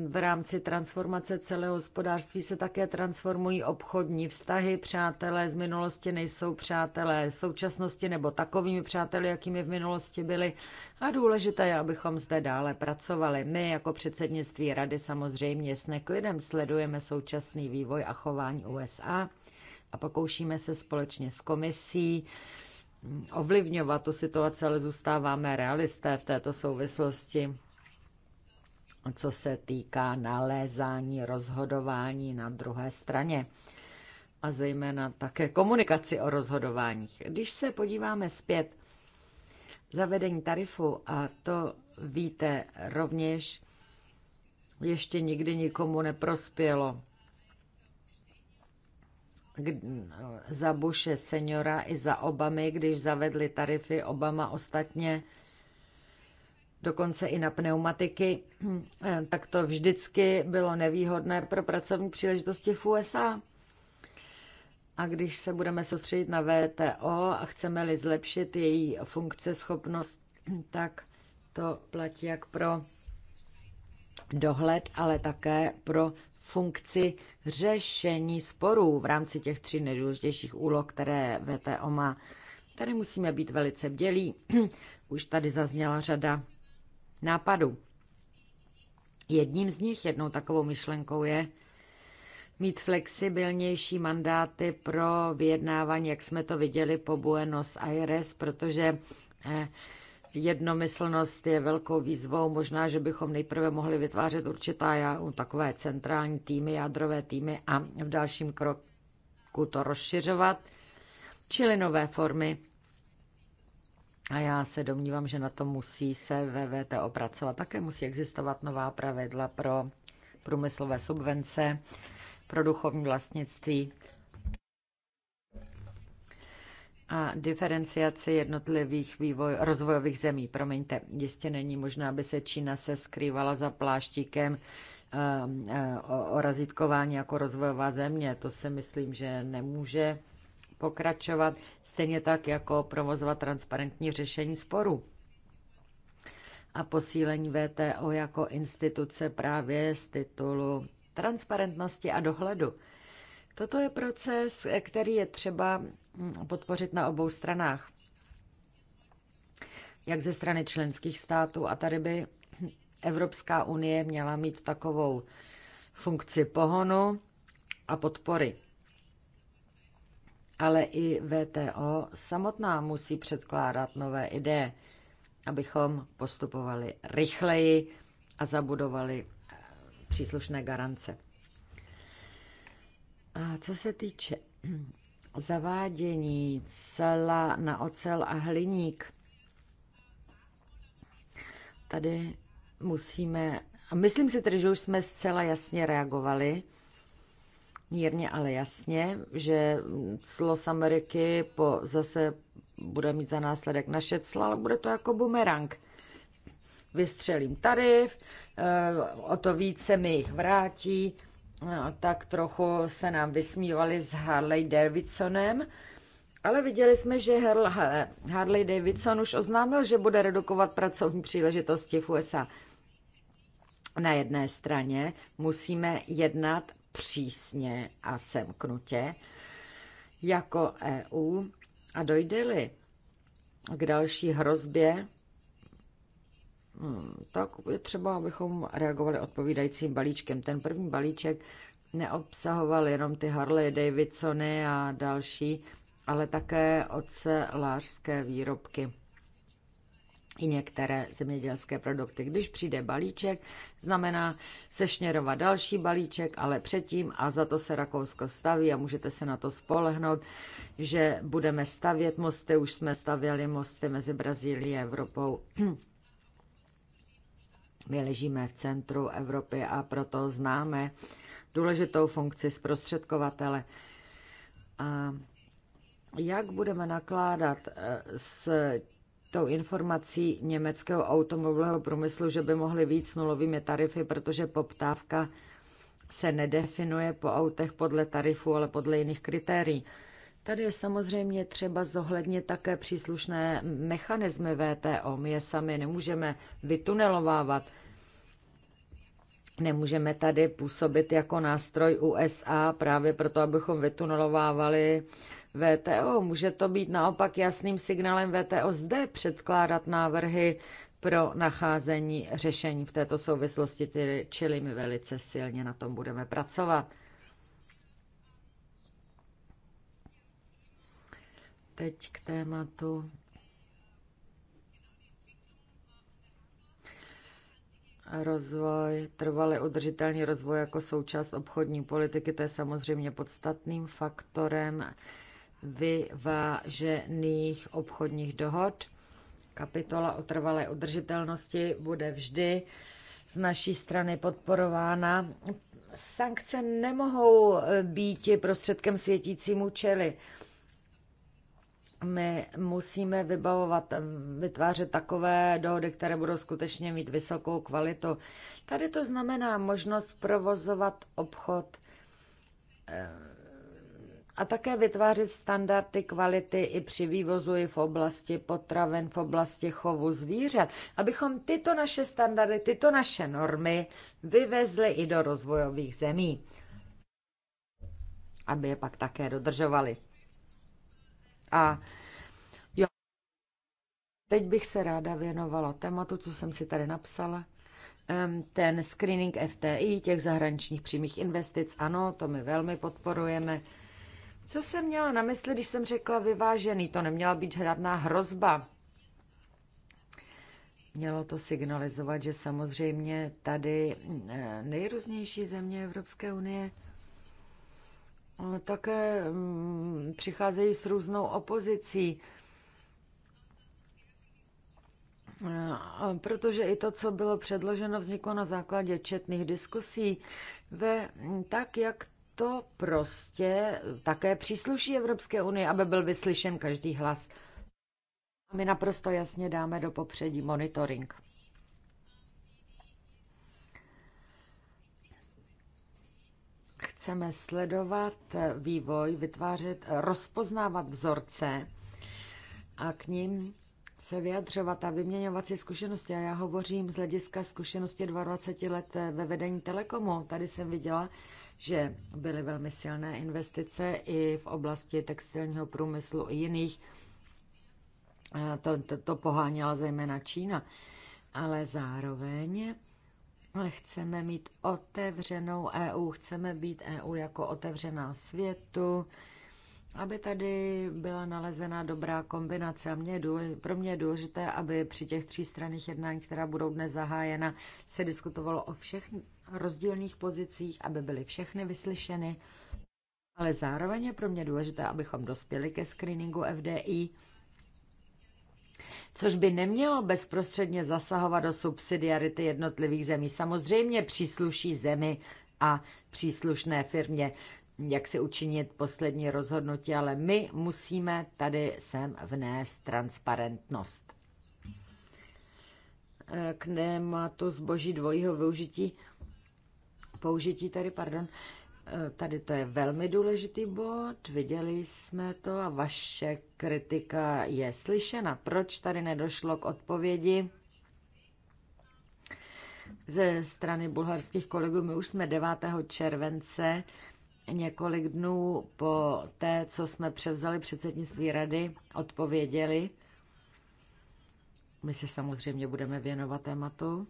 v rámci transformace celého hospodářství se také transformují obchodní vztahy. Přátelé z minulosti nejsou přátelé současnosti nebo takovými přáteli, jakými v minulosti byli. A důležité je, abychom zde dále pracovali. My jako předsednictví rady samozřejmě s neklidem sledujeme současný vývoj a chování USA a pokoušíme se společně s komisí ovlivňovat tu situaci, ale zůstáváme realisté v této souvislosti co se týká nalézání rozhodování na druhé straně a zejména také komunikaci o rozhodováních. Když se podíváme zpět, zavedení tarifu, a to víte rovněž, ještě nikdy nikomu neprospělo. Za Buše seniora i za Obamy, když zavedli tarify, Obama ostatně dokonce i na pneumatiky, tak to vždycky bylo nevýhodné pro pracovní příležitosti v USA. A když se budeme soustředit na VTO a chceme-li zlepšit její funkce, schopnost, tak to platí jak pro dohled, ale také pro funkci řešení sporů v rámci těch tří nejdůležitějších úloh, které VTO má. Tady musíme být velice bdělí. Už tady zazněla řada nápadů. Jedním z nich, jednou takovou myšlenkou je mít flexibilnější mandáty pro vyjednávání, jak jsme to viděli po Buenos Aires, protože eh, jednomyslnost je velkou výzvou. Možná, že bychom nejprve mohli vytvářet určitá takové centrální týmy, jádrové týmy a v dalším kroku to rozšiřovat, čili nové formy a já se domnívám, že na to musí se VVT opracovat. Také musí existovat nová pravidla pro průmyslové subvence, pro duchovní vlastnictví a diferenciaci jednotlivých vývoj, rozvojových zemí. Promiňte, jistě není možné, aby se Čína se skrývala za pláštíkem um, eh, o, o razítkování jako rozvojová země. To si myslím, že nemůže pokračovat, stejně tak jako provozovat transparentní řešení sporů a posílení VTO jako instituce právě z titulu transparentnosti a dohledu. Toto je proces, který je třeba mm, podpořit na obou stranách, jak ze strany členských států, a tady by Evropská unie měla mít takovou funkci pohonu a podpory ale i VTO samotná musí předkládat nové ideje, abychom postupovali rychleji a zabudovali eh, příslušné garance. A co se týče zavádění cela na ocel a hliník, tady musíme, a myslím si tedy, že už jsme zcela jasně reagovali, mírně, ale jasně, že clo z Ameriky po, zase bude mít za následek naše cla, ale bude to jako bumerang. Vystřelím tarif, eh, o to více mi jich vrátí, no, tak trochu se nám vysmívali s Harley Davidsonem, ale viděli jsme, že Harley Davidson už oznámil, že bude redukovat pracovní příležitosti v USA. Na jedné straně musíme jednat přísně a semknutě jako EU a dojde-li k další hrozbě, hmm, tak je třeba, abychom reagovali odpovídajícím balíčkem. Ten první balíček neobsahoval jenom ty Harley Davidsony a další, ale také ocelářské výrobky i některé zemědělské produkty. Když přijde balíček, znamená sešněrovat další balíček, ale předtím, a za to se Rakousko staví a můžete se na to spolehnout, že budeme stavět mosty, už jsme stavěli mosty mezi Brazílií a Evropou. My ležíme v centru Evropy a proto známe důležitou funkci zprostředkovatele. A jak budeme nakládat eh, s tou informací německého automobilového průmyslu, že by mohli víc nulovými tarify, protože poptávka se nedefinuje po autech podle tarifu, ale podle jiných kritérií. Tady je samozřejmě třeba zohlednit také příslušné mechanismy VTO. My je sami nemůžeme vytunelovávat. Nemůžeme tady působit jako nástroj USA právě proto, abychom vytunelovávali VTO. Může to být naopak jasným signálem VTO zde předkládat návrhy pro nacházení řešení v této souvislosti, tedy, čili my velice silně na tom budeme pracovat. Teď k tématu rozvoj, trvalý udržitelný rozvoj jako součást obchodní politiky, to je samozřejmě podstatným faktorem vyvážených obchodních dohod. Kapitola o trvalé udržitelnosti bude vždy z naší strany podporována. Sankce nemohou eh, být prostředkem světícímu čeli. My musíme vybavovat, eh, vytvářet takové dohody, které budou skutečně mít vysokou kvalitu. Tady to znamená možnost provozovat obchod eh, a také vytvářet standardy kvality i při vývozu i v oblasti potravin, v oblasti chovu zvířat, abychom tyto naše standardy, tyto naše normy vyvezli i do rozvojových zemí, aby je pak také dodržovali. A jo, teď bych se ráda věnovala tématu, co jsem si tady napsala ten screening FTI, těch zahraničních přímých investic, ano, to my velmi podporujeme. Co jsem měla na mysli, když jsem řekla vyvážený? To neměla být žádná hrozba. Mělo to signalizovat, že samozřejmě tady eh, nejrůznější země Evropské unie eh, také mm, přicházejí s různou opozicí. Eh, protože i to, co bylo předloženo, vzniklo na základě četných diskusí, ve, tak jak to prostě také přísluší Evropské unii, aby byl vyslyšen každý hlas. A My naprosto jasně dáme do popředí monitoring. Chceme sledovat vývoj, vytvářet, rozpoznávat vzorce a k ním se vyjadřovat a vyměňovat si zkušenosti. A já hovořím z hlediska zkušenosti 22 let ve vedení Telekomu. Tady jsem viděla, že byly velmi silné investice i v oblasti textilního průmyslu i jiných. A to, to, to poháněla zejména Čína. Ale zároveň chceme mít otevřenou EU, chceme být EU jako otevřená světu aby tady byla nalezena dobrá kombinace. A mě důležité, pro mě je důležité, aby při těch tří straných jednání, která budou dnes zahájena, se diskutovalo o všech rozdílných pozicích, aby byly všechny vyslyšeny. Ale zároveň je pro mě důležité, abychom dospěli ke screeningu FDI, což by nemělo bezprostředně zasahovat do subsidiarity jednotlivých zemí. Samozřejmě přísluší zemi a příslušné firmě jak si učinit poslední rozhodnutí, ale my musíme tady sem vnést transparentnost. K nématu zboží dvojího využití, použití tady, pardon, Tady to je velmi důležitý bod, viděli jsme to a vaše kritika je slyšena. Proč tady nedošlo k odpovědi? Ze strany bulharských kolegů my už jsme 9. července několik dnů po té, co jsme převzali předsednictví rady, odpověděli. My se samozřejmě budeme věnovat tématu.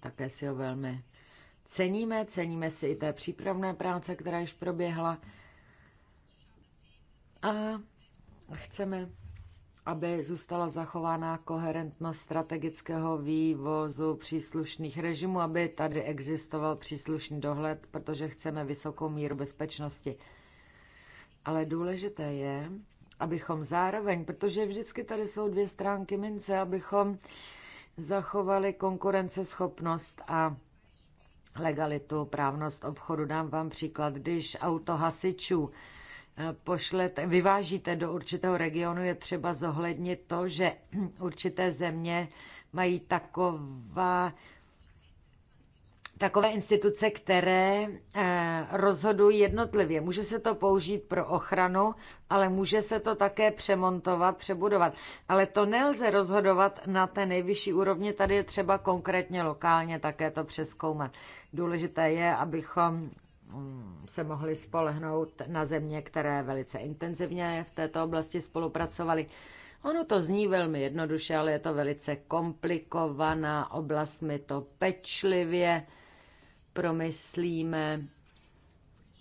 Také si ho velmi ceníme. Ceníme si i té přípravné práce, která již proběhla. A chceme aby zůstala zachována koherentnost strategického vývozu příslušných režimů, aby tady existoval příslušný dohled, protože chceme vysokou míru bezpečnosti. Ale důležité je, abychom zároveň, protože vždycky tady jsou dvě stránky mince, abychom zachovali konkurenceschopnost a legalitu, právnost obchodu. Dám vám příklad, když auto hasičů pošlete, vyvážíte do určitého regionu, je třeba zohlednit to, že určité země mají taková takové instituce, které eh, rozhodují jednotlivě. Může se to použít pro ochranu, ale může se to také přemontovat, přebudovat. Ale to nelze rozhodovat na té nejvyšší úrovni, tady je třeba konkrétně lokálně také to přeskoumat. Důležité je, abychom Mm, se mohli spolehnout na země, které velice intenzivně v této oblasti spolupracovaly. Ono to zní velmi jednoduše, ale je to velice komplikovaná oblast. My to pečlivě promyslíme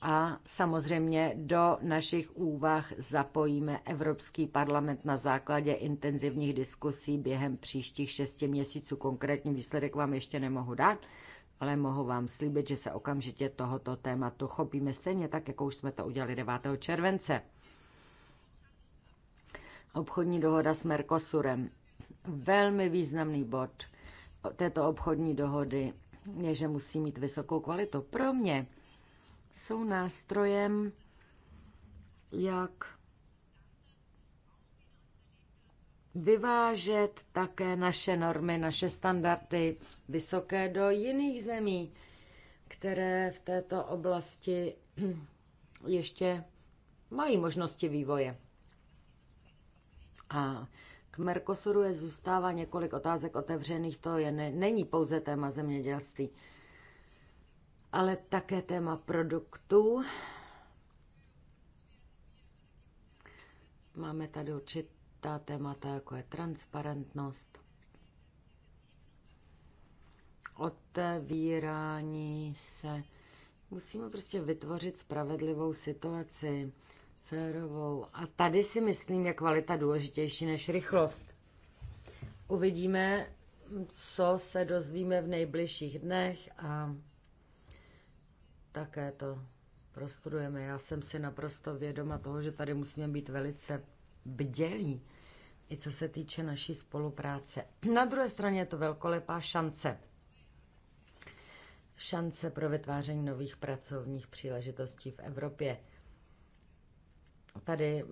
a samozřejmě do našich úvah zapojíme Evropský parlament na základě intenzivních diskusí během příštích šesti měsíců. Konkrétní výsledek vám ještě nemohu dát, ale mohu vám slíbit, že se okamžitě tohoto tématu chopíme stejně tak, jako už jsme to udělali 9. července. Obchodní dohoda s Mercosurem. Velmi významný bod této obchodní dohody je, že musí mít vysokou kvalitu. Pro mě jsou nástrojem, jak vyvážet také naše normy, naše standardy vysoké do jiných zemí, které v této oblasti ještě mají možnosti vývoje. A k Mercosuru je zůstává několik otázek otevřených, to je, ne, není pouze téma zemědělství, ale také téma produktů. Máme tady určit důležitá témata, jako je transparentnost, otevírání se. Musíme prostě vytvořit spravedlivou situaci, férovou. A tady si myslím, je kvalita důležitější než rychlost. Uvidíme, co se dozvíme v nejbližších dnech a také to prostudujeme. Já jsem si naprosto vědoma toho, že tady musíme být velice bdělí i co se týče naší spolupráce. Na druhé straně je to velkolepá šance. Šance pro vytváření nových pracovních příležitostí v Evropě. Tady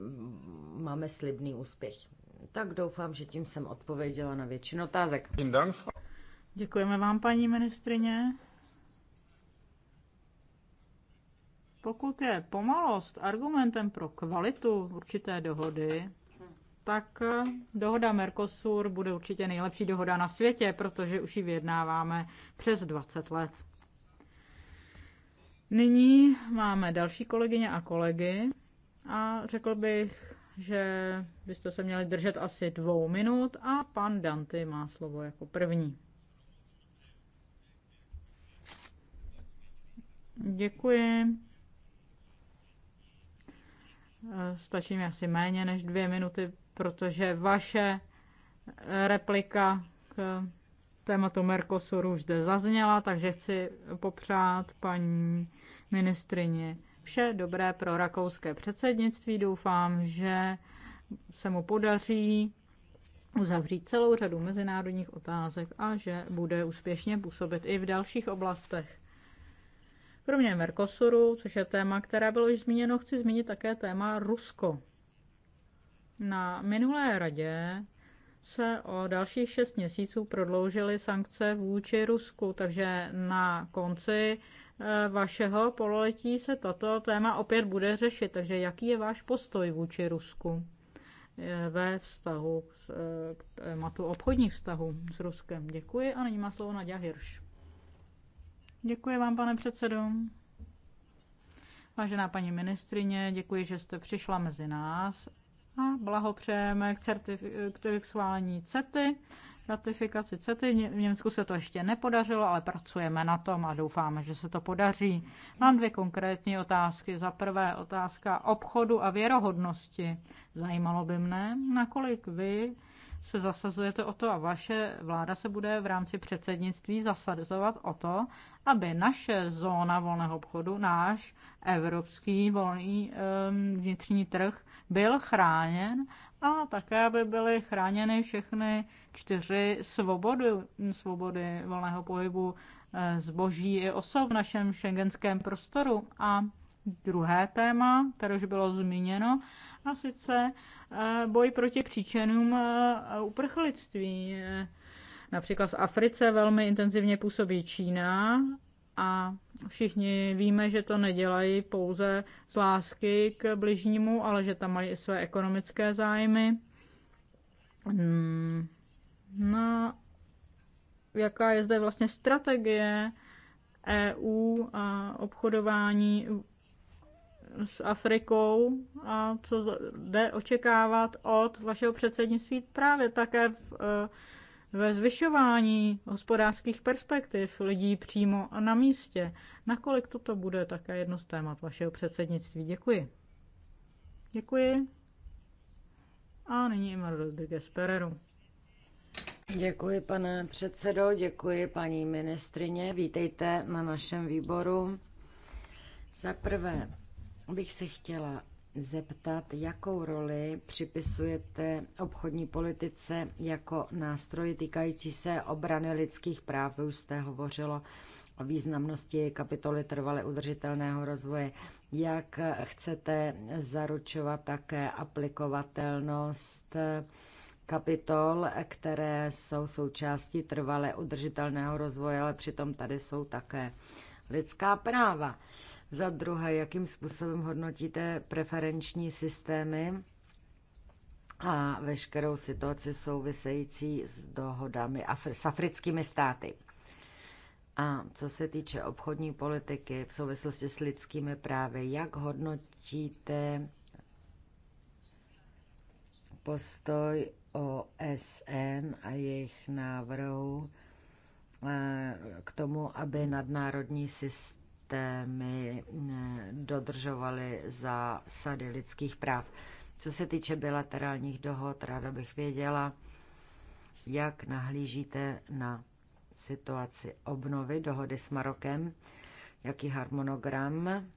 máme slibný úspěch. Tak doufám, že tím jsem odpověděla na většinu otázek. Děkujeme vám, paní ministrině. Pokud je pomalost argumentem pro kvalitu určité dohody, tak eh, dohoda Mercosur bude určitě nejlepší dohoda na světě, protože už ji vyjednáváme přes 20 let. Nyní máme další kolegyně a kolegy a řekl bych, že byste se měli držet asi dvou minut a pan Danty má slovo jako první. Děkuji. Eh, stačí mi asi méně než dvě minuty, protože vaše eh, replika k tématu Mercosuru už zde zazněla, takže chci popřát paní ministrině vše dobré pro rakouské předsednictví. Doufám, že se mu podaří uzavřít celou řadu mezinárodních otázek a že bude úspěšně působit i v dalších oblastech. Kromě Mercosuru, což je téma, které bylo již zmíněno, chci zmínit také téma Rusko. Na minulé radě se o dalších šest měsíců prodloužily sankce vůči Rusku, takže na konci eh, vašeho pololetí se tato téma opět bude řešit. Takže jaký je váš postoj vůči Rusku eh, ve vztahu eh, k tématu obchodních vztahů s Ruskem? Děkuji a nyní má slovo Nadia Hirš. Děkuji vám, pane předsedo. Vážená paní ministrině, děkuji, že jste přišla mezi nás a blahopřejeme k, certif- k schválení CETY, ratifikaci CETY. V Německu se to ještě nepodařilo, ale pracujeme na tom a doufáme, že se to podaří. Mám dvě konkrétní otázky. Za prvé otázka obchodu a věrohodnosti. Zajímalo by mne, nakolik vy se zasazujete o to a vaše vláda se bude v rámci předsednictví zasazovat o to, aby naše zóna volného obchodu, náš evropský volný um, vnitřní trh, byl chráněn a také, aby byly chráněny všechny čtyři svobody, svobody volného pohybu eh, zboží i osob v našem šengenském prostoru. A druhé téma, které už bylo zmíněno, a sice eh, boj proti příčinům eh, uprchlictví. Například v Africe velmi intenzivně působí Čína a všichni víme, že to nedělají pouze z lásky k bližnímu, ale že tam mají i své ekonomické zájmy. Hmm. No, jaká je zde vlastně strategie EU a obchodování s Afrikou a co jde očekávat od vašeho předsednictví právě také v eh, ve zvyšování hospodářských perspektiv lidí přímo a na místě. Nakolik toto bude také jedno z témat vašeho předsednictví? Děkuji. Děkuji. A nyní Ima Rodriguez Pereru. Děkuji, pane předsedo, děkuji, paní ministrině. Vítejte na našem výboru. Za prvé bych se chtěla zeptat, jakou roli připisujete obchodní politice jako nástroj týkající se obrany lidských práv. Vy už jste hovořilo o významnosti kapitoly trvale udržitelného rozvoje. Jak chcete zaručovat také aplikovatelnost kapitol, které jsou součástí trvale udržitelného rozvoje, ale přitom tady jsou také lidská práva. Za druhé, jakým způsobem hodnotíte preferenční systémy a veškerou situaci související s dohodami Afri- s africkými státy? A co se týče obchodní politiky v souvislosti s lidskými právy, jak hodnotíte postoj OSN a jejich návrhu eh, k tomu, aby nadnárodní systém mi mm, dodržovali za sady lidských práv. Co se týče bilaterálních dohod, ráda bych věděla, jak nahlížíte na situaci obnovy dohody s Marokem, jaký harmonogram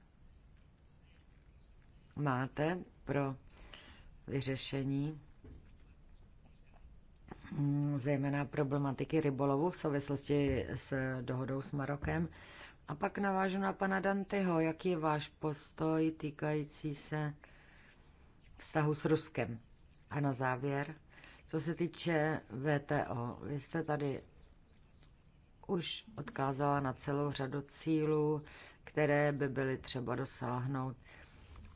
máte pro vyřešení mm, zejména problematiky rybolovu v souvislosti s dohodou s Marokem. A pak navážu na pana Danteho. Jaký je váš postoj týkající se vztahu s Ruskem? A na závěr, co se týče VTO, vy jste tady už odkázala na celou řadu cílů, které by byly třeba dosáhnout.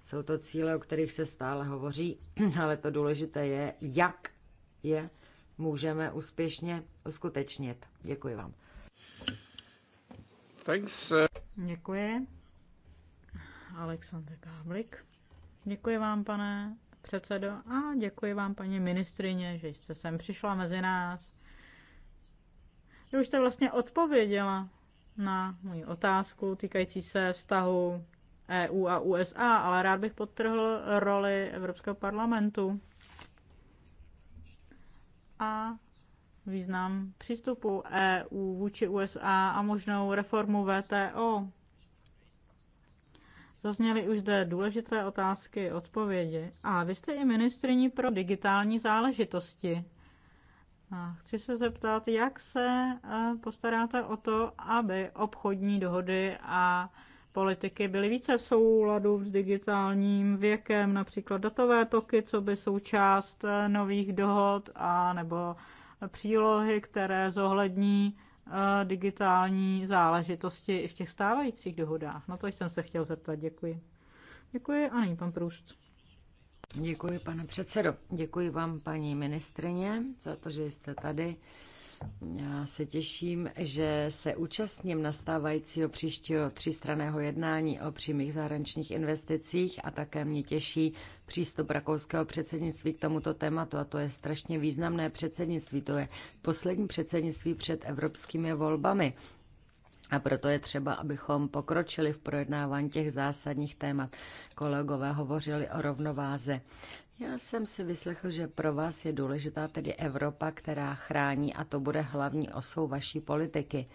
Jsou to cíle, o kterých se stále hovoří, ale to důležité je, jak je můžeme úspěšně uskutečnit. Děkuji vám. Thanks. Uh, děkuji. Aleksandr Káblik. Děkuji vám, pane předsedo, a děkuji vám, paní ministrině, že jste sem přišla mezi nás. Vy už jste vlastně odpověděla na moji otázku týkající se vztahu EU a USA, ale rád bych podtrhl roli Evropského parlamentu a význam přístupu EU vůči USA a možnou reformu VTO. Zazněly už zde důležité otázky, odpovědi. A vy jste i ministrní pro digitální záležitosti. A chci se zeptat, jak se e, postaráte o to, aby obchodní dohody a politiky byly více v souladu s digitálním věkem, například datové toky, co by součást e, nových dohod, a nebo přílohy, které zohlední eh, digitální záležitosti i v těch stávajících dohodách. No to jsem se chtěl zeptat, děkuji. Děkuji a nyní pan Průst. Děkuji, pane předsedo. Děkuji vám, paní ministrině, za to, že jste tady. Já se těším, že se účastním nastávajícího příštího třístraného jednání o přímých zahraničních investicích a také mě těší přístup rakouského předsednictví k tomuto tématu a to je strašně významné předsednictví. To je poslední předsednictví před evropskými volbami. A proto je třeba, abychom pokročili v projednávání těch zásadních témat. Kolegové hovořili o rovnováze já jsem si vyslechl, že pro vás je důležitá tedy Evropa, která chrání a to bude hlavní osou vaší politiky.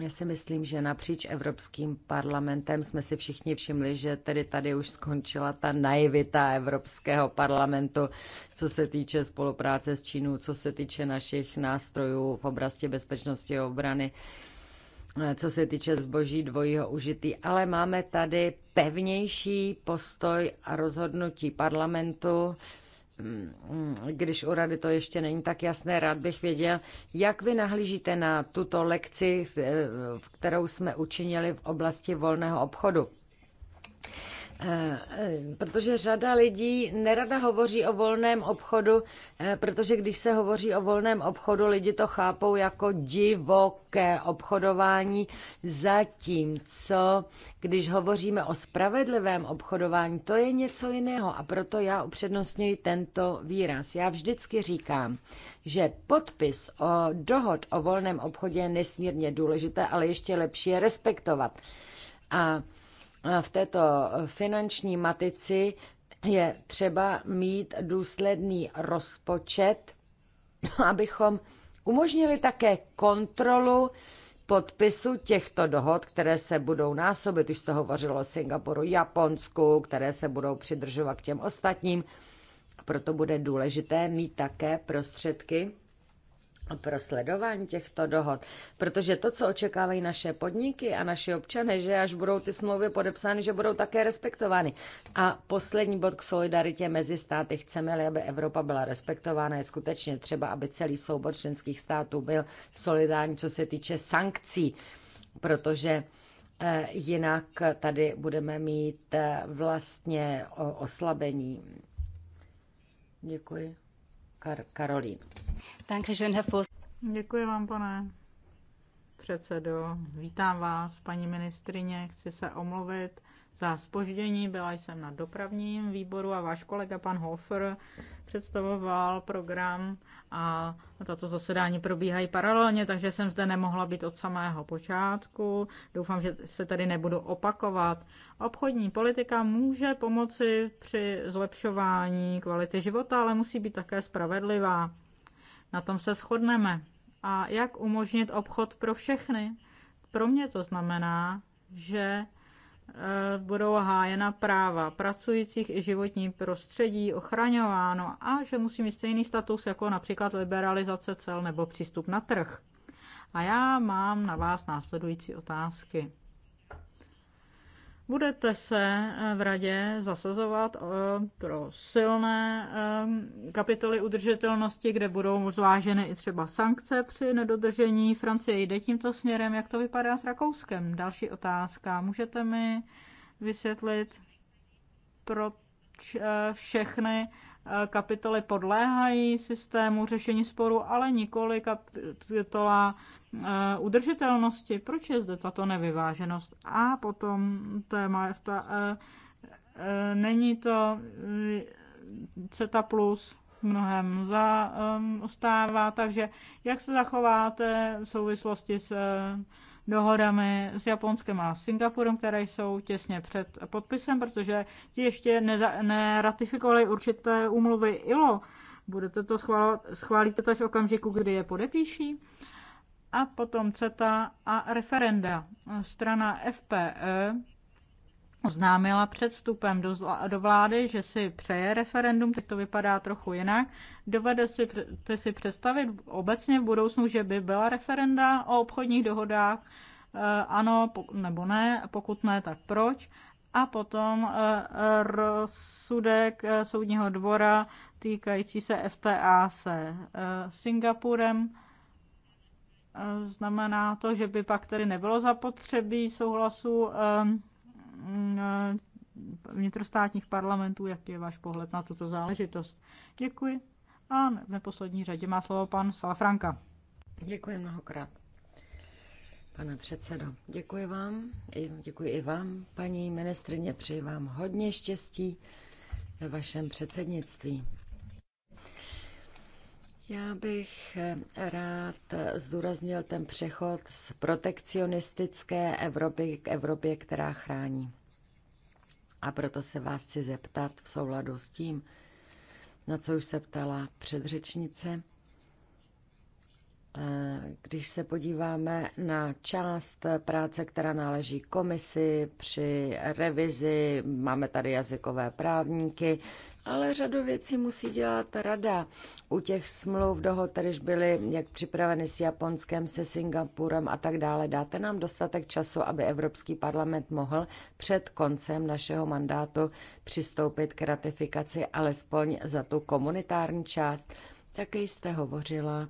Já si myslím, že napříč Evropským parlamentem jsme si všichni všimli, že tedy tady už skončila ta naivita Evropského parlamentu, co se týče spolupráce s Čínou, co se týče našich nástrojů v oblasti bezpečnosti a obrany. Uh, co se týče zboží dvojího užitý, ale máme tady pevnější postoj a rozhodnutí parlamentu, mm, když u rady to ještě není tak jasné, rád bych věděl, jak vy nahlížíte na tuto lekci, eh, kterou jsme učinili v oblasti volného obchodu. Protože řada lidí nerada hovoří o volném obchodu, eh, protože když se hovoří o volném obchodu, lidi to chápou jako divoké obchodování, zatímco když hovoříme o spravedlivém obchodování, to je něco jiného a proto já upřednostňuji tento výraz. Já vždycky říkám, že podpis o dohod o volném obchodě je nesmírně důležité, ale ještě lepší je respektovat. A v této finanční matici je třeba mít důsledný rozpočet, abychom umožnili také kontrolu podpisu těchto dohod, které se budou násobit, už jste hovořilo o Singapuru, Japonsku, které se budou přidržovat k těm ostatním. Proto bude důležité mít také prostředky pro sledování těchto dohod, protože to, co očekávají naše podniky a naši občané, že až budou ty smlouvy podepsány, že budou také respektovány. A poslední bod k solidaritě mezi státy. Chceme-li, aby Evropa byla respektována, je skutečně třeba, aby celý soubor členských států byl solidární, co se týče sankcí, protože eh, jinak tady budeme mít eh, vlastně oslabení. Děkuji. Kar- Karolín. Děkuji vám, pane předsedo. Vítám vás, paní ministrině. Chci se omluvit za spoždění. Byla jsem na dopravním výboru a váš kolega pan Hofer představoval program a tato zasedání probíhají paralelně, takže jsem zde nemohla být od samého počátku. Doufám, že se tady nebudu opakovat. Obchodní politika může pomoci při zlepšování kvality života, ale musí být také spravedlivá. Na tom se shodneme. A jak umožnit obchod pro všechny? Pro mě to znamená, že Eh, budou hájena práva pracujících i životní prostředí ochraňováno a že musí mít stejný status jako například liberalizace cel nebo přístup na trh. A já mám na vás následující otázky. Budete se eh, v radě zasazovat eh, pro silné eh, kapitoly udržitelnosti, kde budou zváženy i třeba sankce při nedodržení. Francie jde tímto směrem. Jak to vypadá s Rakouskem? Další otázka. Můžete mi vysvětlit, proč všechny kapitoly podléhají systému řešení sporu, ale nikoli kapitola Eh, udržitelnosti, proč je zde tato nevyváženost. A potom téma ta, eh, eh, není to CETA plus mnohem zaostává, takže jak se zachováte v souvislosti s dohodami s Japonskem a Singapurem, které jsou těsně před podpisem, protože ti ještě neza, neratifikovali určité úmluvy ILO. Budete to schválit schválíte to až okamžiku, kdy je podepíší? a potom CETA a referenda. Strana FPE oznámila před vstupem do, do vlády, že si přeje referendum, teď to vypadá trochu jinak. Dovede si, ty si představit obecně v budoucnu, že by byla referenda o obchodních dohodách? Eh, ano nebo ne, pokud ne, tak proč? A potom eh, rozsudek eh, soudního dvora týkající se FTA se Singapurem znamená to, že by pak tedy nebylo zapotřebí souhlasu ehm, ehm, vnitrostátních parlamentů. jak je váš pohled na tuto záležitost? Děkuji. A v neposlední řadě má slovo pan Salafranka. Děkuji mnohokrát. Pane předsedo, děkuji vám, děkuji i vám, paní ministrině, přeji vám hodně štěstí ve vašem předsednictví. Já bych eh, rád eh, zdůraznil ten přechod z protekcionistické Evropy k Evropě, která chrání. A proto se vás chci zeptat v souladu s tím, na co už se ptala předřečnice. Eh, když se podíváme na část práce, která náleží komisi při revizi, máme tady jazykové právníky ale řadu věcí musí dělat rada. U těch smluv dohod, kteréž byly jak připraveny s Japonskem, se Singapurem a tak dále, dáte nám dostatek času, aby Evropský parlament mohl před koncem našeho mandátu přistoupit k ratifikaci alespoň za tu komunitární část. Také jste hovořila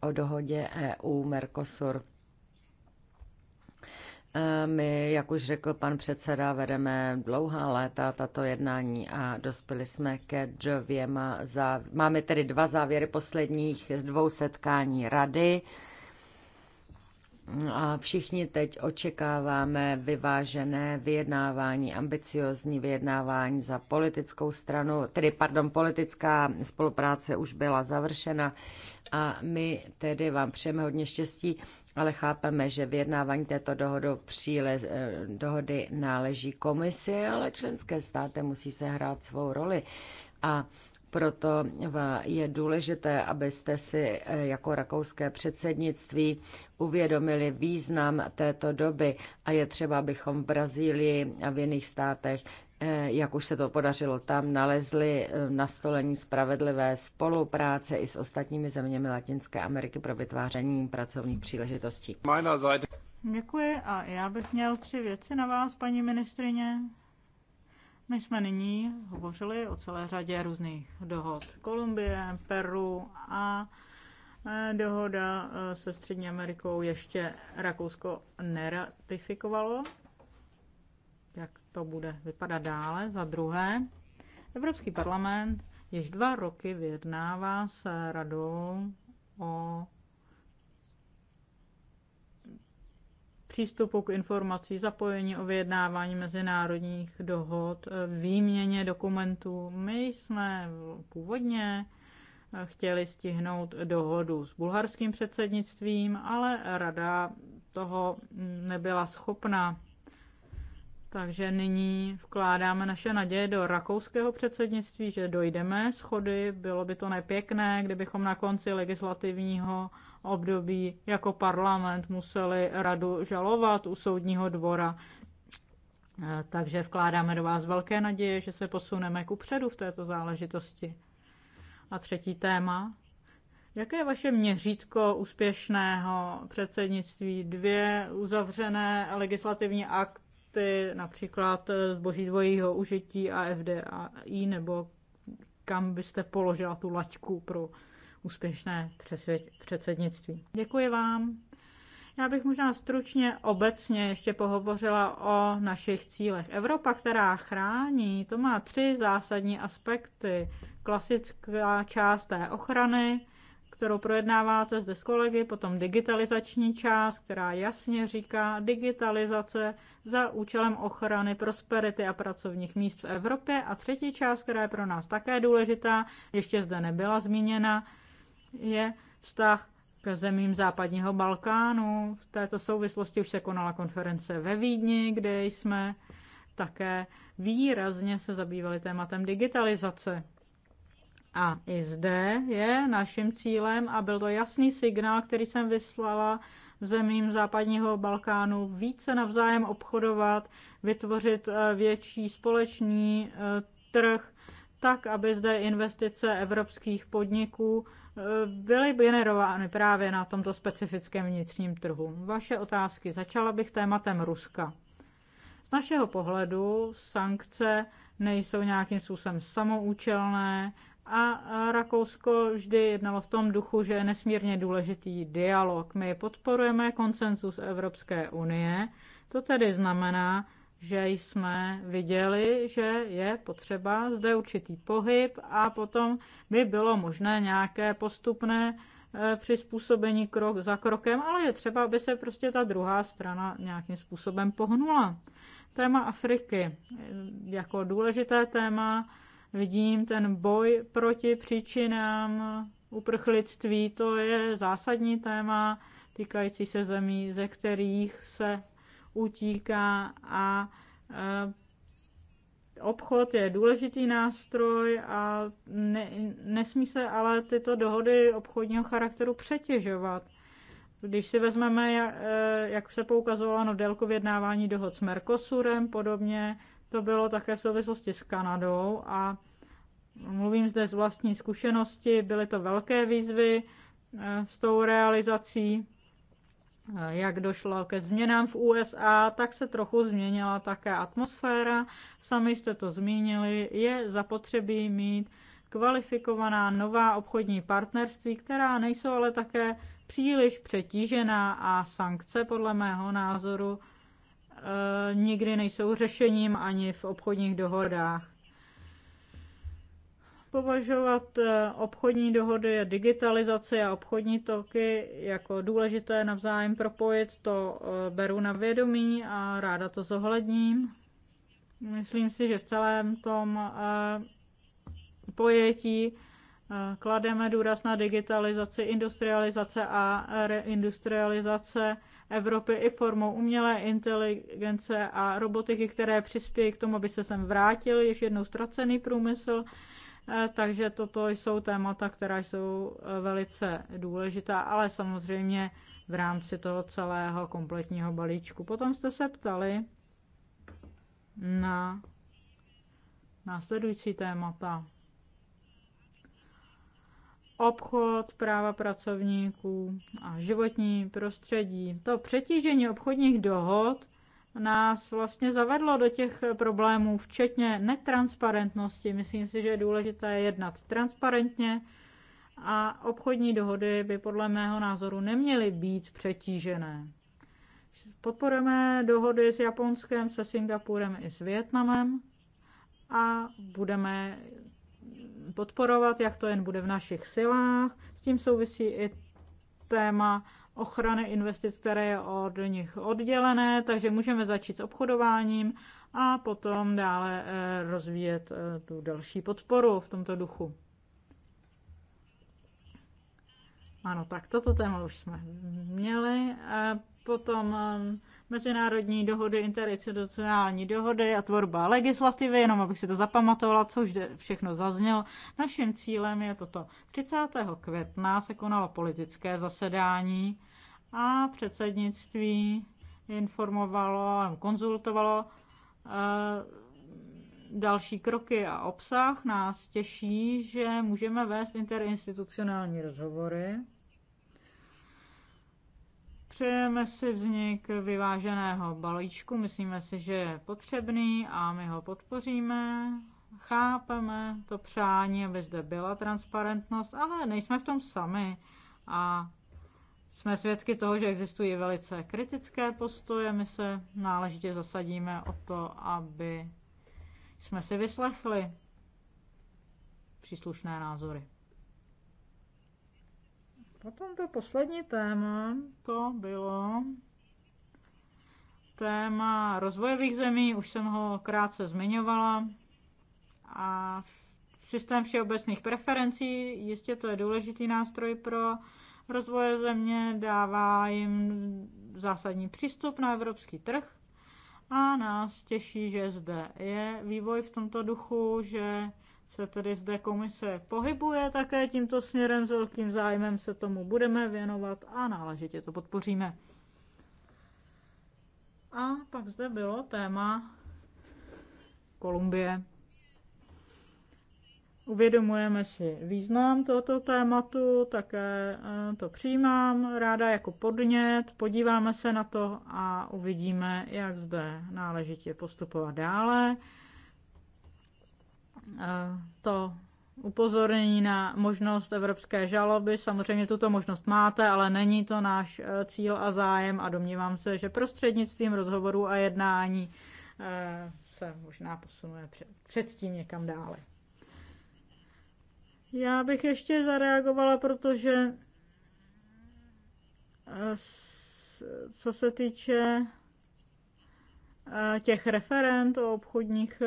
o dohodě EU-Mercosur. My, jak už řekl pan předseda, vedeme dlouhá léta tato jednání a dospěli jsme ke dvěma závěry. Máme tedy dva závěry posledních dvou setkání rady. A všichni teď očekáváme vyvážené vyjednávání, ambiciozní vyjednávání za politickou stranu, tedy, pardon, politická spolupráce už byla završena a my tedy vám přejeme hodně štěstí ale chápeme, že vyjednávání této dohodu příle, eh, dohody náleží komisi, ale členské státy musí se hrát svou roli. A proto je důležité, abyste si eh, jako rakouské předsednictví uvědomili význam této doby a je třeba, abychom v Brazílii a v jiných státech Eh, jak už se to podařilo tam, nalezli eh, nastolení spravedlivé spolupráce i s ostatními zeměmi Latinské Ameriky pro vytváření pracovních příležitostí. Děkuji a já bych měl tři věci na vás, paní ministrině. My jsme nyní hovořili o celé řadě různých dohod. Kolumbie, Peru a eh, dohoda se Střední Amerikou ještě Rakousko neratifikovalo, to bude vypadat dále. Za druhé, Evropský parlament již dva roky vyjednává s radou o přístupu k informací, zapojení o vyjednávání mezinárodních dohod, výměně dokumentů. My jsme původně chtěli stihnout dohodu s bulharským předsednictvím, ale rada toho nebyla schopna. Takže nyní vkládáme naše naděje do rakouského předsednictví, že dojdeme schody. Bylo by to nepěkné, kdybychom na konci legislativního období jako parlament museli radu žalovat u soudního dvora. Eh, takže vkládáme do vás velké naděje, že se posuneme ku předu v této záležitosti. A třetí téma. Jaké je vaše měřítko úspěšného předsednictví? Dvě uzavřené legislativní akt produkty, například zboží dvojího užití a FDI, nebo kam byste položila tu laťku pro úspěšné předsednictví. Děkuji vám. Já bych možná stručně obecně ještě pohovořila o našich cílech. Evropa, která chrání, to má tři zásadní aspekty. Klasická část té ochrany, kterou projednáváte zde s kolegy, potom digitalizační část, která jasně říká digitalizace za účelem ochrany prosperity a pracovních míst v Evropě a třetí část, která je pro nás také důležitá, ještě zde nebyla zmíněna, je vztah k zemím západního Balkánu. V této souvislosti už se konala konference ve Vídni, kde jsme také výrazně se zabývali tématem digitalizace. A i zde je naším cílem, a byl to jasný signál, který jsem vyslala zemím západního Balkánu, více navzájem obchodovat, vytvořit eh, větší společný eh, trh, tak, aby zde investice evropských podniků eh, byly generovány právě na tomto specifickém vnitřním trhu. Vaše otázky. Začala bych tématem Ruska. Z našeho pohledu sankce nejsou nějakým způsobem samoučelné a Rakousko vždy jednalo v tom duchu, že je nesmírně důležitý dialog. My podporujeme konsenzus Evropské unie. To tedy znamená, že jsme viděli, že je potřeba zde určitý pohyb a potom by bylo možné nějaké postupné e, přizpůsobení krok za krokem, ale je třeba, aby se prostě ta druhá strana nějakým způsobem pohnula. Téma Afriky e, jako důležité téma Vidím ten boj proti příčinám uprchlictví, to je zásadní téma týkající se zemí, ze kterých se utíká a e, obchod je důležitý nástroj a ne, nesmí se ale tyto dohody obchodního charakteru přetěžovat. Když si vezmeme, e, jak se poukazovalo na délku vyjednávání dohod s Mercosurem, podobně to bylo také v souvislosti s Kanadou a Mluvím zde z vlastní zkušenosti, byly to velké výzvy eh, s tou realizací. Eh, jak došlo ke změnám v USA, tak se trochu změnila také atmosféra. Sami jste to zmínili, je zapotřebí mít kvalifikovaná nová obchodní partnerství, která nejsou ale také příliš přetížená a sankce podle mého názoru e, nikdy nejsou řešením ani v obchodních dohodách považovat eh, obchodní dohody, digitalizaci a obchodní toky jako důležité navzájem propojit, to eh, beru na vědomí a ráda to zohledním. Myslím si, že v celém tom eh, pojetí klademe důraz na digitalizaci, industrializace a reindustrializace Evropy i formou umělé inteligence a robotiky, které přispějí k tomu, aby se sem vrátil již jednou ztracený průmysl Eh, takže toto jsou témata, která jsou eh, velice důležitá, ale samozřejmě v rámci toho celého kompletního balíčku. Potom jste se ptali na následující témata. Obchod, práva pracovníků a životní prostředí. To přetížení obchodních dohod nás vlastně zavedlo do těch problémů, včetně netransparentnosti. Myslím si, že je důležité jednat transparentně a obchodní dohody by podle mého názoru neměly být přetížené. Podporujeme dohody s Japonskem, se Singapurem i s Větnamem a budeme podporovat, jak to jen bude v našich silách. S tím souvisí i téma ochrany investic, které je od nich oddělené, takže můžeme začít s obchodováním a potom dále eh, rozvíjet eh, tu další podporu v tomto duchu. Ano, tak toto téma už jsme měli. Eh, potom mezinárodní dohody, interinstitucionální dohody a tvorba legislativy, jenom abych si to zapamatovala, co už všechno zaznělo. Naším cílem je toto. 30. května se konalo politické zasedání a předsednictví informovalo a konzultovalo eh, další kroky a obsah. Nás těší, že můžeme vést interinstitucionální rozhovory Přejeme si vznik vyváženého balíčku, myslíme si, že je potřebný a my ho podpoříme. Chápeme to přání, aby zde byla transparentnost, ale nejsme v tom sami a jsme svědky toho, že existují velice kritické postoje. My se náležitě zasadíme o to, aby jsme si vyslechli příslušné názory. Potom to poslední téma, to bylo téma rozvojových zemí, už jsem ho krátce zmiňovala. A systém všeobecných preferencí, jistě to je důležitý nástroj pro rozvoje země, dává jim zásadní přístup na evropský trh a nás těší, že zde je vývoj v tomto duchu, že se tedy zde komise pohybuje také tímto směrem, s velkým zájmem se tomu budeme věnovat a náležitě to podpoříme. A pak zde bylo téma Kolumbie. Uvědomujeme si význam tohoto tématu, také eh, to přijímám ráda jako podnět, podíváme se na to a uvidíme, jak zde náležitě postupovat dále. Eh, to upozornění na možnost evropské žaloby. Samozřejmě tuto možnost máte, ale není to náš eh, cíl a zájem a domnívám se, že prostřednictvím rozhovorů a jednání eh, se možná posunuje před, předtím někam dále. Já bych ještě zareagovala, protože co se týče těch referent o obchodních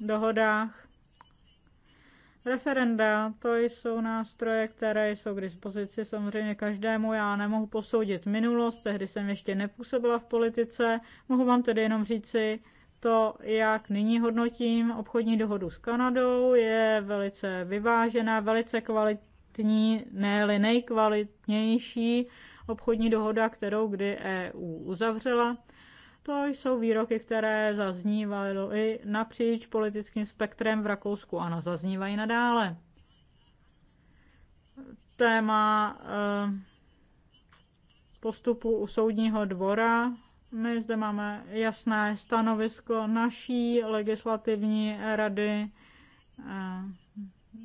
dohodách. Referenda, to jsou nástroje, které jsou k dispozici samozřejmě každému. Já nemohu posoudit minulost, tehdy jsem ještě nepůsobila v politice. Mohu vám tedy jenom říci, to, jak nyní hodnotím obchodní dohodu s Kanadou, je velice vyvážená, velice kvalitní, ne nejkvalitnější obchodní dohoda, kterou kdy EU uzavřela. To jsou výroky, které zaznívaly napříč politickým spektrem v Rakousku. Ano, zaznívají nadále. Téma eh, postupu u soudního dvora. My zde máme jasné stanovisko naší legislativní rady eh,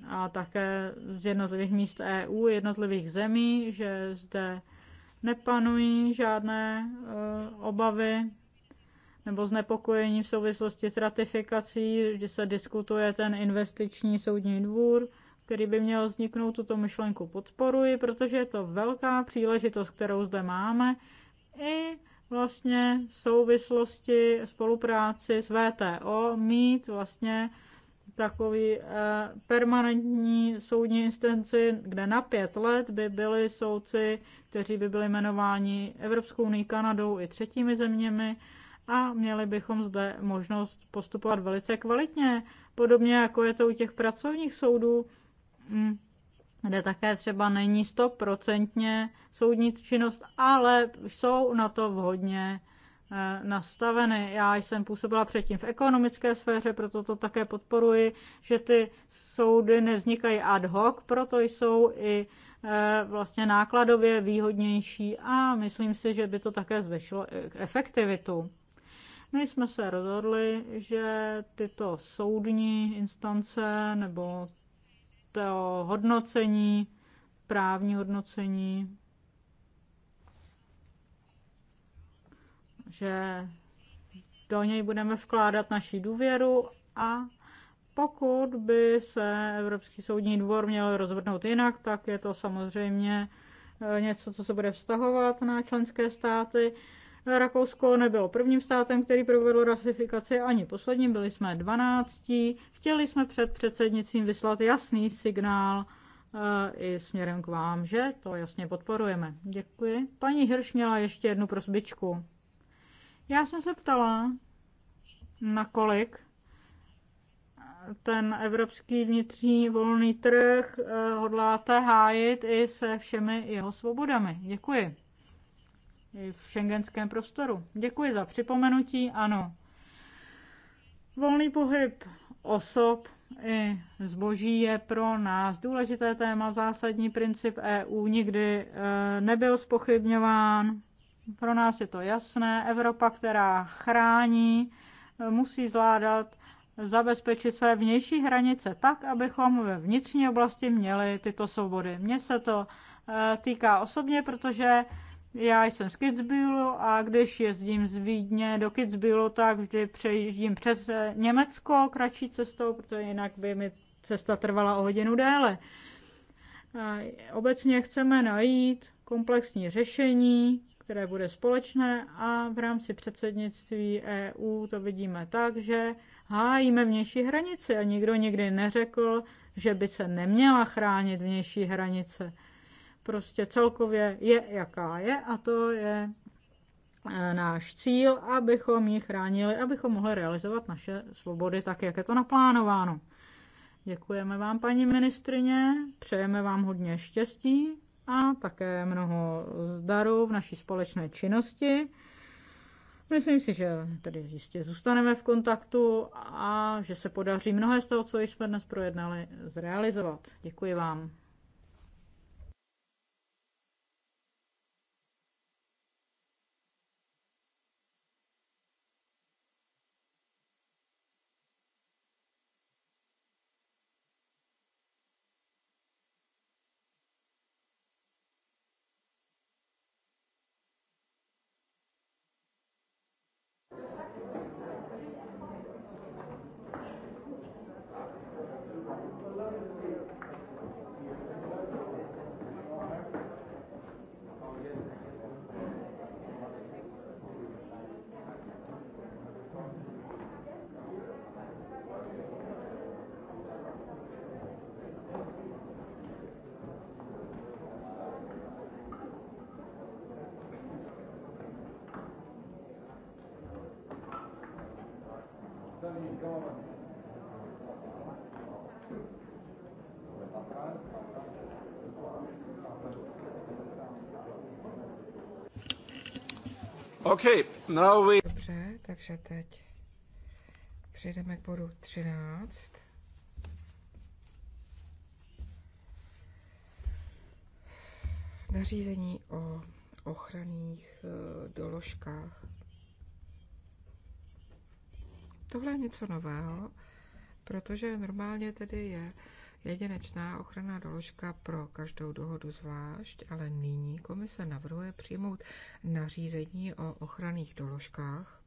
a také z jednotlivých míst EU, jednotlivých zemí, že zde nepanují žádné eh, obavy nebo znepokojení v souvislosti s ratifikací, že se diskutuje ten investiční soudní dvůr, který by měl vzniknout, tuto myšlenku podporuji, protože je to velká příležitost, kterou zde máme, i vlastně v souvislosti spolupráci s VTO mít vlastně takový eh, permanentní soudní instanci, kde na pět let by byli soudci, kteří by byli jmenováni Evropskou unii, Kanadou i třetími zeměmi, a měli bychom zde možnost postupovat velice kvalitně, podobně jako je to u těch pracovních soudů, mm, kde také třeba není stoprocentně soudní činnost, ale jsou na to vhodně eh, nastaveny. Já jsem působila předtím v ekonomické sféře, proto to také podporuji, že ty soudy nevznikají ad hoc, proto jsou i eh, vlastně nákladově výhodnější a myslím si, že by to také zvyšilo e-, efektivitu. My jsme se rozhodli, že tyto soudní instance nebo to hodnocení, právní hodnocení, že do něj budeme vkládat naši důvěru a pokud by se Evropský soudní dvor měl rozhodnout jinak, tak je to samozřejmě eh, něco, co se bude vztahovat na členské státy. Rakousko nebylo prvním státem, který provedl ratifikaci, ani posledním, byli jsme 12. Chtěli jsme před předsednictvím vyslat jasný signál eh, i směrem k vám, že to jasně podporujeme. Děkuji. Paní Hirš měla ještě jednu prosbičku. Já jsem se ptala, nakolik ten evropský vnitřní volný trh eh, hodláte hájit i se všemi jeho svobodami. Děkuji i v šengenském prostoru. Děkuji za připomenutí, ano. Volný pohyb osob i zboží je pro nás důležité téma, zásadní princip EU nikdy e, nebyl spochybňován. Pro nás je to jasné. Evropa, která chrání, e, musí zvládat zabezpečit své vnější hranice tak, abychom ve vnitřní oblasti měli tyto svobody. Mně se to e, týká osobně, protože já jsem z Kitzbühelu a když jezdím z Vídně do Kitzbühelu, tak vždy přejíždím přes eh, Německo kratší cestou, protože jinak by mi cesta trvala o hodinu déle. Obecně chceme najít komplexní řešení, které bude společné a v rámci předsednictví EU to vidíme tak, že hájíme vnější hranice a nikdo nikdy neřekl, že by se neměla chránit vnější hranice prostě celkově je, jaká je a to je e, náš cíl, abychom ji chránili, abychom mohli realizovat naše svobody tak, jak je to naplánováno. Děkujeme vám, paní ministrině, přejeme vám hodně štěstí a také mnoho zdarů v naší společné činnosti. Myslím si, že tedy jistě zůstaneme v kontaktu a že se podaří mnohé z toho, co jsme dnes projednali, zrealizovat. Děkuji vám. Okay, now we... Dobře, takže teď přejdeme k bodu 13. Nařízení o ochranných eh, doložkách. Tohle je něco nového, protože normálně tedy je jedinečná ochranná doložka pro každou dohodu zvlášť, ale nyní komise navrhuje přijmout nařízení o ochranných doložkách.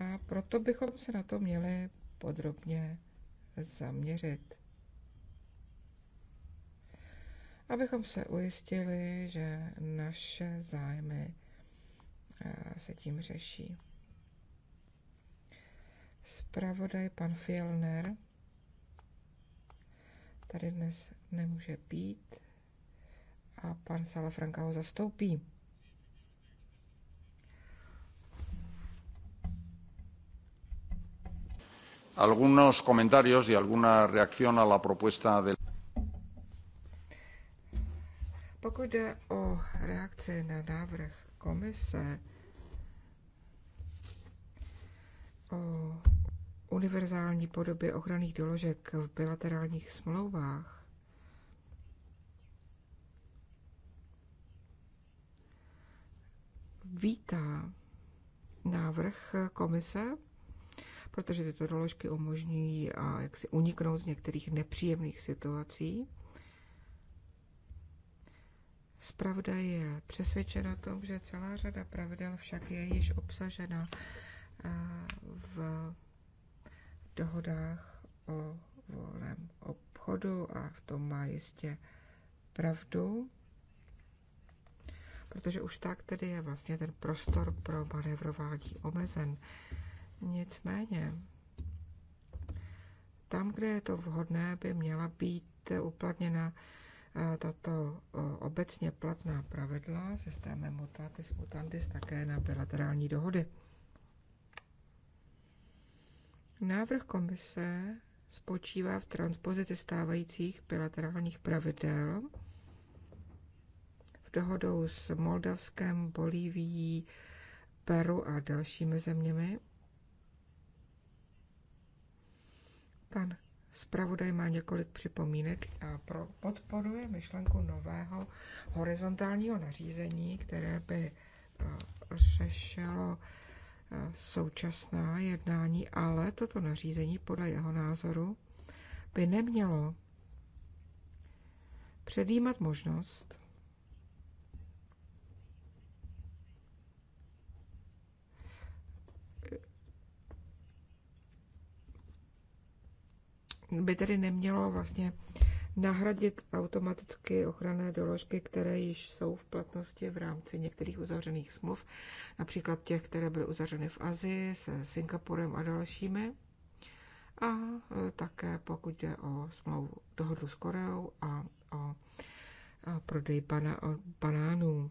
A proto bychom se na to měli podrobně zaměřit. Abychom se ujistili, že naše zájmy eh, se tím řeší. Spravodaj pan Fielner tady dnes nemůže být a pan Salafranka ho zastoupí. Algunos comentarios y alguna reacción a la propuesta del. Pokud jde o reakce na návrh komise o univerzální podobě ochranných doložek v bilaterálních smlouvách vítá návrh komise, protože tyto doložky umožňují a jak si uniknout z některých nepříjemných situací. Spravda je přesvědčena tom, že celá řada pravidel však je již obsažena eh, v dohodách o volném obchodu a v tom má jistě pravdu, protože už tak tedy je vlastně ten prostor pro manévrování omezen. Nicméně, tam, kde je to vhodné, by měla být uplatněna eh, tato eh, obecně platná pravidla systémem mutatis mutandis také na bilaterální dohody. Návrh komise spočívá v transpozici stávajících bilaterálních pravidel v dohodou s Moldavskem, Bolívií, Peru a dalšími zeměmi. Pan zpravodaj má několik připomínek a pro, podporuje myšlenku nového horizontálního nařízení, které by eh, řešilo současná jednání, ale toto nařízení podle jeho názoru by nemělo předjímat možnost, by tedy nemělo vlastně nahradit automaticky ochranné doložky, které již jsou v platnosti v rámci některých uzavřených smluv, například těch, které byly uzavřeny v Azii se Singapurem a dalšími. A e, také pokud jde o smlouvu dohodu s Koreou a o e, prodej bana, o banánů.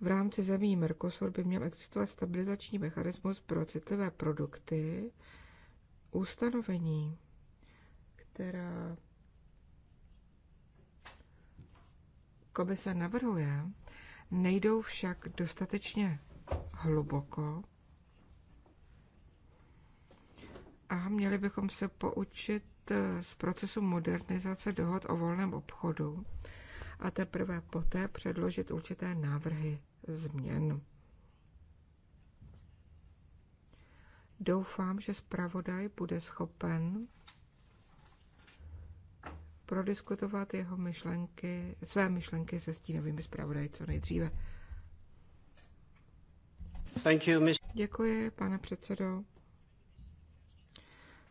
V rámci zemí Mercosur by měl existovat stabilizační mechanismus pro citlivé produkty, ustanovení která komise navrhuje, nejdou však dostatečně hluboko a měli bychom se poučit eh, z procesu modernizace dohod o volném obchodu a teprve poté předložit určité návrhy změn. Doufám, že zpravodaj bude schopen prodiskutovat jeho myšlenky, své myšlenky se stínovými zpravodaji co nejdříve. Thank you, Děkuji, pane předsedo.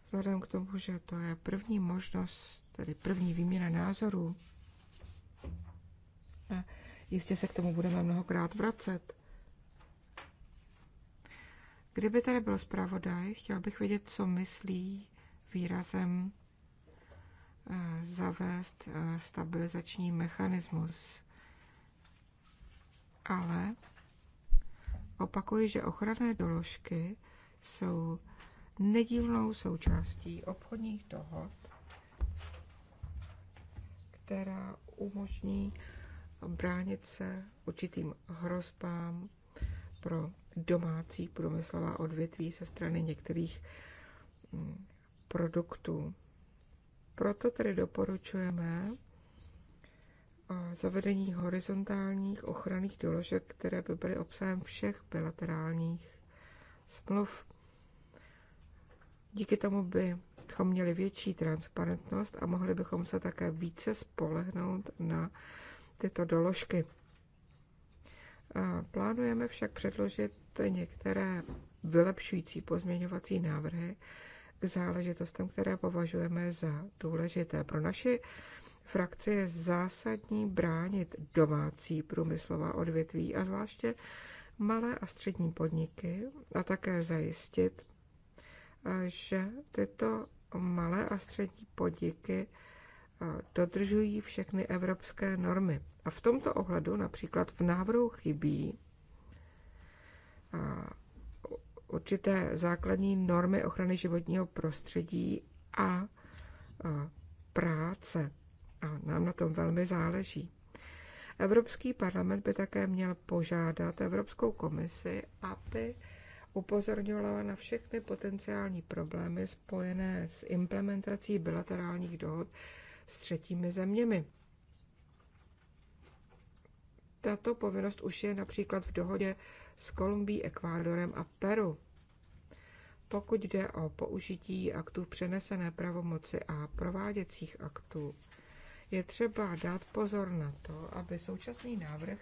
Vzhledem k tomu, že to je první možnost, tedy první výměna názorů, a jistě se k tomu budeme mnohokrát vracet. Kdyby tady byl zpravodaj, chtěl bych vědět, co myslí výrazem zavést eh, stabilizační mechanismus. Ale opakuji, že ochranné doložky jsou nedílnou součástí obchodních dohod, která umožní bránit se určitým hrozbám pro domácí průmyslová odvětví ze strany některých mm, produktů. Proto tedy doporučujeme eh, zavedení horizontálních ochranných doložek, které by byly obsahem všech bilaterálních smluv. Díky tomu bychom měli větší transparentnost a mohli bychom se také více spolehnout na tyto doložky. Eh, plánujeme však předložit některé vylepšující pozměňovací návrhy, k záležitostem, které považujeme za důležité. Pro naši frakci je zásadní bránit domácí průmyslová odvětví a zvláště malé a střední podniky a také zajistit, že tyto malé a střední podniky eh, dodržují všechny evropské normy. A v tomto ohledu například v návrhu chybí eh, určité základní normy ochrany životního prostředí a práce. A nám na tom velmi záleží. Evropský parlament by také měl požádat Evropskou komisi, aby upozorňovala na všechny potenciální problémy spojené s implementací bilaterálních dohod s třetími zeměmi. Tato povinnost už je například v dohodě s Kolumbií, Ekvádorem a Peru. Pokud jde o použití aktů přenesené pravomoci a prováděcích aktů, je třeba dát pozor na to, aby současný návrh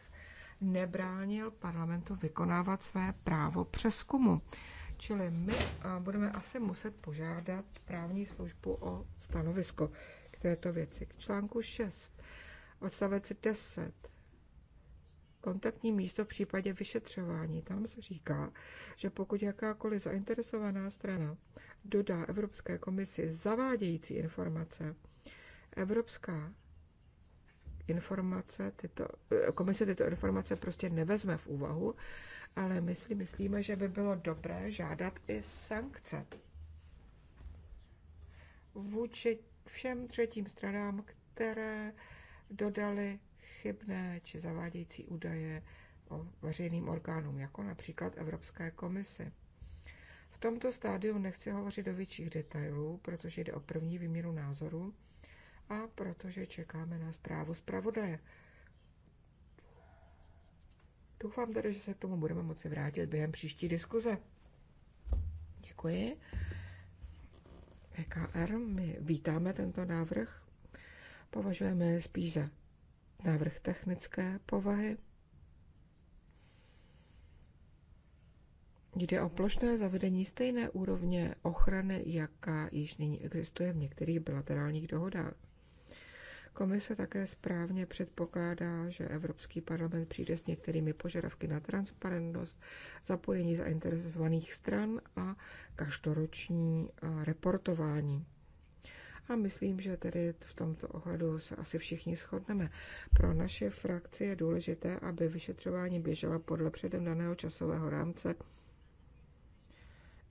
nebránil parlamentu vykonávat své právo přeskumu. Čili my budeme asi muset požádat právní službu o stanovisko k této věci. K článku 6, odstavec 10 kontaktní místo v případě vyšetřování. Tam se říká, že pokud jakákoliv zainteresovaná strana dodá Evropské komisi zavádějící informace, Evropská informace, tyto, eh, komise tyto informace prostě nevezme v úvahu, ale myslí, myslíme, že by bylo dobré žádat i sankce vůči všem třetím stranám, které dodali chybné či zavádějící údaje o veřejným orgánům, jako například Evropské komisi. V tomto stádiu nechci hovořit do větších detailů, protože jde o první výměnu názoru, a protože čekáme na zprávu zpravodaje. Doufám tedy, že se k tomu budeme moci vrátit během příští diskuze. Děkuji. EKR, my vítáme tento návrh, považujeme spíš za návrh technické povahy. Jde o plošné zavedení stejné úrovně ochrany, jaká již nyní existuje v některých bilaterálních dohodách. Komise také správně předpokládá, že Evropský parlament přijde s některými požadavky na transparentnost, zapojení zainteresovaných stran a každoroční reportování. A myslím, že tedy v tomto ohledu se asi všichni shodneme. Pro naše frakci je důležité, aby vyšetřování běžela podle předem daného časového rámce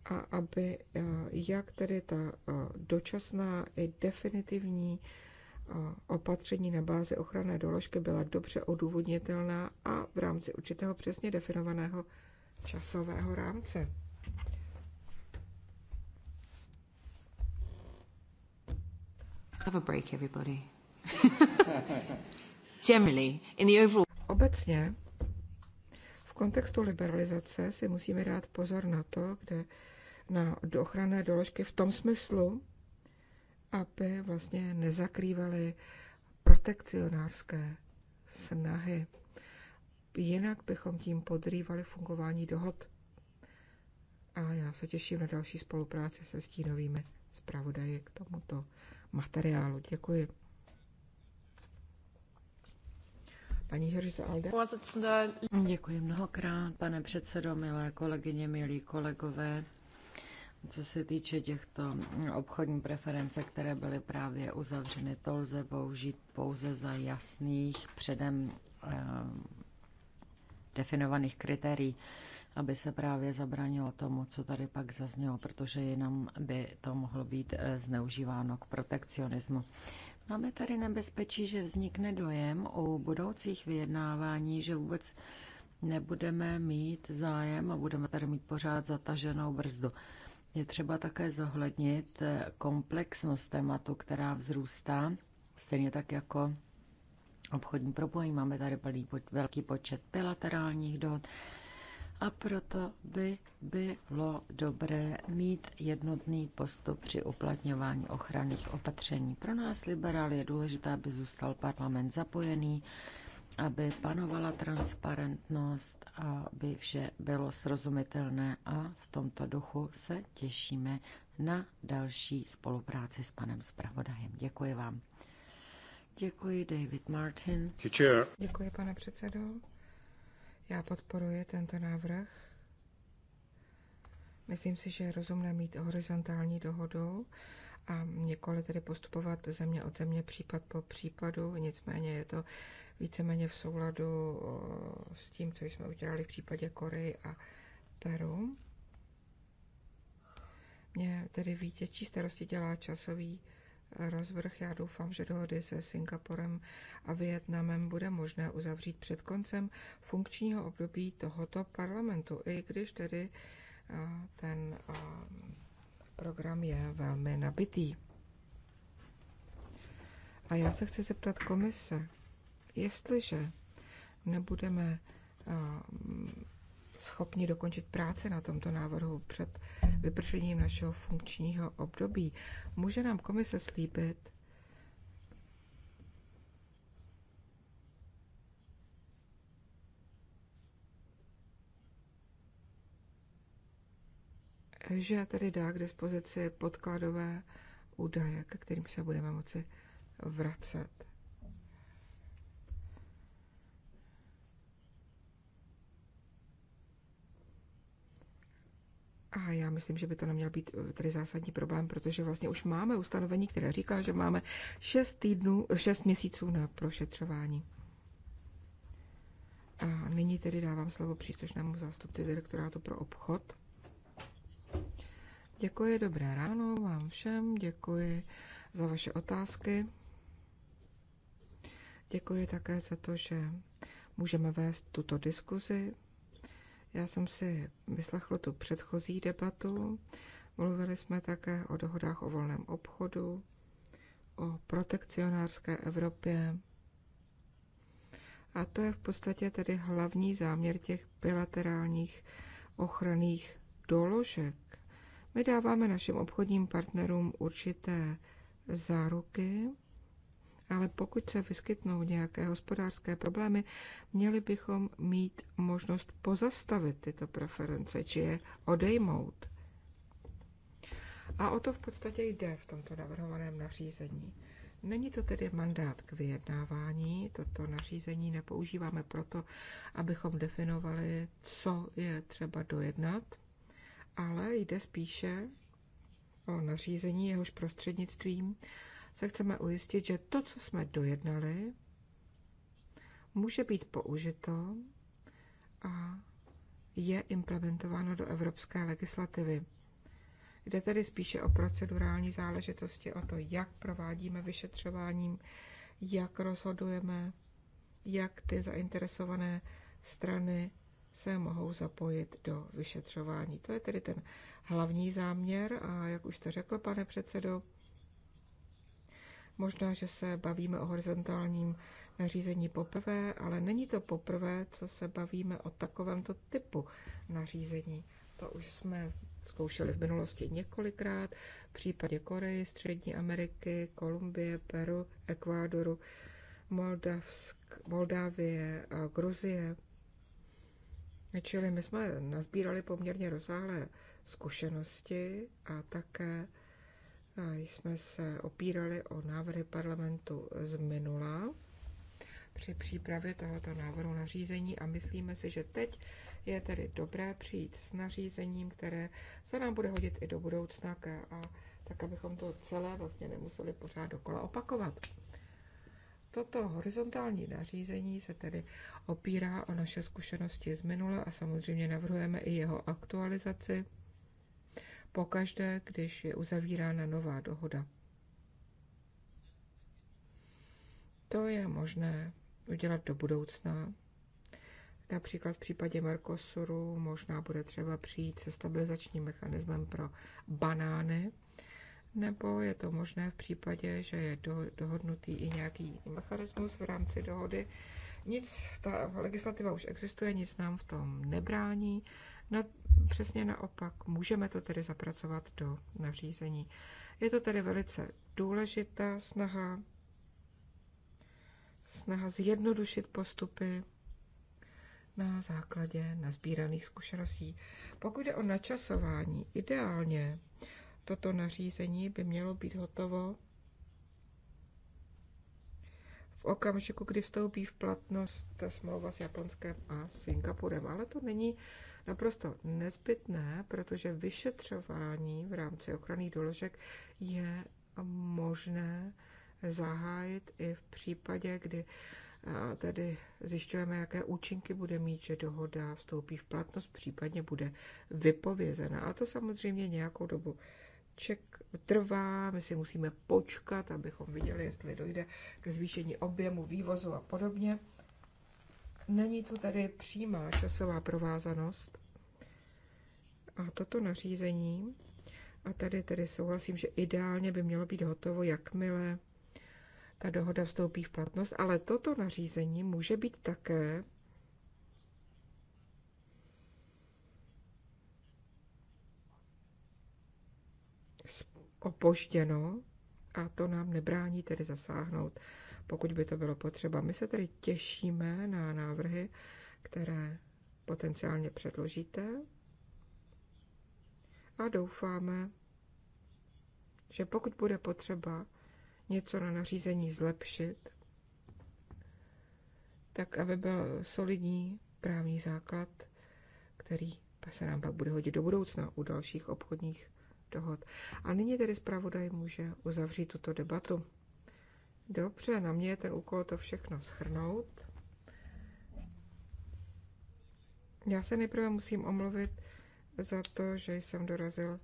a aby eh, jak tedy ta eh, dočasná i definitivní eh, opatření na bázi ochranné doložky byla dobře odůvodnitelná a v rámci určitého přesně definovaného časového rámce. Have a break, everybody. Generally, in the overall... Obecně v kontextu liberalizace si musíme dát pozor na to, kde na ochranné doložky v tom smyslu, aby vlastně nezakrývaly protekcionářské snahy. Jinak bychom tím podrývali fungování dohod. A já se těším na další spolupráci se stínovými zpravodaji k tomuto materiálu. Děkuji. Paní Hirze Alde. Děkuji mnohokrát, pane předsedo, milé kolegyně, milí kolegové. Co se týče těchto obchodní preference, které byly právě uzavřeny, to lze použít pouze za jasných, předem eh, definovaných kritérií, aby se právě zabránilo tomu, co tady pak zaznělo, protože jinam by to mohlo být eh, zneužíváno k protekcionismu. Máme tady nebezpečí, že vznikne dojem o budoucích vyjednávání, že vůbec nebudeme mít zájem a budeme tady mít pořád zataženou brzdu. Je třeba také zohlednit eh, komplexnost tématu, která vzrůstá, stejně tak jako obchodní propojení. Máme tady velký počet bilaterálních dohod a proto by bylo dobré mít jednotný postup při uplatňování ochranných opatření. Pro nás liberál je důležité, aby zůstal parlament zapojený, aby panovala transparentnost, aby vše bylo srozumitelné a v tomto duchu se těšíme na další spolupráci s panem zpravodajem. Děkuji vám. Děkuji, David Martin. Děkuji, pane předsedo. Já podporuji tento návrh. Myslím si, že je rozumné mít horizontální dohodu a nikoli tedy postupovat země od země, případ po případu. Nicméně je to víceméně v souladu s tím, co jsme udělali v případě Koreji a Peru. Mě tedy vítěčí starosti dělá časový rozvrh. Já doufám, že dohody se Singapurem a Vietnamem bude možné uzavřít před koncem funkčního období tohoto parlamentu, i když tedy eh, ten eh, program je velmi nabitý. A já se chci zeptat komise, jestliže nebudeme eh, schopni dokončit práci na tomto návrhu před vypršením našeho funkčního období. Může nám komise slíbit, že tedy dá k dispozici podkladové údaje, ke kterým se budeme moci vracet. A já myslím, že by to neměl být eh, tady zásadní problém, protože vlastně už máme ustanovení, které říká, že máme 6 týdnů, 6 měsíců na prošetřování. A nyní tedy dávám slovo příslušnému zástupci direktorátu pro obchod. Děkuji, dobré ráno vám všem, děkuji za vaše otázky. Děkuji také za to, že můžeme vést tuto diskuzi. Já jsem si vyslechla tu předchozí debatu. Mluvili jsme také o dohodách o volném obchodu, o protekcionářské Evropě. A to je v podstatě tedy hlavní záměr těch bilaterálních ochranných doložek. My dáváme našim obchodním partnerům určité záruky, ale pokud se vyskytnou nějaké hospodářské problémy, měli bychom mít možnost pozastavit tyto preference či je odejmout. A o to v podstatě jde v tomto navrhovaném nařízení. Není to tedy mandát k vyjednávání, toto nařízení nepoužíváme proto, abychom definovali, co je třeba dojednat, ale jde spíše o nařízení, jehož prostřednictvím se chceme ujistit, že to, co jsme dojednali, může být použito a je implementováno do evropské legislativy. Jde tedy spíše o procedurální záležitosti, o to, jak provádíme vyšetřování, jak rozhodujeme, jak ty zainteresované strany se mohou zapojit do vyšetřování. To je tedy ten hlavní záměr a jak už jste řekl, pane předsedo, Možná, že se bavíme o horizontálním nařízení poprvé, ale není to poprvé, co se bavíme o takovémto typu nařízení. To už jsme zkoušeli v minulosti několikrát, v případě Koreji, Střední Ameriky, Kolumbie, Peru, Ekvádoru, Moldavsk, Moldávie, Gruzie. Čili my jsme nazbírali poměrně rozsáhlé zkušenosti a také jsme se opírali o návrhy parlamentu z minula při přípravě tohoto návrhu nařízení a myslíme si, že teď je tedy dobré přijít s nařízením, které se nám bude hodit i do budoucna a tak, abychom to celé vlastně nemuseli pořád dokola opakovat. Toto horizontální nařízení se tedy opírá o naše zkušenosti z minula a samozřejmě navrhujeme i jeho aktualizaci pokaždé, když je uzavírána nová dohoda. To je možné udělat do budoucna. Například v případě Mercosuru možná bude třeba přijít se stabilizačním mechanismem pro banány, nebo je to možné v případě, že je dohodnutý i nějaký mechanismus v rámci dohody. Nic, ta legislativa už existuje, nic nám v tom nebrání na, přesně naopak, můžeme to tedy zapracovat do nařízení. Je to tedy velice důležitá snaha, snaha zjednodušit postupy na základě nazbíraných zkušeností. Pokud jde o načasování, ideálně toto nařízení by mělo být hotovo v okamžiku, kdy vstoupí v platnost smlouva s Japonskem a Singapurem, ale to není naprosto nezbytné, protože vyšetřování v rámci ochranných doložek je možné zahájit i v případě, kdy tedy zjišťujeme, jaké účinky bude mít, že dohoda vstoupí v platnost, případně bude vypovězena. A to samozřejmě nějakou dobu ček trvá, my si musíme počkat, abychom viděli, jestli dojde ke zvýšení objemu vývozu a podobně. Není tu tedy přímá časová provázanost. A toto nařízení, a tady tedy souhlasím, že ideálně by mělo být hotovo, jakmile ta dohoda vstoupí v platnost, ale toto nařízení může být také opožděno a to nám nebrání tedy zasáhnout pokud by to bylo potřeba. My se tedy těšíme na návrhy, které potenciálně předložíte a doufáme, že pokud bude potřeba něco na nařízení zlepšit, tak aby byl solidní právní základ, který se nám pak bude hodit do budoucna u dalších obchodních dohod. A nyní tedy zpravodaj může uzavřít tuto debatu. Dobře, na mě je ten úkol to všechno schrnout. Já se nejprve musím omluvit za to, že jsem dorazil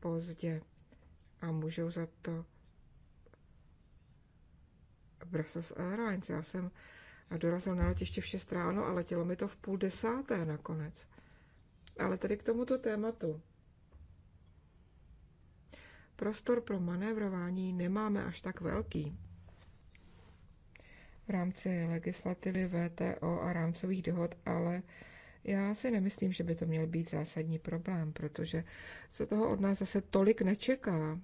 pozdě a můžou za to Brussels Airlines. Já jsem dorazil na letiště v 6 ráno a letělo mi to v půl desáté nakonec. Ale tedy k tomuto tématu. Prostor pro manévrování nemáme až tak velký v rámci legislativy VTO a rámcových dohod, ale já si nemyslím, že by to měl být zásadní problém, protože se toho od nás zase tolik nečeká.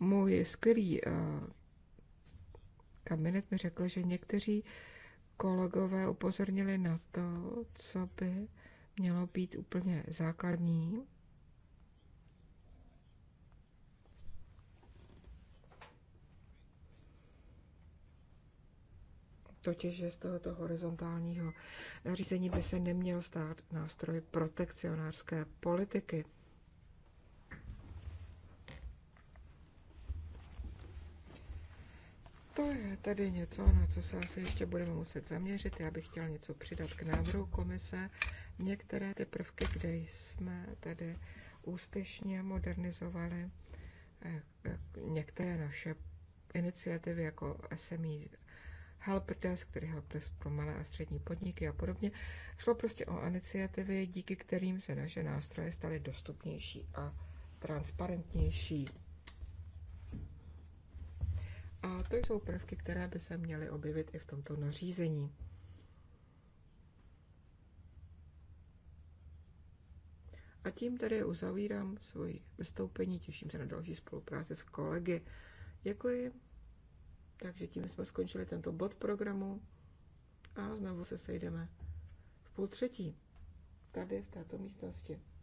Můj skvělý uh, kabinet mi řekl, že někteří kolegové upozornili na to, co by mělo být úplně základní. Totiž, že z tohoto horizontálního nařízení by se neměl stát nástroj protekcionářské politiky. To je tedy něco, na co se asi ještě budeme muset zaměřit. Já bych chtěla něco přidat k návrhu komise. Některé ty prvky, kde jsme tedy úspěšně modernizovali eh, některé naše iniciativy jako SME Helpdesk, který Helpdesk pro malé a střední podniky a podobně. Šlo prostě o iniciativy, díky kterým se naše nástroje staly dostupnější a transparentnější. A to jsou prvky, které by se měly objevit i v tomto nařízení. A tím tedy uzavírám svoji vystoupení, těším se na další spolupráci s kolegy. Děkuji. Takže tím jsme skončili tento bod programu a znovu se sejdeme v půl třetí, tady v této místnosti.